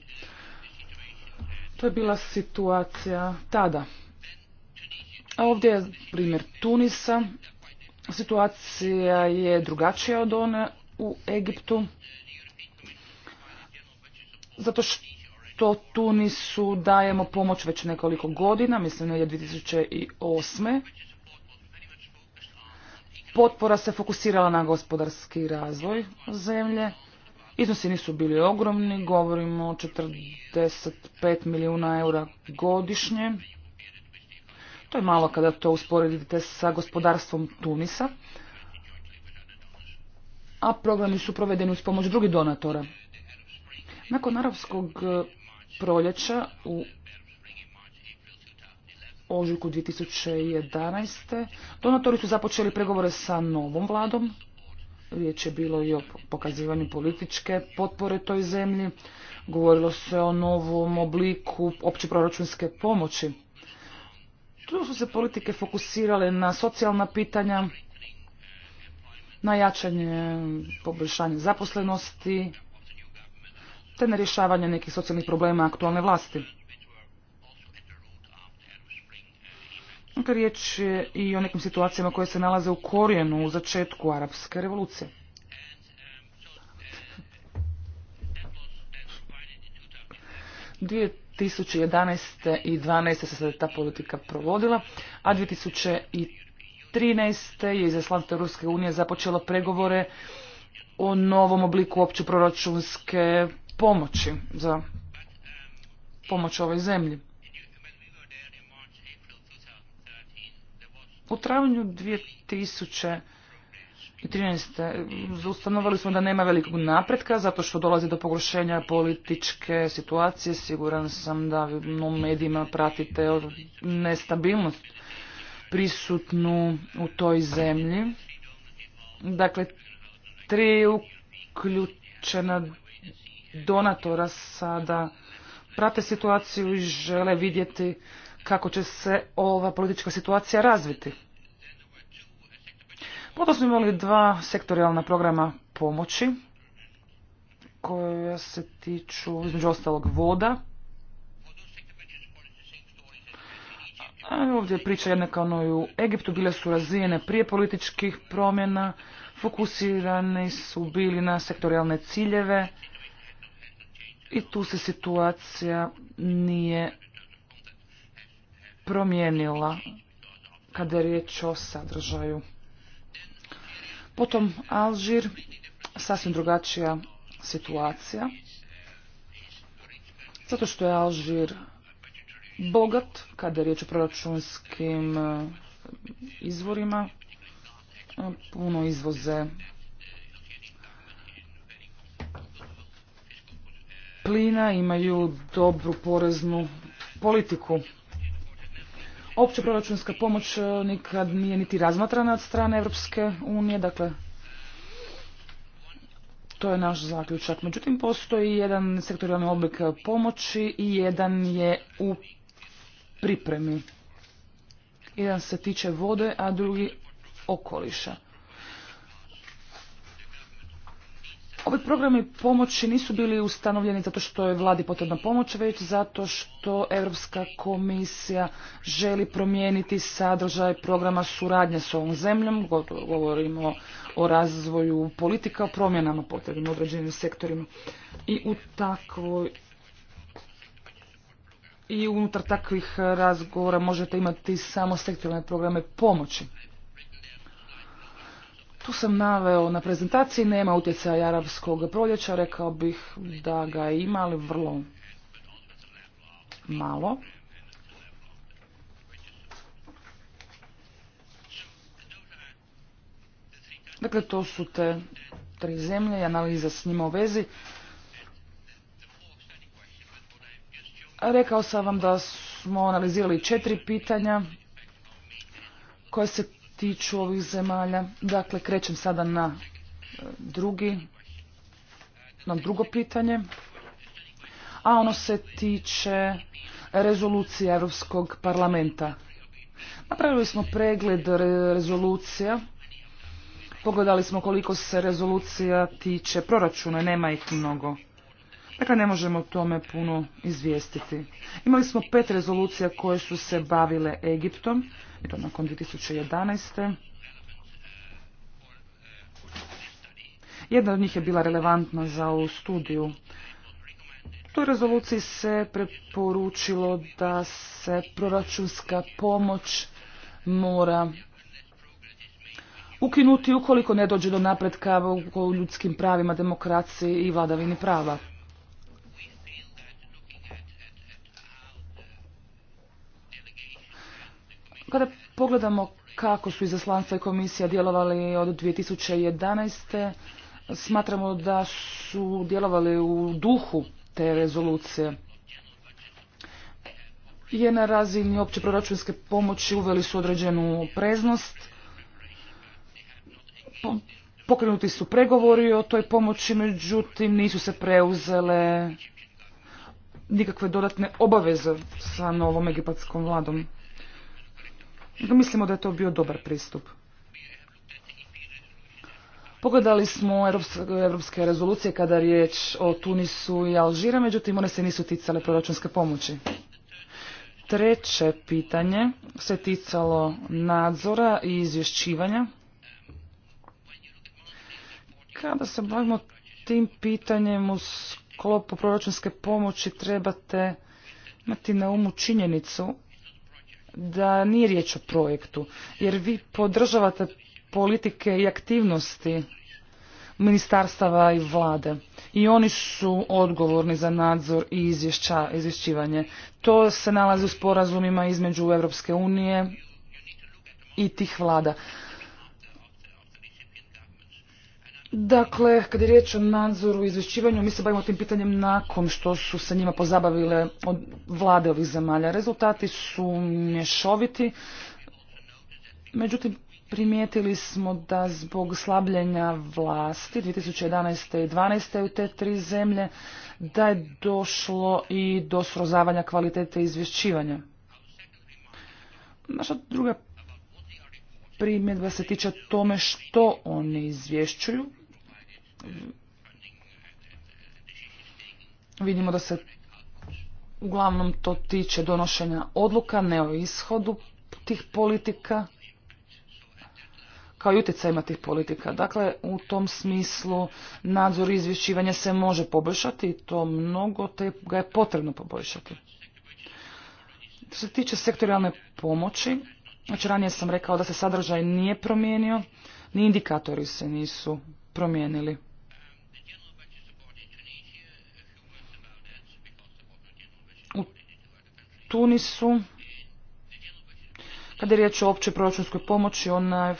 To je bila situacija tada. A ovdje je primjer Tunisa. Situacija je drugačija od one u Egiptu. Zato što Tunisu dajemo pomoć već nekoliko godina, mislim je 2008. Potpora se fokusirala na gospodarski razvoj zemlje. Iznosi nisu bili ogromni, govorimo o 45 milijuna eura godišnje. To je malo kada to usporedite sa gospodarstvom Tunisa. A programi su provedeni uz pomoć drugih donatora. Nakon naravskog e, proljeća u ožujku 2011. donatori su započeli pregovore sa novom vladom Riječ je bilo i o pokazivanju političke potpore toj zemlji. Govorilo se o novom obliku opće proračunske pomoći. Tu su se politike fokusirale na socijalna pitanja, na jačanje, poboljšanje zaposlenosti, te na rješavanje nekih socijalnih problema aktualne vlasti. Riječ je i o nekim situacijama koje se nalaze u korijenu u začetku arapske revolucije. Dvije 2011. i 2012. se ta politika provodila, a 2013. je izaslanstvo Ruske unije započelo pregovore o novom obliku opće proračunske pomoći za pomoć ovoj zemlji. U travnju 2013. ustanovali smo da nema velikog napretka zato što dolazi do pogoršenja političke situacije. Siguran sam da u medijima pratite nestabilnost prisutnu u toj zemlji. Dakle, tri uključena donatora sada prate situaciju i žele vidjeti kako će se ova politička situacija razviti. Potom smo imali dva sektorijalna programa pomoći koja se tiču između ostalog voda. A ovdje je priča jedna kao ono u Egiptu, bile su razvijene prije političkih promjena, fokusirani su bili na sektorijalne ciljeve i tu se situacija nije promijenila kada je riječ o sadržaju. Potom Alžir, sasvim drugačija situacija, zato što je Alžir bogat kada je riječ o proračunskim e, izvorima, e, puno izvoze plina, imaju dobru poreznu politiku opća proračunska pomoć e, nikad nije niti razmatrana od strane Evropske unije, dakle to je naš zaključak. Međutim, postoji jedan sektorijalni oblik pomoći i jedan je u pripremi. Jedan se tiče vode, a drugi okoliša. Ovi programi pomoći nisu bili ustanovljeni zato što je vladi potrebna pomoć, već zato što Europska komisija želi promijeniti sadržaj programa suradnje s ovom zemljom. Govorimo o razvoju politika, o promjenama potrebnim određenim sektorima. I u i unutar takvih razgovora možete imati samo sektorne programe pomoći. Tu sam naveo na prezentaciji nema utjecaja arapskog proljeća, rekao bih da ga ima, ali vrlo malo. Dakle, to su te tri zemlje i analiza s njima u vezi. Rekao sam vam da smo analizirali četiri pitanja koje se tiču ovih zemalja. Dakle, krećem sada na e, drugi, na drugo pitanje, a ono se tiče rezolucije Europskog parlamenta. Napravili smo pregled rezolucija, pogledali smo koliko se rezolucija tiče proračuna, nema ih mnogo. Dakle, ne možemo o tome puno izvijestiti. Imali smo pet rezolucija koje su se bavile Egiptom, to nakon 2011. Jedna od njih je bila relevantna za ovu studiju. U toj rezoluciji se preporučilo da se proračunska pomoć mora ukinuti ukoliko ne dođe do napretka u ljudskim pravima, demokraciji i vladavini prava. Kada pogledamo kako su izaslanstva i komisija djelovali od 2011. smatramo da su djelovali u duhu te rezolucije. Je na razini opće proračunske pomoći uveli su određenu preznost. Pokrenuti su pregovori o toj pomoći, međutim nisu se preuzele nikakve dodatne obaveze sa novom egipatskom vladom. Mislimo da je to bio dobar pristup. Pogledali smo europske rezolucije kada je riječ o Tunisu i Alžira, međutim one se nisu ticale proračunske pomoći. Treće pitanje se ticalo nadzora i izvješćivanja. Kada se bavimo tim pitanjem u sklopu proračunske pomoći trebate imati na umu činjenicu da nije riječ o projektu, jer vi podržavate politike i aktivnosti ministarstava i vlade. I oni su odgovorni za nadzor i izvješća, izvješćivanje. To se nalazi u sporazumima između Europske unije i tih vlada. Dakle, kad je riječ o nadzoru i izvješćivanju, mi se bavimo tim pitanjem nakon što su se njima pozabavile od vlade ovih zemalja. Rezultati su mješoviti, međutim primijetili smo da zbog slabljenja vlasti 2011. i 2012. u te tri zemlje da je došlo i do srozavanja kvalitete izvješćivanja. Naša druga primjedba se tiče tome što oni izvješćuju. Vidimo da se uglavnom to tiče donošenja odluka, ne o ishodu tih politika, kao i utjecajima tih politika. Dakle, u tom smislu nadzor i izvješćivanje se može poboljšati to mnogo te ga je potrebno poboljšati. Što se tiče sektorijalne pomoći, Znači ranije sam rekao da se sadržaj nije promijenio, ni indikatori se nisu promijenili. U Tunisu, kada je riječ o općoj proračunskoj pomoći, ona je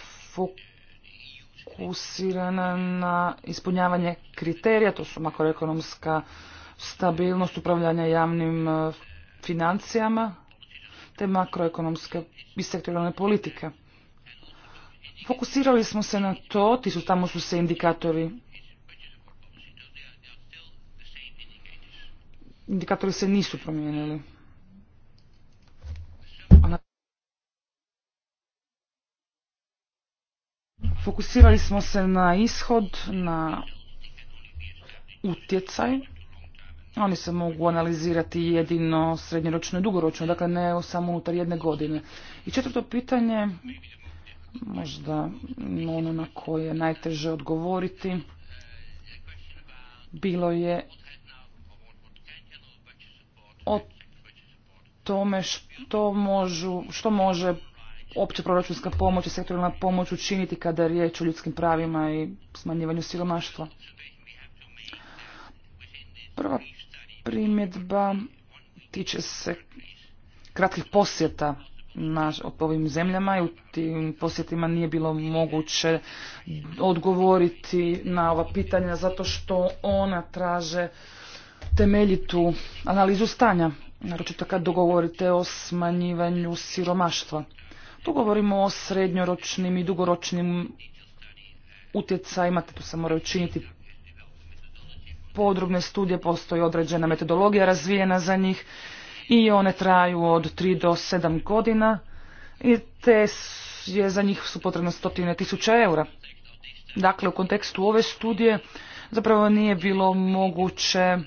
fokusirana na ispunjavanje kriterija, to su makroekonomska stabilnost upravljanja javnim eh, financijama, te makroekonomske i sektoralne politike. Fokusirali smo se na to, ti su, tamo su se indikatori. Indikatori se nisu promijenili. Fokusirali smo se na ishod, na utjecaj. Oni se mogu analizirati jedino srednjoročno i dugoročno, dakle ne samo unutar jedne godine. I četvrto pitanje, možda ono na koje je najteže odgovoriti, bilo je o tome što, što može opće proračunska pomoć i sektorilna pomoć učiniti kada je riječ o ljudskim pravima i smanjivanju siromaštva. Prva primjedba tiče se kratkih posjeta na ovim zemljama i u tim posjetima nije bilo moguće odgovoriti na ova pitanja zato što ona traže temeljitu analizu stanja, naročito kad dogovorite o smanjivanju siromaštva. Tu govorimo o srednjoročnim i dugoročnim utjecajima, te tu se moraju činiti podrobne studije, postoji određena metodologija razvijena za njih i one traju od 3 do 7 godina i te je za njih su potrebne stotine tisuća eura. Dakle, u kontekstu ove studije zapravo nije bilo moguće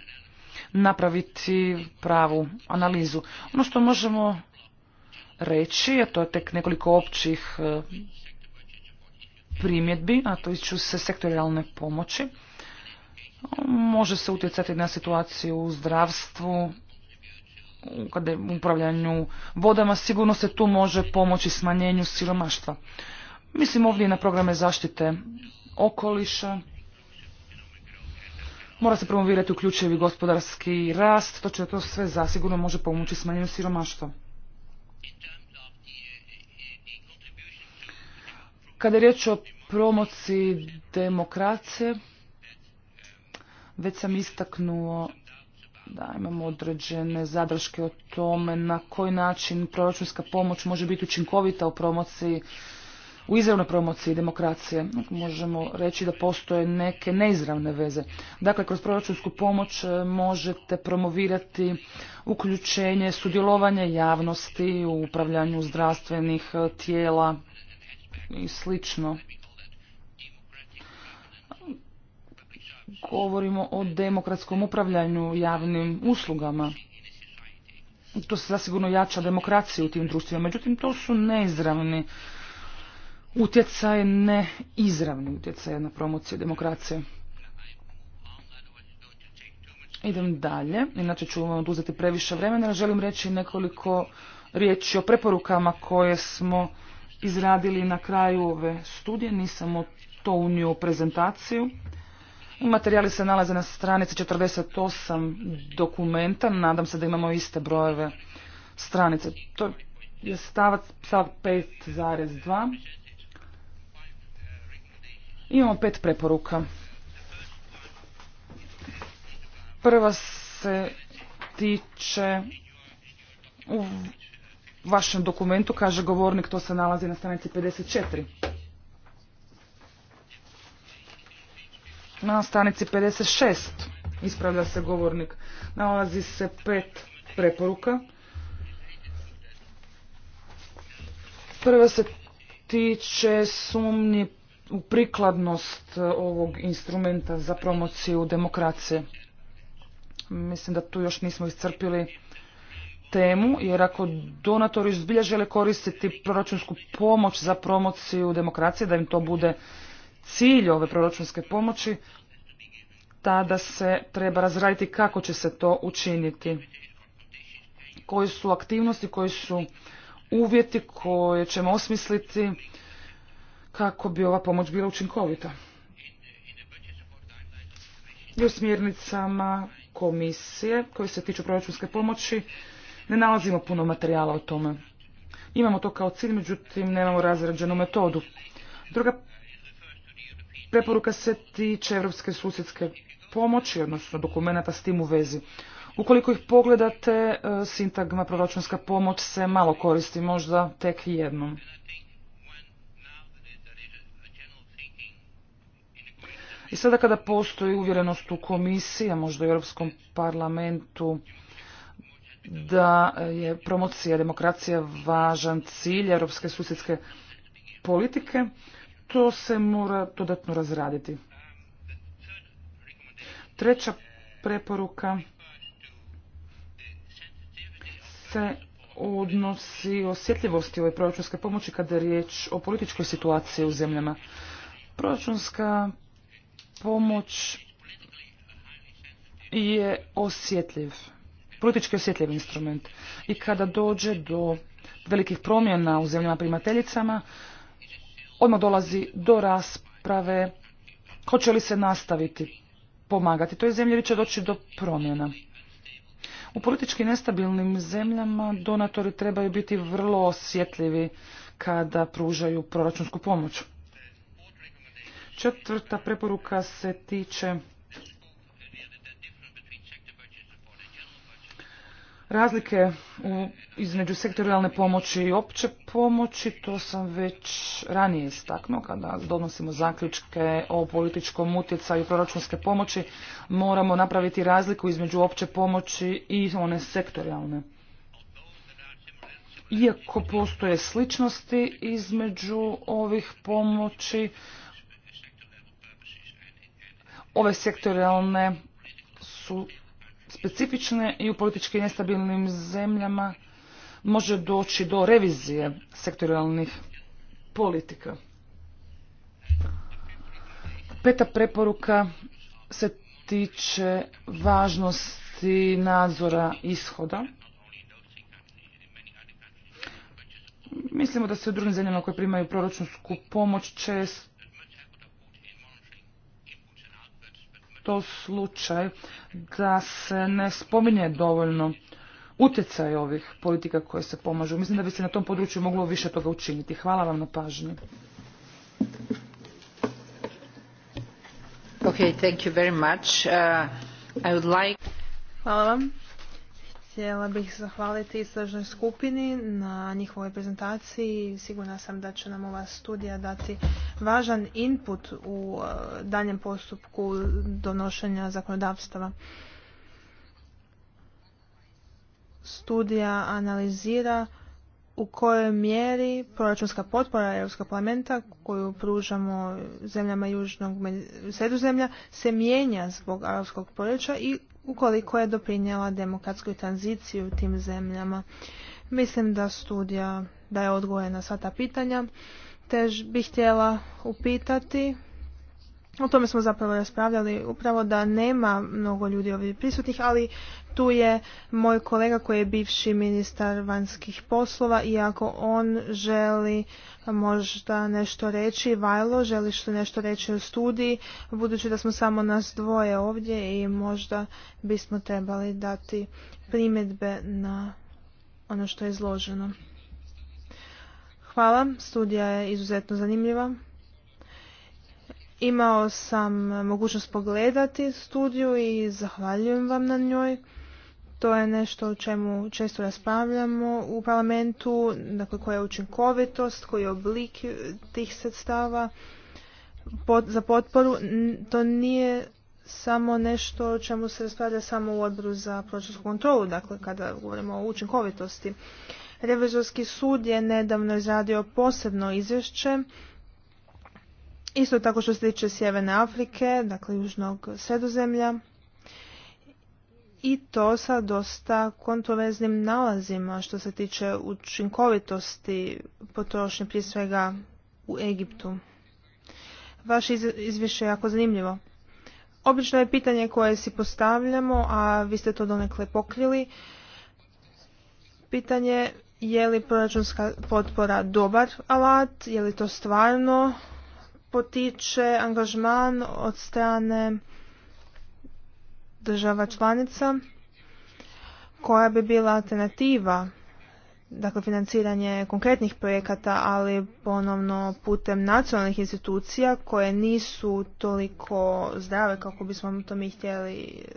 napraviti pravu analizu. Ono što možemo reći, a to je tek nekoliko općih e, primjedbi, a to ću se sektorijalne pomoći može se utjecati na situaciju u zdravstvu, kada je u upravljanju vodama, sigurno se tu može pomoći smanjenju siromaštva. Mislim ovdje na programe zaštite okoliša. Mora se promovirati uključivi gospodarski rast, to će to sve zasigurno može pomoći smanjenju siromaštva. Kada je riječ o promociji demokracije, već sam istaknuo da imamo određene zadrške o tome na koji način proračunska pomoć može biti učinkovita u promociji u izravnoj promociji demokracije. Možemo reći da postoje neke neizravne veze. Dakle, kroz proračunsku pomoć e, možete promovirati uključenje, sudjelovanje javnosti u upravljanju zdravstvenih e, tijela i slično. govorimo o demokratskom upravljanju javnim uslugama. To se zasigurno jača demokraciju u tim društvima. Međutim, to su neizravni utjecaj, neizravni utjecaj na promociju demokracije. Idem dalje, inače ću vam oduzeti previše vremena. Želim reći nekoliko riječi o preporukama koje smo izradili na kraju ove studije. Nisam to unio u prezentaciju. Materijali se nalaze na stranici 48 dokumenta. Nadam se da imamo iste brojeve stranice. To je stavac, stav 5.2. Imamo pet preporuka. Prva se tiče u vašem dokumentu, kaže govornik, to se nalazi na stranici 54. na stanici 56. Ispravlja se govornik. Nalazi se pet preporuka. Prva se tiče sumnji u prikladnost e, ovog instrumenta za promociju demokracije. Mislim da tu još nismo iscrpili temu, jer ako donatori zbilja žele koristiti proračunsku pomoć za promociju demokracije, da im to bude cilj ove proračunske pomoći, tada se treba razraditi kako će se to učiniti. Koji su aktivnosti, koji su uvjeti koje ćemo osmisliti kako bi ova pomoć bila učinkovita. I u smjernicama komisije koje se tiču proračunske pomoći ne nalazimo puno materijala o tome. Imamo to kao cilj, međutim nemamo razrađenu metodu. Druga preporuka se tiče Europske susjedske pomoći, odnosno dokumenata s tim u vezi. Ukoliko ih pogledate, e, sintagma proračunska pomoć se malo koristi, možda tek jednom. I sada kada postoji uvjerenost u komisiji, a možda i u Europskom parlamentu, da je promocija demokracije važan cilj europske susjedske politike, to se mora dodatno razraditi. Treća preporuka se odnosi osjetljivosti ove proračunske pomoći kada je riječ o političkoj situaciji u zemljama. Proračunska pomoć je osjetljiv, politički osjetljiv instrument. I kada dođe do velikih promjena u zemljama primateljicama, odmah dolazi do rasprave hoće li se nastaviti pomagati toj zemlji ili će doći do promjena. U politički nestabilnim zemljama donatori trebaju biti vrlo osjetljivi kada pružaju proračunsku pomoć. Četvrta preporuka se tiče Razlike između sektorijalne pomoći i opće pomoći, to sam već ranije istaknuo, kada donosimo zaključke o političkom utjecaju proračunske pomoći, moramo napraviti razliku između opće pomoći i one sektorijalne. Iako postoje sličnosti između ovih pomoći, ove sektorijalne su specifične i u politički nestabilnim zemljama može doći do revizije sektorijalnih politika. Peta preporuka se tiče važnosti nadzora ishoda. Mislimo da se u drugim zemljama koje primaju proračunsku pomoć često to slučaj da se ne spominje dovoljno utjecaj ovih politika koje se pomažu. Mislim da bi se na tom području moglo više toga učiniti. Hvala vam na pažnji. Okay, thank uh, Hvala vam. Htjela bih zahvaliti istražnoj skupini na njihovoj prezentaciji. Sigurna sam da će nam ova studija dati važan input u uh, daljem postupku donošenja zakonodavstava. Studija analizira u kojoj mjeri proračunska potpora Europskog parlamenta koju pružamo zemljama južnog sredozemlja se mijenja zbog arapskog proljeća i ukoliko je doprinjela demokratskoj tranziciji u tim zemljama. Mislim da studija daje odgovore na sva ta pitanja, te bih htjela upitati o tome smo zapravo raspravljali upravo da nema mnogo ljudi ovdje prisutnih, ali tu je moj kolega koji je bivši ministar vanjskih poslova i ako on želi možda nešto reći, Vajlo, želiš li nešto reći o studiji, budući da smo samo nas dvoje ovdje i možda bismo trebali dati primjedbe na ono što je izloženo. Hvala, studija je izuzetno zanimljiva. Imao sam mogućnost pogledati studiju i zahvaljujem vam na njoj. To je nešto o čemu često raspravljamo u parlamentu, dakle koja je učinkovitost, koji je oblik tih sredstava za potporu. To nije samo nešto o čemu se raspravlja samo u odboru za proračunsku kontrolu, dakle kada govorimo o učinkovitosti. Revizorski sud je nedavno izradio posebno izvješće Isto tako što se tiče Sjeverne Afrike, dakle južnog sredozemlja, i to sa dosta kontroverznim nalazima što se tiče učinkovitosti potrošnje prije svega u Egiptu. Vaše izvješće je jako zanimljivo. Obično je pitanje koje si postavljamo, a vi ste to donekle pokrili. Pitanje je li proračunska potpora dobar alat, je li to stvarno potiče angažman od strane država članica koja bi bila alternativa dakle financiranje konkretnih projekata, ali ponovno putem nacionalnih institucija koje nisu toliko zdrave kako bismo to mi htjeli e,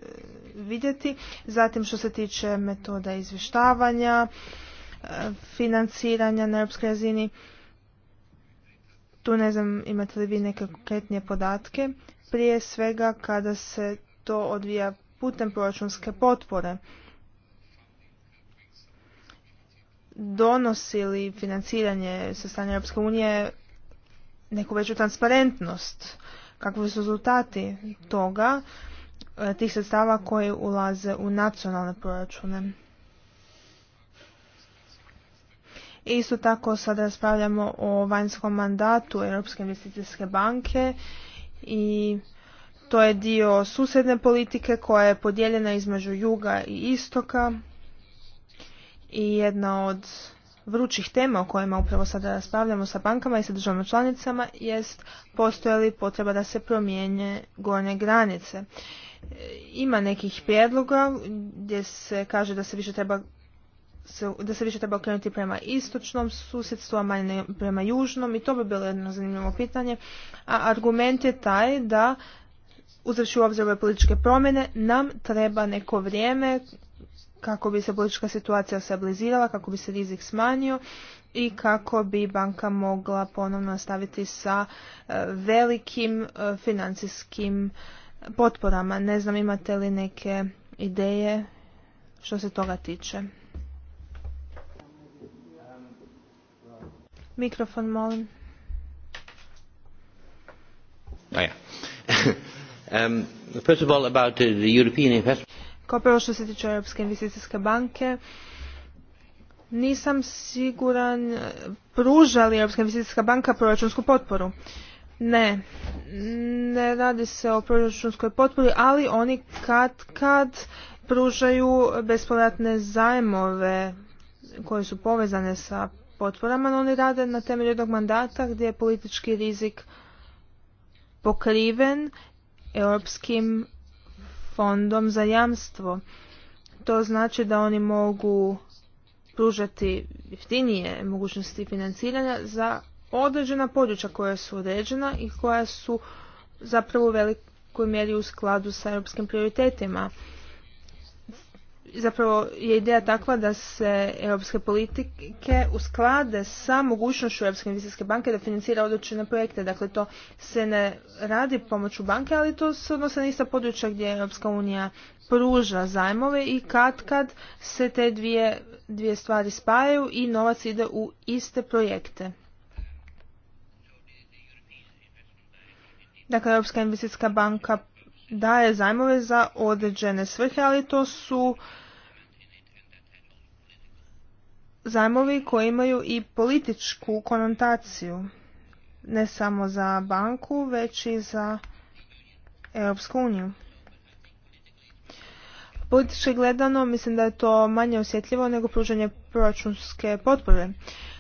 vidjeti. Zatim što se tiče metoda izvještavanja, e, financiranja na europskoj razini, tu ne znam imate li vi neke konkretnije podatke, prije svega kada se to odvija putem proračunske potpore. Donosi li financiranje sa strane Europske unije neku veću transparentnost? Kakvi su rezultati toga, e, tih sredstava koji ulaze u nacionalne proračune? Isto tako sad raspravljamo o vanjskom mandatu Europske investicijske banke i to je dio susjedne politike koja je podijeljena između juga i istoka i jedna od vrućih tema o kojima upravo sada raspravljamo sa bankama i sa državama članicama jest postoje li potreba da se promijenje gornje granice. E, ima nekih prijedloga gdje se kaže da se više treba da se više treba okrenuti prema istočnom susjedstvu, a manje prema južnom i to bi bilo jedno zanimljivo pitanje. A argument je taj da uzreći u obzir ove političke promjene nam treba neko vrijeme kako bi se politička situacija stabilizirala, kako bi se rizik smanjio i kako bi banka mogla ponovno nastaviti sa e, velikim e, financijskim e, potporama. Ne znam imate li neke ideje što se toga tiče. Mikrofon, molim. Oh, yeah. um, Kao prvo što se tiče Europske investicijske banke, nisam siguran pruža li Europska investicijska banka proračunsku potporu. Ne, ne radi se o proračunskoj potpori, ali oni kad kad pružaju bespovratne zajmove koje su povezane sa potporama, no oni rade na temelju jednog mandata gdje je politički rizik pokriven Europskim fondom za jamstvo. To znači da oni mogu pružati jeftinije mogućnosti financiranja za određena područja koja su određena i koja su zapravo u velikoj mjeri u skladu sa europskim prioritetima zapravo je ideja takva da se europske politike usklade sa mogućnošću Europske investicijske banke da financira određene projekte. Dakle, to se ne radi pomoću banke, ali to se odnose na ista područja gdje Europska unija pruža zajmove i kad kad se te dvije, dvije stvari spajaju i novac ide u iste projekte. Dakle, Europska investicijska banka daje zajmove za određene svrhe, ali to su zajmovi koji imaju i političku konotaciju, ne samo za banku, već i za Europsku uniju. Politički gledano mislim da je to manje osjetljivo nego pružanje proračunske potpore,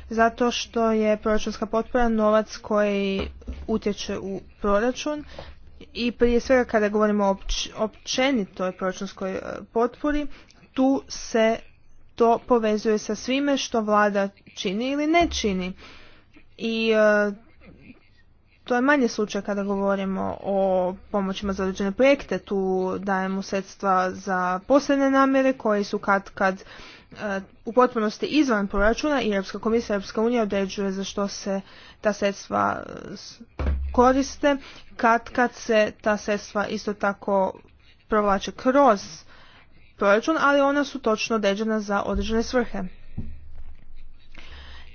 zato što je proračunska potpora novac koji utječe u proračun i prije svega kada govorimo o općenitoj proračunskoj e, potpori, tu se to povezuje sa svime što vlada čini ili ne čini. I e, to je manje slučaj kada govorimo o pomoćima za određene projekte. Tu dajemo sredstva za posebne namjere koje su kad kad e, u potpunosti izvan proračuna i Europska komisija Europska unija određuje za što se ta sredstva e, koriste. Kad kad se ta sredstva isto tako provlače kroz proračun, ali ona su točno određena za određene svrhe.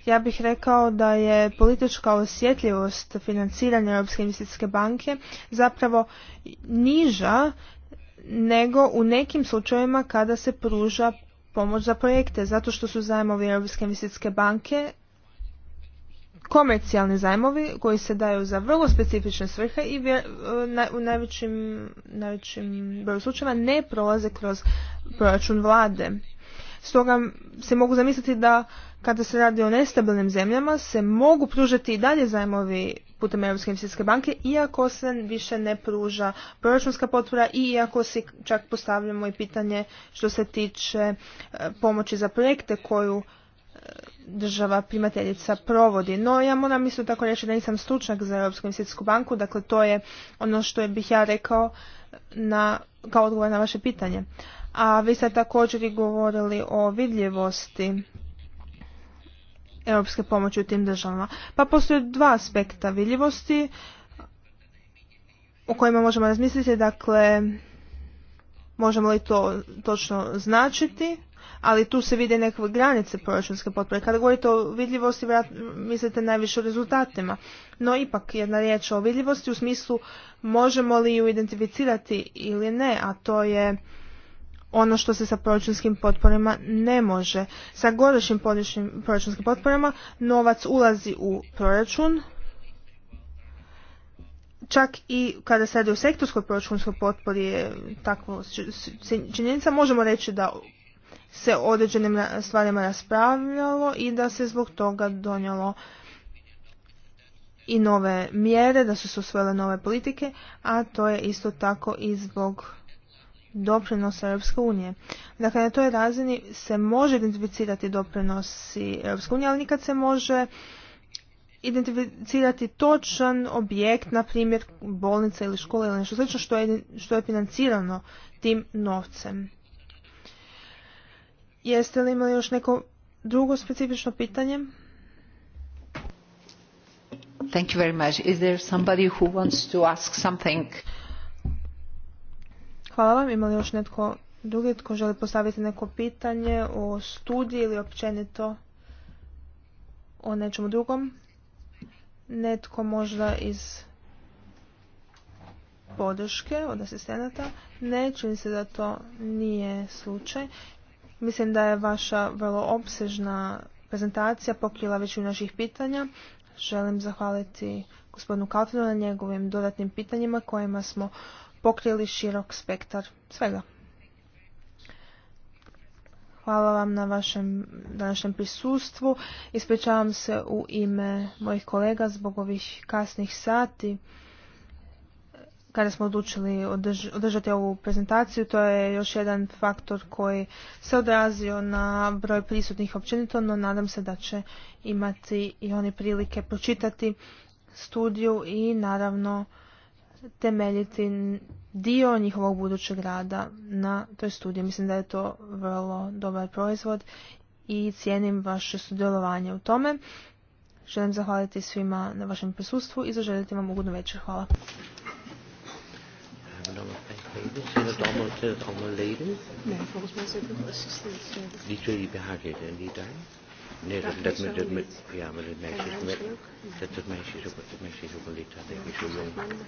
Ja bih rekao da je politička osjetljivost financiranja Europske investicijske banke zapravo niža nego u nekim slučajevima kada se pruža pomoć za projekte, zato što su zajmovi Europske investicijske banke komercijalni zajmovi koji se daju za vrlo specifične svrhe i e, u najvećim, najvećim broju slučajeva ne prolaze kroz proračun vlade. Stoga se mogu zamisliti da kada se radi o nestabilnim zemljama se mogu pružati i dalje zajmovi putem Europske investicijske banke iako se više ne pruža proračunska potpora i iako si čak postavljamo i pitanje što se tiče e, pomoći za projekte koju država primateljica provodi. No ja moram isto tako reći da nisam stručnjak za Europsku investicijsku banku, dakle to je ono što bih ja rekao na, kao odgovor na vaše pitanje. A vi ste također i govorili o vidljivosti europske pomoći u tim državama. Pa postoje dva aspekta vidljivosti o kojima možemo razmisliti, dakle možemo li to točno značiti ali tu se vide nekakve granice proračunske potpore. Kada govorite o vidljivosti, mislite najviše o rezultatima. No ipak jedna riječ o vidljivosti u smislu možemo li ju identificirati ili ne, a to je ono što se sa proračunskim potporama ne može. Sa godišnjim proračunskim potporama novac ulazi u proračun, čak i kada se radi o sektorskoj proračunskoj potpori je takva činjenica, možemo reći da se određenim stvarima raspravljalo i da se zbog toga donijelo i nove mjere, da su se osvojile nove politike, a to je isto tako i zbog doprinosa Europske unije. Dakle, na toj razini se može identificirati doprinosi Europske unije, ali nikad se može identificirati točan objekt, na primjer bolnica ili škola ili nešto slično, što je, što je financirano tim novcem. Jeste li imali još neko drugo specifično pitanje? Thank you very much. Is there somebody who wants to ask something? Hvala vam. Ima još netko drugi tko želi postaviti neko pitanje o studiji ili općenito o nečemu drugom? Netko možda iz podrške od asistenata. Ne, čini se da to nije slučaj. Mislim da je vaša vrlo opsežna prezentacija pokrila većinu naših pitanja. Želim zahvaliti gospodinu Kaltinu na njegovim dodatnim pitanjima kojima smo pokrili širok spektar svega. Hvala vam na vašem današnjem prisustvu. Ispričavam se u ime mojih kolega zbog ovih kasnih sati kada smo odlučili održati ovu prezentaciju, to je još jedan faktor koji se odrazio na broj prisutnih općenito, no nadam se da će imati i oni prilike pročitati studiju i naravno temeljiti dio njihovog budućeg rada na toj studiji. Mislim da je to vrlo dobar proizvod i cijenim vaše sudjelovanje u tome. Želim zahvaliti svima na vašem prisustvu i zaželiti vam ugodnu večer. Hvala vijf leden? Zijn het allemaal, zijn het allemaal leden? Nee, volgens mij zijn het assistenten. Die twee die bij haar zitten en die daar? Nee, dat, dat, dat, dat, dat dat, dat dat is dat zo jong.